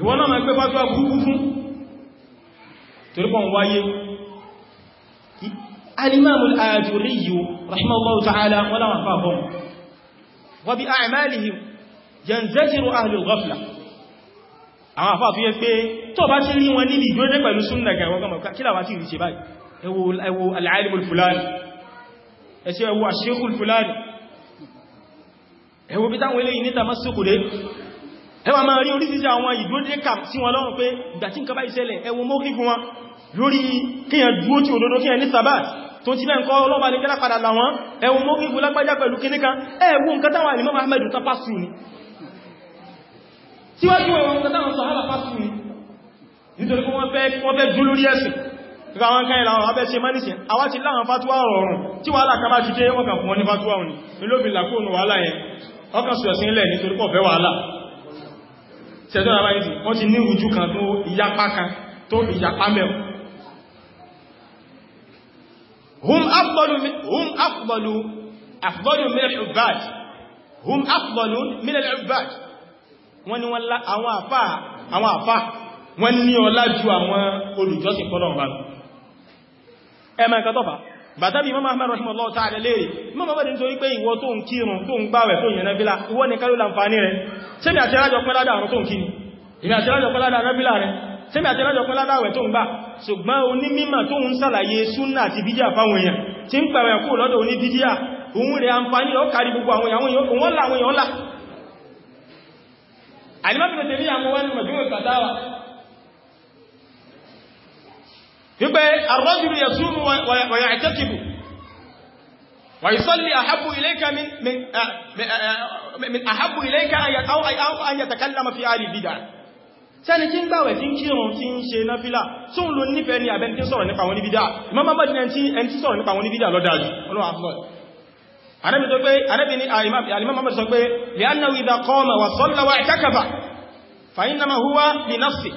ìwọ́n náà pẹ́ bá tó fún torípọ̀ wáyé àwọn àfáà tó yẹ pé tó bá ti rí wọn níbi ìdúró pẹ̀lú súnnà gẹ̀rọ kí làwá tí ìrìṣẹ́ báyìí ẹwọ al'alimul fulani ẹsẹ ẹwọ ashekul fulani ẹwọ bí táwọn eléyìn níta masu sókò dé ẹwà máa rí orísìí àwọn ìdúródé kàm sí wọn lọ́rùn pé ìgbàtí nǹkan bá ìṣẹ̀lẹ̀ ẹwọ mọ́kífún wọn lórí kíyàn dúó tí òdodo kíyàn ní sabat tó ti bẹ́ẹ̀ kọ́ ọlọ́bà ní kẹ́lá padà láwọn ẹwọ mọ́kífún lágbàjá pẹ̀lú kíníkan ẹwọ nǹkan táwọn Imam Ahmad tán pásù ni síwájú ẹwọ nítorí wọ́n fẹ́ dún lórí ẹ̀sìn nípa àwọn kan ìlànà abẹ́ ṣe mánìsìn àwa ti láwọn fatuwa ọ̀rùn tí wàhálà kan bá ti dé wọ́n kàn fún wọn ní fatuwa òní nílòbí làkóònù wàhálà yẹn ọkàn sọ̀rọ̀ sí ilẹ̀ nítorí pọ̀ fẹ́ wàhálà ṣẹ̀tọ́ àwọn ìdí wọ́n ti ní ojú kan tó ìyapa kan tó ìyapa mẹ́rin hum afdalu afdalu min al-ubbad hum afdalu min al-ubbad wọ́n ni wọ́n àwọn àfá wọ́n ní ọlá ju àwọn olùjọ́sìn fọ́lọ̀ ẹmọ ẹ̀kọ́ tọ́fà bàtàbí Imam Ahmad rahimahullahu ta'ala léèrè Imam Ahmad ní torí pé ìwọ tó ń kírun tó ń gbàwẹ̀ tó yẹn nábílá ìwọ ní kálù láǹfààní rẹ̀ ṣe mi àti rájọ pẹ́ ládà àrùn tó ń kí ni ìmì àti rájọ pẹ́ ládà nábílá rẹ̀ ṣe mi àti rájọ pẹ́ ládà àwẹ̀ tó ń gbà ṣùgbọ́n oní mímọ̀ tó ń sàlàyé súnà àti bídíà fáwọn èèyàn tí ń pẹ̀rẹ̀ kú lọ́dọ̀ oní bídíà òun rẹ̀ àǹfààní ó kárí gbogbo àwọn èèyàn wọ́n là àwọn èèyàn là àìlúmọ́bìnrin tèmi àwọn wọn mọ̀júwẹ̀ kàtàwà wípé arọ́jùlù yẹ súnmù wàyà àjẹ́kìbù wà ìsọ́lì àhábù ilẹ́ka ayàtàkàlàmà fi àrí bídà sẹ́ni kí ń gbàwẹ̀ tí ń kírun tí ń ṣe na fílà tó ń lo nífẹ̀ẹ́ ni àbẹ́ tí sọ̀rọ̀ nípa wọn ní bídá ìmọ́mọ́ bá jẹ́ ẹni tí sọ̀rọ̀ nípa wọn ní bídá lọ́dájú ọlọ́wọ́ àfọ́ alimọ́mọ́ sọ pé ah, lẹ́yìn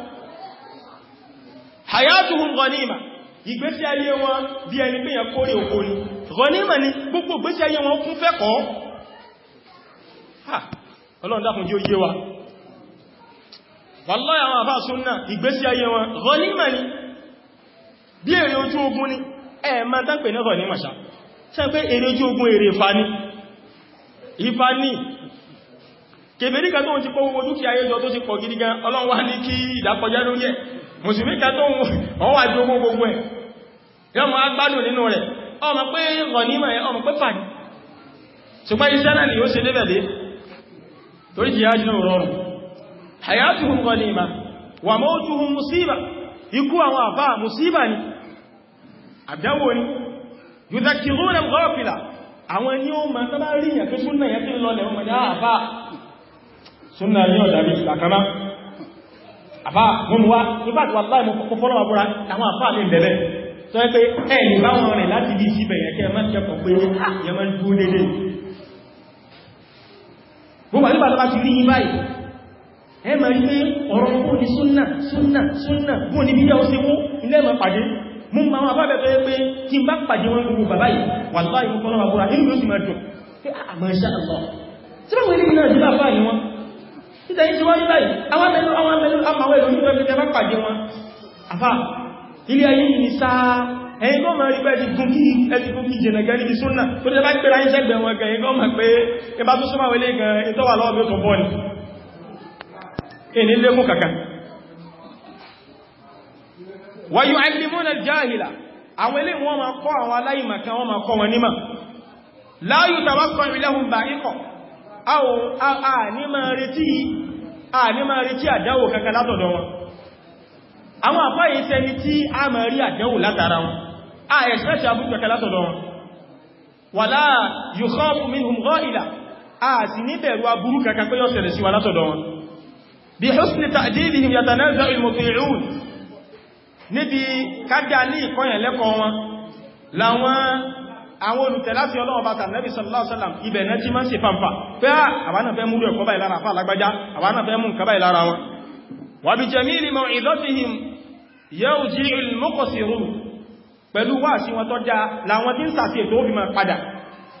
hayatuhum ghanima ìgbésí ayé wọn bí ẹni pé yẹn kórè òkò ni ghanima ni gbogbo ìgbésí ayé wọn kún fẹ́kọ̀ọ́ ọlọ́run dákun jí ó yé wa wallahi àwọn àfáà súnnà ìgbésí ayé wọn ghanima ni bí èrè ojú ogun ni ẹ ma tán pè ní ghanima ṣá sẹ́ pé èrè ojú ogun èrè ìfà ni ìfà ni kèbèríkà tó ti kó owó dúkìá ayé jọ tó ti pọ̀ gidi gan ọlọ́run wá ní kí ìdákọjá lórí mùsùlùmí kan tó wọ́n wà jogún gbogbo ẹ̀ yọ́ mọ́ agbádùn nínú rẹ̀ ọmọ pé rọ̀nímọ̀ ẹ̀ ọmọ pé fàní ṣùgbọ́n iṣẹ́ náà ni ó ṣe lébẹ̀lẹ́ torí jihad náà rọrùn hayatuhum rọ̀nímọ̀ o mautuhum musíbà ikú àwọn àbá musíbà ni àbẹ́wò ni yudakiruna gọ́ọ̀fìlà ma tọ́bá ríyàn pé súnnà yẹn àbá wọn mú wá nígbà tí wà láì mọ́ kọ́kọ́ fọ́lọ́wà búra àwọn àfá lè bẹ̀rẹ̀ tó ẹ pé ẹ lè bá wọn rìn láti bí sí bẹ̀yẹ̀ kẹ́ má kẹ́kọ̀ọ́ pé yẹ má dúró dédé gbogbo àti bàtà bá ti rí yí báyìí ẹ máa rí pé ọ̀rọ̀ kó ní súnnà súnnà súnnà mú ní bí yàwó sí mú ilé ẹ̀mọ̀ pàdé mú ma wọn àbábẹ̀ tó yẹ pé kí n bá pàdé wọn gbogbo bàbá yìí wà láì mú fọ́lọ́wà búra inú yóò sì máa dùn pé àmọ́ ìṣẹ́ àlọ́ tí wọ́n mú ilé náà jùlọ àfáà wọn títẹ̀ yìí ti wá nílá yìí àwọn mẹ́lú àwọn mẹ́lú àmàwẹ̀ lórí pẹ́pẹ́tẹ́ bá pàdé wọn àfà ilé ayé yìí sáà ẹ̀yìn kọ́ ma rí pé ẹti kún kí jẹ̀nà gẹ́rí bí súnnà tó tẹ́ bá pẹ́ra ìṣẹ́gbẹ̀ wọn gan ẹ̀yìn kọ́ ma pé ẹbá tó súnmà wọlé gan ìtọ́wà lọ́wọ́ bí ó tó bọ́ ní ẹni lékún kàkà wa yu'allimuna al-jahila àwọn ilé wọn ma kọ́ àwọn aláìmọ̀kan wọn ma kọ́ wọn nímà la yutawaqqa'u lahum ba'iqah àní máa retí àdáwò kankan látọ̀dọ̀ wọn àwọn àfá yìí sẹni tí a máa rí àdáwò látara wọn a ẹ̀ṣẹ́ṣẹ́ abúrú kankan látọ̀dọ̀ wọn wala yukhafu minhum gha'ila a sì ní bẹ̀rù aburú kankan pé yóò ṣẹlẹ̀ sí wa látọ̀dọ̀ wọn bí husni ta'dibihim yatanaza'u al-muti'un níbi kájá ní ìkọyàn lẹ́kọ̀ọ́ wọn láwọn àwọn olùtẹ̀láṣì ọlọ́wọ́ bá tàbí sallallahu alaihi wasallam ibẹ̀ náà tí máa ń ṣe fàǹfà pé ah, àwọn náà fẹ́ múrú ẹ̀kọ́ báyìí lára fà lágbájá àwọn náà fẹ́ mú nǹkan báyìí lára wọn wà bí jamili maw'izatihim yarji'ul muqsirun pẹ̀lú wá sí wọn tó já láwọn tí ń sàtì ètò òbí máa padà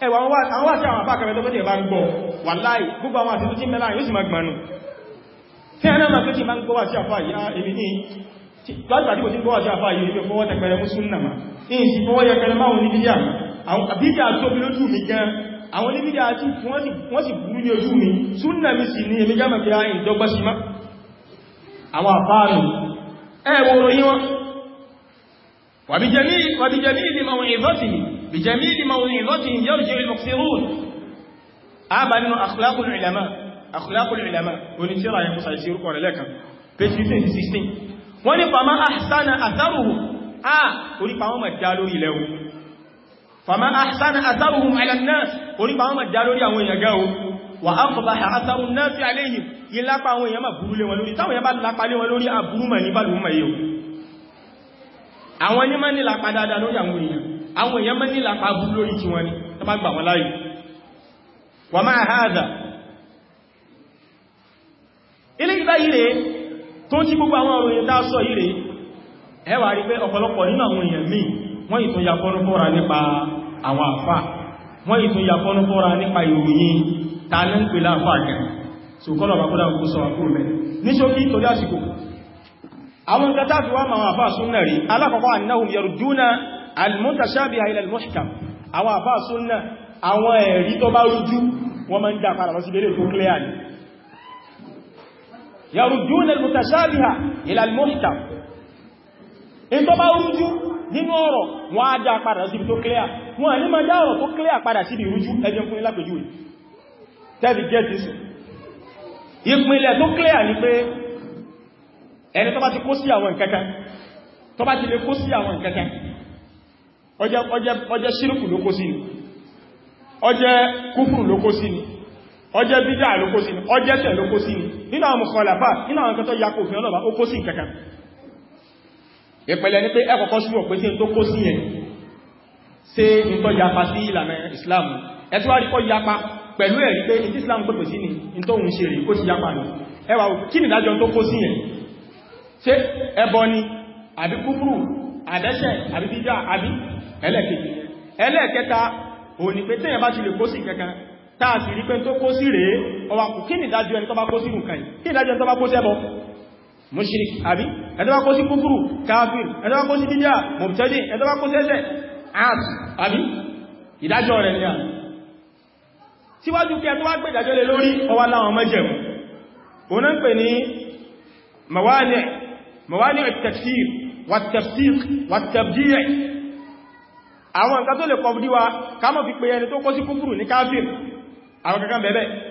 ẹwà àwọn wá sí àwọn àpákẹrẹ tó pẹ́tẹ̀ bá ń gbọ́ wallahi gbogbo àwọn àti tó ti mẹ́lá yóò sì máa gbọ́nù tí ẹ̀nà máa tó ti máa ń gbọ́ wá sí àfáà yìí èmi ní tí lọ́gbàdíwò tí gbọ́ wá sí àfáà yìí èmi fọwọ́ tẹ̀pẹ̀rẹ̀ mú súnnà máa àwọn àbídà tóbi lójú mi gan àwọn oníbídà tí wọ́n sì burú ní ojú mi súnnà mi sì ní èmi jámà bí i ìdọ́gbọ́ sí má àwọn àfáànù ẹwọ ròyìn wọn wàbíjẹ̀mílì mawùn ìzọ́tìyìn bíjẹ̀mílì mawùn ìzọ́tìyìn yóò jẹ́ ìlọ́kṣirún àbá nínú akhlaqul ulama akhlaqul ulama oníṣẹ́ra ẹ̀kùsà ìṣirúkọ̀ rẹ̀ lẹ́kan page 15 16 wọ́n ní pàmá ahsana atharuhu ah orí pàmọ́ mọ̀ dá lórí lẹ́wọ̀n fàmá àṣán àtàrùhùn àìlànà orípa wọn dá lórí àwọn èèyàn gẹ́o wà ápùbá àtàrùn náà fi àlẹ́yìn ilápa àwọn èèyàn máa burú lé wọn lórí táwọn èèyàn bá lápa lé wọn lórí àbúrúmà ní bàlúmà yíò àwọn ní máa nílapa dáadáa lórí àwọn èèyàn àwọn èèyàn máa nílapa burú lórí ti wọn ni tó bá gbà wọn láyé yìí rèé rí pé ọ̀pọ̀lọpọ̀ nínú àwọn èèyàn míì wọ́n ìtún ya fọ́núfọ́ra nípa àwọn àfà wọ́n ìtún ya fọ́núfọ́ra nípa ìròyìn ta ní ń pèlá àfà gẹ̀ so kọ́lọ̀ bàkúdà kó sọ àkó mẹ́ ní ṣókí torí àsìkò àwọn gata fi wá àwọn àfà súnnà rí alákọ̀ọ́kọ́ annahum yarjuna al-mutashabiha ila al-muhkam e tó bá rújú nínú ọ̀rọ̀ wọ́n á já padà síbi tó clear wọ́n ní ma já ọ̀rọ̀ tó clear padà síbi rújú ẹjẹ́ fún ilápẹ̀jú ni ti ti ọjẹ́ ni kúfùrù ló kó sí ni ọjẹ́ bídá ló kó sí ni ọjẹ́ tẹ̀ ló kó sí ni nínú àwọn mọ̀kànlá bá nínú àwọn yakò ó kó sí ìpẹ̀lẹ̀ ní pé ẹkọ̀kọ́ ṣúwọ̀ pé tí n tó kó sí yẹn ṣe n tó yapa sí ìlànà Islam ẹtíwárí kọ́ yapa pẹ̀lú ẹ̀rí pé ní Islam pẹ̀pẹ̀ sí ni n tó ń ṣe rí kó ti yapa ni ẹwà kí ni ìdájọ́ tó kó sí yẹn ṣe ẹbọ ni àbí kúkúrù àdẹ́ṣẹ̀ àbí bídá àbí ẹlẹ́ẹ̀kejì mushrik àbí ẹ̀dọ́wà kó sí kúfúrù káfíìr ẹ̀dọ́wà kó sí bídíà mọ̀bítẹ́dì ẹ̀dọ́wà kó sẹ́sẹ̀ art àbí ìdájọ́ rẹ̀ ní à síwájú kí ẹ̀tọ́wà gbé ìdájọ́ lé lórí ọwá láwọn mẹ́jẹ̀mù òun ń pè ní mawani mawani at-tafsir wat-tafsiq wat-tabdi' àwọn nǹkan tó lè kọ̀bùdíwá ká mọ̀ fi pé ẹni tó kó sí kúfúrù ní káfíìr àwọn kankan bẹ̀bẹ̀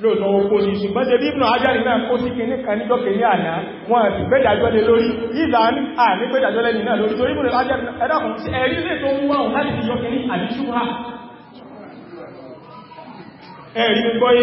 lóòtọ́ okó sí ṣùgbọ́n ṣe bíbùnà ajáre náà kó sí kìíní kan ní lọ́kẹ̀ ní àná wọn ti gbẹ́dàjọ́ lé lórí ìlà àní gbẹ́dàjọ́ lẹ́ni náà lórí torí bùnà ajáre ẹ̀dàkùn sí ẹ̀rí lè tó ń wáhùn láti fi yọkẹ̀ ní àdíṣúwà ẹ̀rí gbọ́yé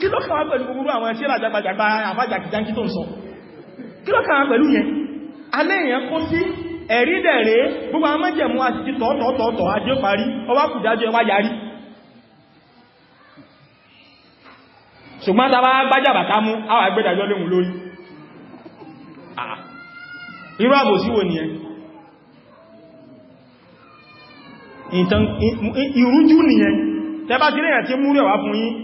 kí ló kàn wá pẹ̀lú gbogbo àwọn tíra jagbajagba àbájàkìjánkí tó ń sọ kí ló kàn wá pẹ̀lú yẹn alẹ́ èèyàn kó sí ẹ̀rí dẹ̀rẹ́ gbogbo àwọn mẹ́jẹ̀mú àti ti tọ̀ọ̀tọ̀ọ̀tọ̀ ajé parí ọwá kùdájọ́ ẹwà yarí ṣùgbọ́n tàbá gbájàbàtà mú àwọn agbẹ́dàjọ́ léhun lórí irú àbòsí wo nìyẹn ìrújú nìyẹn tẹ́bá ti rẹ̀yàn tí múrẹ̀wá fún yín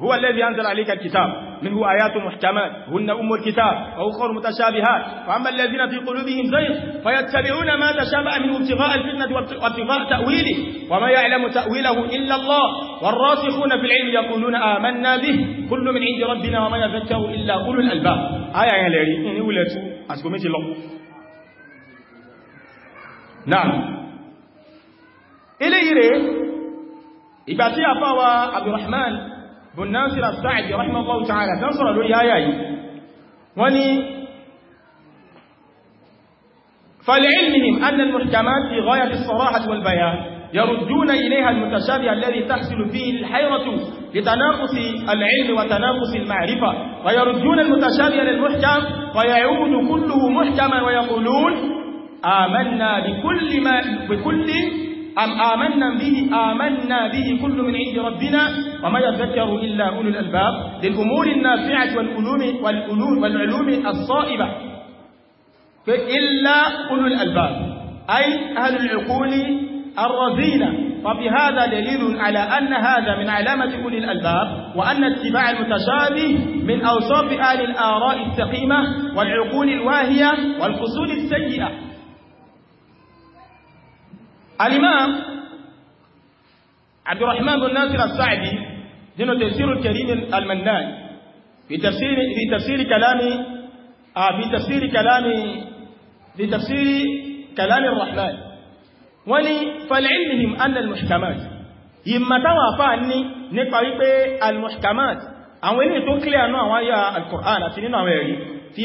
هو الذي أنزل عليك الكتاب منه آيات محكمات هن أم الكتاب وأخر متشابهات وأما الذين في قلوبهم زيغ فيتبعون ما تشابه منه ابتغاء الفتنة وابتغاء تأويله وما يعلم تأويله إلا الله والراسخون في العلم يقولون آمنا به كل من عند ربنا وما يذكر إلا أولو الألباب آية يا ليلي إني ولتو أسكم الله نعم إليه إليه إباتي أبا عبد الرحمن bùn Nasir as-Sa'di rahimahullahu ta'ala tán sọ̀rọ̀ lórí ayà فلعلمهم أن المحكمات في غاية الصراحة والبيان يردون إليها المتشابه الذي تحصل فيه الحيرة لتناقص العلم وتناقص المعرفة ويردون المتشابه للمحكم ويعود كله محكما ويقولون آمنا بكل, ما بكل أم آمنا به آمنا به كل من عند ربنا وما يذكر إلا أولو الألباب للأمور النافعة والعلوم والعلوم والعلوم الصائبة إلا أولو الألباب أي أهل العقول الرزينة فبهذا دليل على أن هذا من علامة أولي الألباب وأن اتباع المتشابه من أوصاف أهل الآراء السقيمة والعقول الواهية والفصول السيئة الإمام عبد الرحمن بن ناصر السعدي دينه تفسير الكريم المنان في تفسير في تفسير كلام في تفسير كلام في تفسير كلام الرحمن ولي فلعلهم أن المحكمات يما توافاني نقري المحكمات àwọn eléyìí tó clear náà wáyé al-Qur'an àti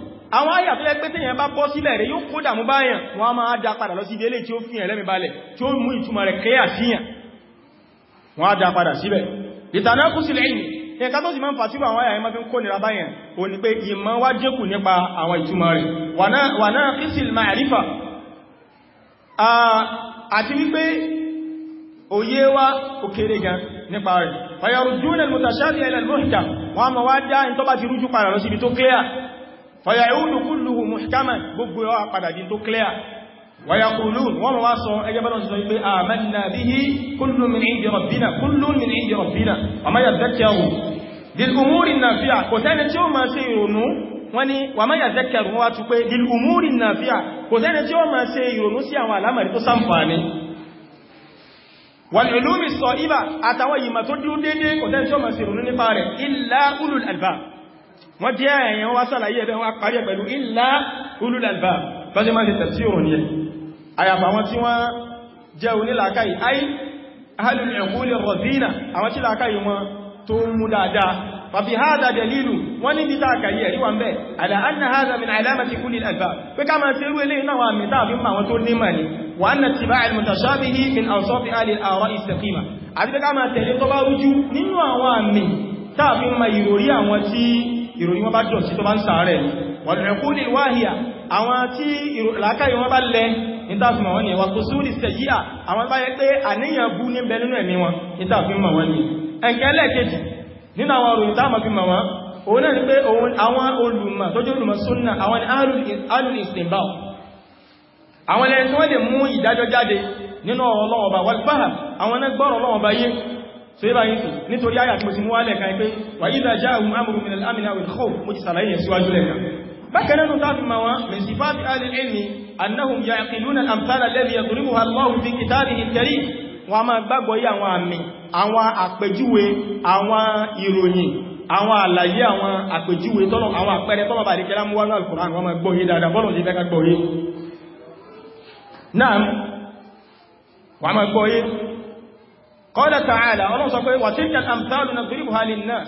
àwọn ayà tó lẹ́ pé tíyàn bá bọ́ sílẹ̀ rẹ̀ yóò kódà mú báyàn wọ́n a máa dá padà lọ sí délé tí ó fi ẹ̀lẹ́mì balẹ̀ tí ó mú ìtumọ̀ rẹ̀ kẹ́yà síyàn wọ́n a dá padà síbẹ̀ ìtànà kú sílẹ̀ ìní ẹ̀ká tó sì máa ń fà síbà àwọn ayà yẹn máa fi wọ́n a máa wá dá ìtọ́bá ti rújú padà lọ síbi tó clear fàyàúdù kúlùhù muhkaman gbogbo yọ́ àpàdàdì tó clear wàyàkùlù wọ́n wá sọ ẹgbẹ́ bọ́nà sísọ wípé amanna bihi kullun min indi rabbina kullun min indi rabbina wa ma yadhakkaru bil umuri nafi'a kò pé bil umuri nafi'a kò sẹ́ni tí ó máa ṣe ìrònú sí àtàwọn ìmọ̀ tó dúró déédéé kò sẹ́ni tí ó máa ṣe ìrònú nípa rẹ̀ illa ulul albab wọ́n jẹ́ ẹ̀yẹn wá sàlàyé ẹ̀bẹ̀ wá parí ẹ̀ pẹ̀lú illa ulul albab tọ́jú máa ti tẹ̀sí òun yẹ àyàfà wọn tí wọ́n jẹ́ onílàákàyì ayé ahlul uquli radina àwọn tí làákàyì wọn tó mú dáadáa fàbí hádà dalilu wọ́n ní títà àkàyè ẹ̀rí wọn bẹ́ẹ̀ ala anna hádà min alamati kulli albab pé ká máa ṣerú eléyìí náà wà mí tàbí mà wọn tó ní mà ìròyìn wọn bá jọ sí tó bá ń sàárẹ̀ ní wàlùrẹ̀kú ní wáhíà àwọn tí làákàyè wọn bá lẹ nítàfimọ̀ wọn ni wà kò súnlì sẹ̀yíà àwọn bá yẹ pé àníyàn bú ní bẹ ẹ̀mí wọn ni ẹ̀kẹ́lẹ́kejì nínú àwọn òròyìn táàmà fi mọ̀ wọn òun ni pé àwọn olùmọ̀ tó jẹ́ olùmọ̀ súnnà ni alùn ìsìnbà àwọn ẹlẹ́ni tí wọ́n lè mú so yíba yìí tún nítorí ayà tí mo ti mú wálẹ̀ kan pé wà ìdá já ohun amúrù min al'amina wal khawf mo ti sàlàyé síwájú lẹ́kan bákan náà ta fi mawa min àwọn àlàyé àwọn àpèjúwe tọ́lọ̀ àwọn àpẹẹrẹ tọ́lọ̀ bá dìkẹ́lá mú wánú al-Qur'an wọ́n ma gbọ́ yí dáadáa bọ́lọ̀ sí fẹ́ka gbọ́ yí náà wọ́n ma gbọ́ yí قال تعالى ọlọ́run sọ pé وَتِلْكَ الْأَمْثَالُ نَضْرِبُهَا لِلنَّاسِ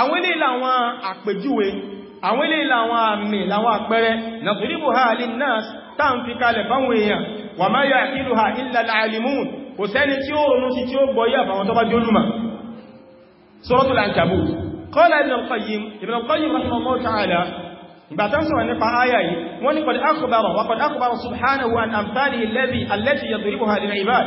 àwọn ilé ìlàwọn àpèjúwe àwọn ilé ìlàwọn àmì láwọn àpẹẹrẹ نَضْرِبُهَا لِلنَّاسِ tàn fi kalẹ̀ báwọn èèyàn وَمَا يَعْقِلُهَا إِلَّا الْعَالِمُونَ kò sẹ́ni tí ó ronú sí tí ó gbọ́yé àfàwọn tó bá jẹ́ olùmọ̀ Suratul Ankabut قال ابن القيم ابن القيم رحمه الله تعالى بعدين سوى نقع آية وقد أخبر وقد أخبر سبحانه عن أمثاله الذي التي يضربها للعباد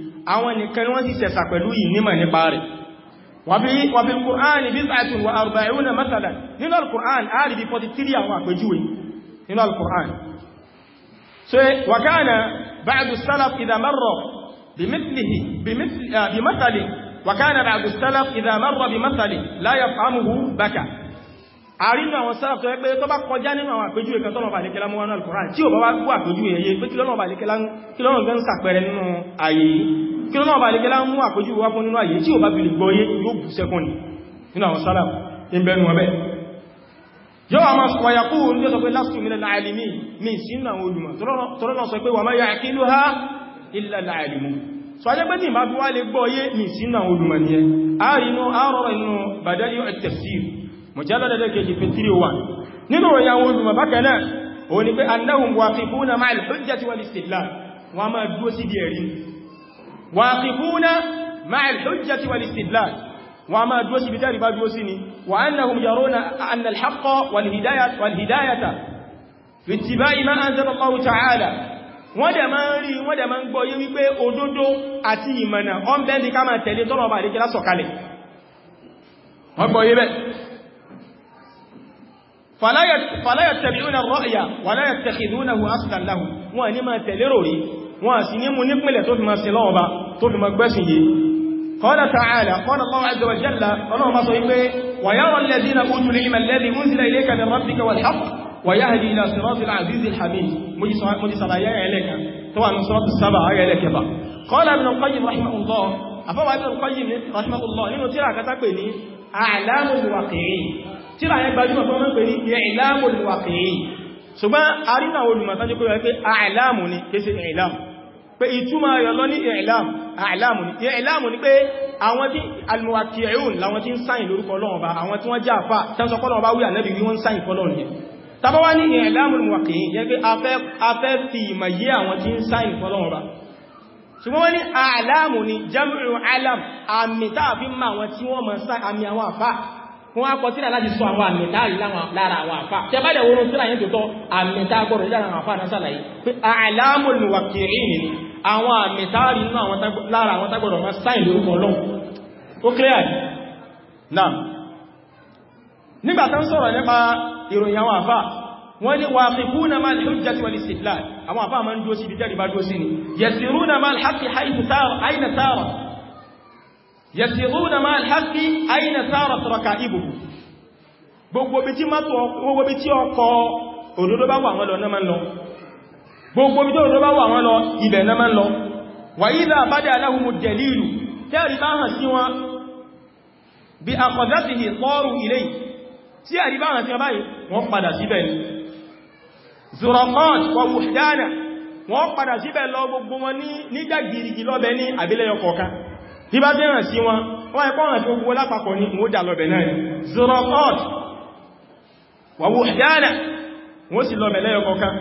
àwọn nìkan wọ́n sì sẹ̀sà pẹ̀lú yìí nímọ̀ nípa rẹ̀ wàbí kùránì bí sàtún wà àrùbà ẹ̀rùn na mẹ́sàdà nínú alkùránì ààrì bí 43 àwọn àpèjúwe nínú alkùránì so wàkánà báàdù sálàf ìdàmọ́rọ̀ bí mẹ́sàlì àrínú àwọn sáàfẹ́ ẹgbẹ́ tó bá kọjá nínú àwọn àpéjú ìkan tọ́lọ̀bà àdékẹ́lá mọ́ wánà alkùnrin tí ò bá wá gbọ́ àpéjú ẹ̀yẹ pé kí lọ́lọ́bà àdékẹ́lá ń sàpẹrẹ nínú àyè kí lọ́lọ́bà àdékẹ́lá ń mú àpéjú wá fún nínú àyè tí ò bá fi lè gbọ́ yé yóò bù sẹ́kùn nínú àwọn sáàlá ìbẹnu ọbẹ̀ yóò a máa sọ wàyàkú ní mujallada lẹ́kẹ̀ẹ́jì fi 301 nínú ìròyìn àwọn olùmọ̀ bákan náà òun ni pé annahum waqifuna ma'al hujjati wal istidlal wọ́n máa dúró sí di ẹ̀rí waqifuna ma'al hujjati wal istidlal wọ́n máa dúró sí bí tẹ́rì bá dúró sí ni wa annahum yaruna anna al-haqqa ma ń rí wọ́n dẹ̀ máa ń gbọ́ yé wípé òdodo àti ìmọ̀nà ọ́n bẹ́ẹ̀ ni ká máa tẹ̀lé tọ́lọ̀ ọba àríkẹ́lá sọ̀kalẹ̀ wọ́n gbọ́ yé bẹ́ẹ̀ fala yattabi'una ar-ra'ya wala yattakhidunahu aslan lahum wọ́n ní máa tẹ̀lé ròrí wọ́n sì ní mú nípìnlẹ̀ tó fi máa sin lọ́wọ́ bá tó fi máa gbẹ́sìn yìí qala ta'ala qala Allahu azza wa jalla ọlọ́run bá sọ wípé wa yara alladhina utul ilma alladhi unzila ilayka min rabbika wal haqq wa yahdi ila siratil azizil hamid mo ti sàlàyé ẹlẹ́ka tó tíra yẹn gbajúmọ̀ fún mẹ́pẹ̀ ní ìlàmù wàkìí ṣùgbọ́n àrínà olùmọ̀tán jẹ́ kúrò pé àìlàmù ni kéṣe ìlàmù pé ìtumà rẹ̀ lọ ní ìlàmù ni ìlàmù ni pé àwọn tí almuwakiun láwọn tí ń sáyìn lórúkọ lọ́wọ́ bá àwọn tí wọ́n já àfà tẹ́sọ kọ́lọ̀ bá wí ànẹ́bì wí wọ́n sáyìn kọ́lọ̀ ní tàbáwá ní ìlàmù wàkìí yẹ́ pé afẹ́ ní àìlàmù ni jam'u alam wọ́n á kọ síra láti sọ àwọn àmì láàrí lára àwọn àfà tí a bá dẹ̀ wọ́n síra yẹn tó tọ́ àmì tá a gbọ́dọ̀ lára àwọn àfà náà sàlàyé pé àìlámùl muwakki'in ni àwọn àmì táàrí inú lára àwọn tágbọ̀dọ̀ máa sáìn lórúkọ Ọlọ́run ó clear náà nígbà tán sọ̀rọ̀ nípa ìròyìn àwọn àfà wọ́n ní wà fi kúnà máa lè hujjá tí wà lè sìdlá àwọn àfà máa ń dúó sí ibi tẹ́rì bá dúó yẹ̀sìrúnà máa alhaki aina sára tọrọka ibùkù gbogbo bí tí mọ́tò gbogbo bí tí ọkọ̀ òdodo bá wà wọn lọ náà lọ gbogbo bí tí òdodo bá wà wọn lọ ibẹ̀ náà lọ wàyíza bádẹ aláhùmù jẹ̀lìlù tẹ́rì bá hàn sí wọn bí akọ̀dátìhì sọ́rù ilé tí àrí bá hàn sí báyìí wọ́n padà síbẹ̀ ni zurokon wọ wùdánà wọ́n padà síbẹ̀ lọ gbogbo wọn ní nígbà gìrìgì lọ́bẹ̀ ní àbílẹ̀yọkọ̀ọ̀kan tí bá dẹ́ràn sí wọn wọ́n ẹ̀kọ́ ọ̀nà tí ó gbogbo lápapọ̀ ní wó dà lọ́bẹ̀ náà zuraqat wàwó ẹ̀dáàdà wọ́n sì lọ́bẹ̀ lẹ́yọkọ̀ọ̀kan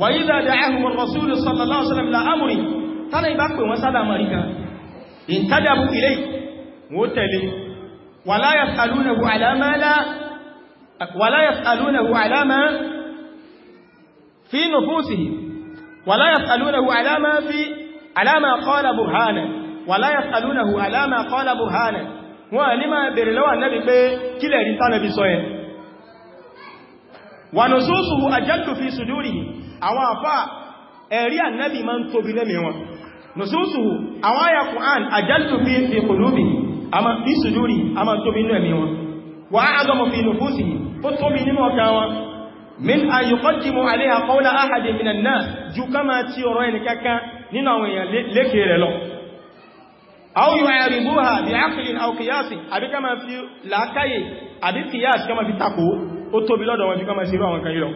wa idha da'ahum ar-rasul sallallahu alaihi wasallam la amri tánà ìbá pè wọ́n sábà mọ̀ríkà intadabu ilay wó tẹ̀lé wala yas'alunahu ala ma fi nufusihi wala yas'alunahu ala wala yas'alunahu alama qala buhana wọ́n ní máa bèèrè lọ́wọ́ Ànábì pé kílẹ̀ rí tánàbí sọ ẹ wà nususuhu ajaddu fi sudurihi àwọn àfá ẹ̀rí Ànábì máa ń tóbi lẹ́mì wọn nususuhu àwọn àyà Qur'an ajaddu fi fi qulubihi àmà fi sudurihi àmà tóbi lẹ́mì wọn wà a'zamu fi nufusihi ó tóbi nínú ọkà wọn min an àwọn yóò ẹ̀rìn bó ha bí ákìlín àwọn kìyàsì àbí ká máa fi làákàyè àbí kìyàsì ká máa fi takò ó tóbi lọ́dọ̀ wọn fi ká máa ṣe irú àwọn kan yìí lọ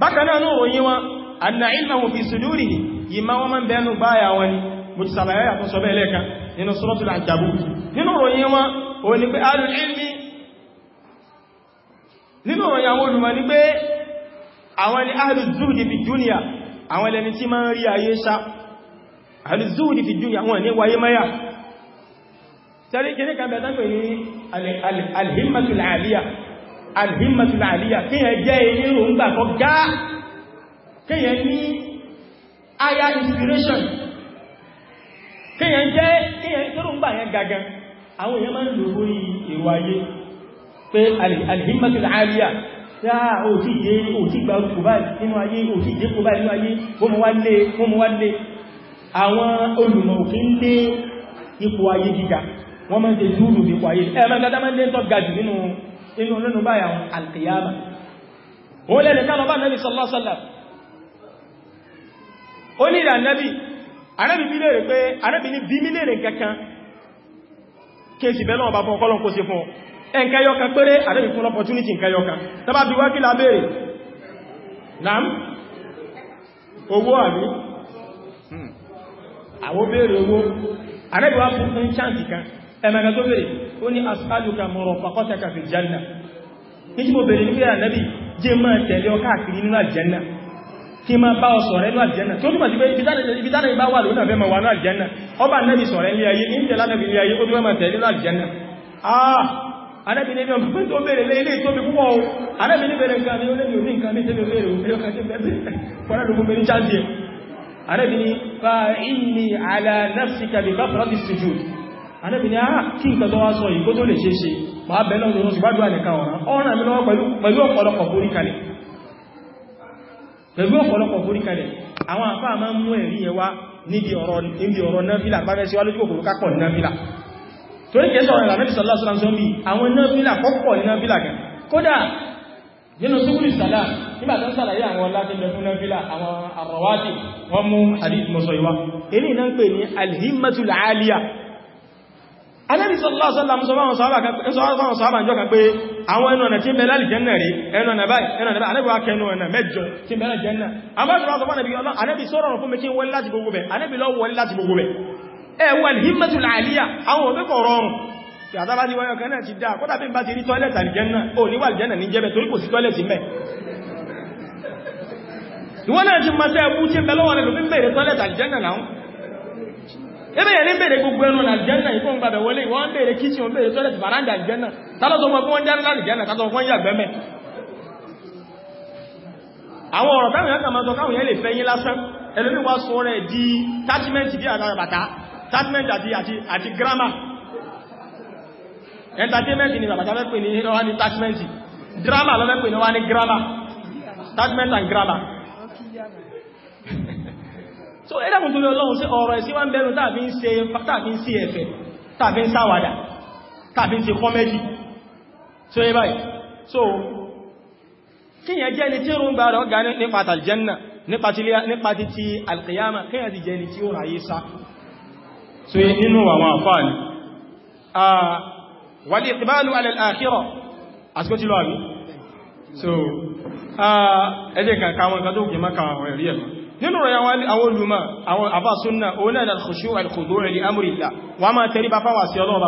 bákan náà náà ròyìn wọn àna ìlànà fi sùdúrì yìí máa wọ́n máa ń bẹnu báyà wọn ni mo ti sàlàyé àtún sọ alìzúwìdì fi dúnyà wọn ní wáyé máyà tẹ́rí kí ní kàbẹ̀ tán pè ní alhimmatul aliyya alhimmatul aliyya kí yẹn jẹ́ ilé òǹgbà kọ gá kí yẹn ní aya inspiration kí yẹn jẹ́ kí yẹn tó rùn gbà yẹn gagan àwọn èèyàn máa ń lò lórí èrò ayé pé alhimmatul aliyya yáà òtí kò báyìí nínú ayé òtí kò báyìí nínú ayé wọ́n mọ̀ wá lé àwọn olùmọ̀ òfin lé ipò ayé gíga wọ́n máa ń ṣe zúrù ní ipò ayé ẹ̀mọ́ gada máa ń lé tọ́ gajù nínú inú lónú báyà alkiyama ó lẹ́nu kánà bá nẹ́bí sallọ́sallá ó ní ìrà nẹ́bí arẹ́bí bí lèrè pé arẹ́bí ní bí mílèrè kankan kéèsì bẹ́lọ́ ọba fún ọkọ́lọ́ kó se fún ẹnkẹyọkan péré arẹ́bí fún opportunity nkẹyọkan tọ́bá bí wákìlá béèrè nam owó àbí àwọn béèrè owó ànábì wá fún fún chance kan ẹ̀mẹ̀gà tó béèrè ó ní asálùkà mọ̀rọ̀ pàkọ́sẹ̀kà fi janna ní tí mo béèrè nígbé ànábì jẹ́ máa tẹ̀lé ọ káàkiri nínú àjẹ́nà kí máa bá ọ sọ̀rẹ́ nínú àjẹ́nà tó túnmọ̀ sí pé ibi tánà ìbá wà lónà fẹ́ máa wà nínú àjẹ́nà ọba ànábì sọ̀rẹ́ ilé ayé ní ìjẹ́ lánàbì ilé ayé ó tún máa tẹ̀lé nínú àjẹ́nà ah ànábì ní ọmọ pé tó béèrè lé ilé ìtóbi púpọ̀ o ànábì ní béèrè nǹkan ní ó lé mi ò ní nǹkan ní tẹ́lẹ̀ ó béèrè òun ẹ̀yọ́ kan tí bẹ́ẹ̀ bẹ́ẹ̀ fọ́nà lókun bẹ́ẹ̀ ní jáde Ànábì ní fa'inni ala nafsika bi kathrati sujud Ànábì ní ah kí nǹkan tó wá sọ yìí kó tó lè ṣeéṣe máa bẹ̀ lọ́nà ìrọ̀sì bá dúwà nìkan ọ̀rán ọ̀rán mi lọ́wọ́ pẹ̀lú ọ̀pọ̀lọpọ̀ forí kalẹ̀ pẹ̀lú ọ̀pọ̀lọpọ̀ forí kalẹ̀ àwọn àfáà máa ń mú ẹ̀rí yẹn wá níbi ọ̀rọ̀ náfílà pàfẹ́ sí wá lójú kòkòrò kápọ̀ náfílà torí kẹsọ̀rọ̀ ìlànà ìsọ̀lá sọ́lá sọ́mbì àwọn náfílà pọ́pọ̀ náfílà gan kódà nínú sókùnrin sàlá nígbà tó ń sàlàyé àwọn ọlájẹ́lẹ̀ fún nàfílà àwọn àrọ̀wádì wọ́n mú hadith mọ́sọ̀ ìwá èyí náà ń pè ní alhimmatul aliyah Ànábì sallallahu alaihi wasallam sọ fáwọn sàhábà jọ kan pé àwọn ẹnu ọ̀nà tí ń bẹ láàrín jẹ́nà rí ẹnu ọ̀nà báyìí ẹnu ọ̀nà báyìí Ànábì wá kẹnu ọ̀nà mẹ́jọ tí ń bẹ láàrín jẹ́nà àbájúwá sọ fánà bí ọlọ́ Ànábì sọ́rọ̀ fún mi kí wọ́n láti gbogbo bẹ̀ Ànábì lọ wọ́n láti gbogbo bẹ̀ ẹ̀wọ̀n himmatul aliyah àwọn òbẹ́kọ̀ rọrùn àtàbá ti wáyọ̀ kan náà ti dá kọ́dà bí n bá ti rí tọ́ẹ̀lẹ̀tì àlìjẹ́nà ò níwà àlìjẹ́nà ní jẹ́bẹ̀ torí kò sí tọ́ẹ̀lẹ̀tì mẹ́ ìwọ́n náà ti máa tẹ́ ẹkú tí ń bẹ lọ́wọ́ rẹ̀ lómi bèèrè tọ́ẹ̀lẹ̀tì àlìjẹ́nà náà ebe yẹn ní bèèrè gbogbo ẹnu àlìjẹ́nà ìfún gbàbẹ̀ wọlé ìwọ́n bèèrè kíchìn òun bèèrè tọ́ẹ̀lẹ̀tì bàrándà àlìjẹ́nà tálọ́tọ́ mọ́ fún wọn jáde lálìjẹ́nà tátọ́ fún yàgbẹ́ mẹ́ àwọn ọ̀rọ̀ táwọn yẹn kàmọ́ sọ káwọn yẹn lè fẹ́ yín lásán ẹlòmíwá sọ rẹ̀ di tátímẹ́ntì bí grammar entertainment ni bàbá tàbí pè ní wá ní attachment drama lọ́mẹ́ pè ní wá ní drama. attachment and drama. so ẹ́dàkùn tó lè ọlọ́run sí ọ̀rọ̀ ẹ̀sí wọ́n bẹ̀rún tàbí ń ṣe tàbí ń sí ẹ̀fẹ̀ tàbí ń sáwàdà tàbí ń ṣe comedy so ẹ báyìí so kíyàn jẹ́ ni tí ó ń gbà rọ̀ ga nípa àtàljanna nípa ti ti alkiyama kíyàn ti jẹ́ ni tí ó ráyé sá so nínú àwọn àfáà ni ah, wàlì ìbálù alẹ́láàkírọ̀ àsìkò tí lọ àrí so ẹjẹ́ kankan wọn kàtó gẹ̀mọ́ kàwọn ẹ̀rí ẹ̀mọ́ nínú rẹ̀ àwọn olùmọ̀ àwọn àbásúnnà òun náà khushu al-khudu' li amrillah wa ma tariba fa wasi Allah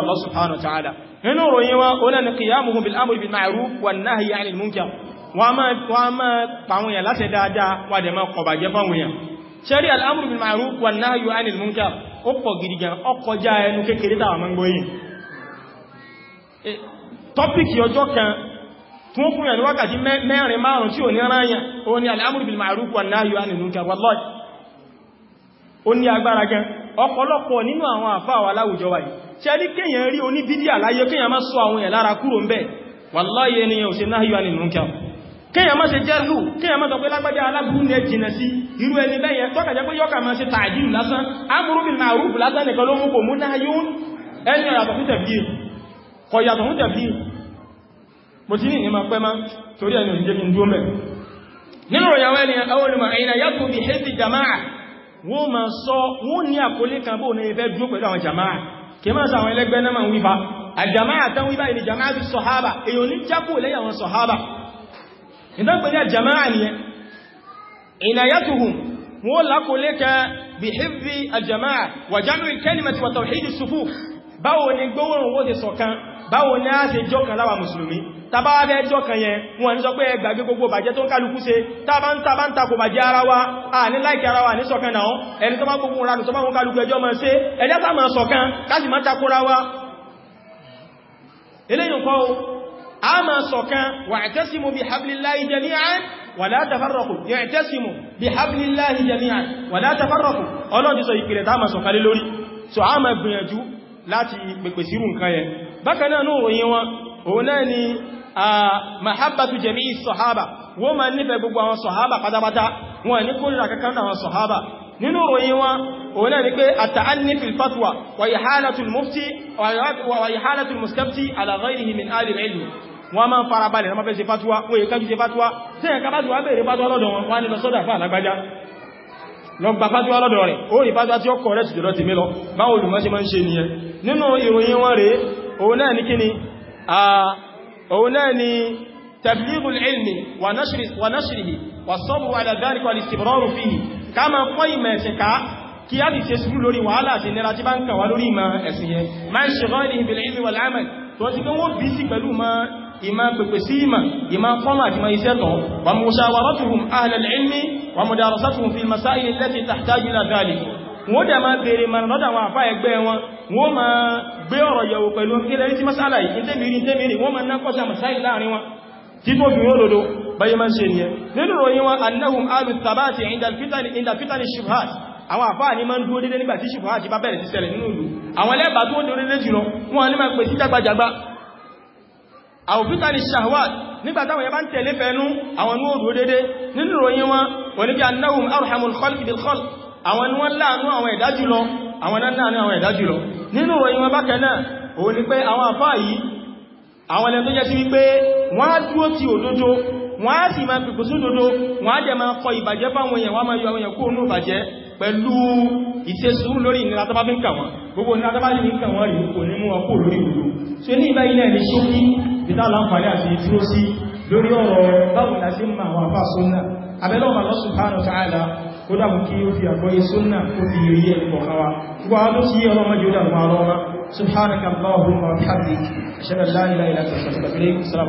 tọ́pìkì ọjọ́ kan tí wọ́n fún yà ní wákàtí mẹ́rin márùn tí ò ní ráyà o ní al-amru bil ma'ruf wan nahyu 'anil munkar wallahi ó ní agbára gan ọ̀pọ̀lọpọ̀ nínú àwọn àfáà wa láwùjọ wa yìí ṣe ní kéèyàn rí oní bídíà láyé kéèyàn má sọ àwọn èèyàn lára kúrò ń bẹ̀ wallahi ènìyàn ò ṣe nahyu 'anil munkar kéèyàn má ṣe jẹ́rù kéèyàn má sọ pé lágbàjá aláburú ní ẹjìnà sí irú ẹni bẹ́yẹn tọ́ka jẹ́ pé yọ́ka má ṣe ta'dil lásán amru bil ma'ruf lásán nìkan ló mú kò mú náà yóò ẹni ọ̀rọ̀ àtọ̀fíṣẹ̀ bíi kọ yàtọ̀ fún tẹ̀bí mo ti ní ìmọ̀ pẹ́ má torí ẹni òjìjẹ́ mi dúó mẹ́ nínú ìyàwó ẹni awolùmọ̀ ẹ̀yìn àyàkù bí hezbi jama'a wọ́n ma sọ wọ́n ní àkólé kan bóò ní ẹfẹ́ dúó pẹ̀lú àwọn jama'a kí máa sàwọn ẹlẹ́gbẹ́ náà ń wípa àjàmáà tán wípa ìní jama'a bí sọ̀hábà èyàn ní báwo ni gbóòrùn owó ti sọ̀kan báwo ni a ṣe jọ́kan láwa mùsùlùmí tàbá wá bẹ́ jọ́kan yẹn wọn ní sọ pé ẹgbàgbé gbogbo bàjẹ́ tó ń kálukú ṣe tàbá ń tàbá ń takò bàjẹ́ ara wa a ní láìkì ara wa ní sọ̀kan náà ẹni tó bá gbogbo ránù tó bá wọn kálukú ẹjọ́ mọ́ ṣe ẹjá sàmà sọ̀kan káàsì má takora wa eléyìn kọ́ láti pèpè sírù nǹkan yẹn bákan náà náà ròyìn wọn òun náà ni a mahabbatu jami'i sọ̀hábà wọ́n ma nífẹ̀ẹ́ gbogbo àwọn sọ̀hábà pátápátá wọn ní kórìíra kankan náà àwọn sọ̀hábà nínú ròyìn wọn òun náà ni pé àtàánì fil fatwa wa ihalatul mufti wa ihalatul mustafti ala ghayrihi min ahli ilmi wọ́n máa ń lọ gba fátíwá lọ́dọ̀ rẹ̀ ó rí fátíwá tí ó kọ̀ rẹ̀ jùlọ ti mílọ báwo olùmọ́ ṣe máa ń ṣe nìyẹn nínú ìròyìn wọn rèé òun náà ní kíni òun náà ni tablighul ilmi wa nashrihi wa sabru ala dhalika wal istibraru fihi ká máa pọ́ ìmọ̀ ẹ̀sìn ká kí á ìmá pèpè sí ìmá ìmá fọ́nà àti ma iṣẹ́ tán wà mú ṣàwárọ́tùhùn ahìlẹ̀lẹ́lẹ́mí wà mú dárọ̀sátùhùn fi masá ilẹ̀ lẹ́tí tàtàjú na gáàlì wọ́n dẹ̀ máa bèèrè mọ̀lọ́dà wọn àfá ẹgbẹ́ wọn wọ́n máa gbé ọ̀rọ̀ yẹ̀wò pẹ̀lú kílẹ̀ tí masala yìí tẹ́mìrì tẹ́mìrì wọ́n máa nákọ́ṣà masáyì láàrin wọn tí tó fi wọ́n lòdó báyé máa ṣe ní ẹ nínú ròyìn wọn annahum alu tabati inda fitani shubhat àwọn àfáà ní máa àwòfíkà ní shahwat nígbàtàwọn yẹ bá ń tẹ̀lé fẹ́nú àwọn ní òdó dédé nínú ròyìn wọn wọ́n ní bí annahum arhamul khalqi bil khalq àwọn ni wọ́n láàánú àwọn ẹ̀dá jùlọ àwọn náà àwọn ẹ̀dá jùlọ nínú ròyìn wọn bákan náà òun ni pé àwọn àfáà yìí àwọn ẹlẹ́ tó jẹ́ sí wípé wọ́n á dúró ti òdodo wọ́n á sì máa pìpò sún dodo wọ́n á jẹ máa fi ń kà wọ́n gbogbo ìnira tọ́bá fi ń kà wọ́n rí kò ní mú ọkọ̀ lórí ìlú ìdá aláǹfààní àti ìdúró sí lórí ọ̀rọ̀ báwo la ṣe ń ma àwọn àfáà súnnà abẹ́lẹ́ ọ̀mà lọ́sùn subhanahu wa ta'ala kó dàbù kí ó fi àgbọ́yé súnnà ó fi yìí ẹ̀kọ́ kawa gbogbo àwọn sí ọlọ́mọ yóò dàbù àwọn ọlọ́mọ سبحانك اللهم وبحمدك اشهد ان لا اله الا انت استغفرك واتوب àwọn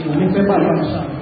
àwùjọ ìpapọ̀ ní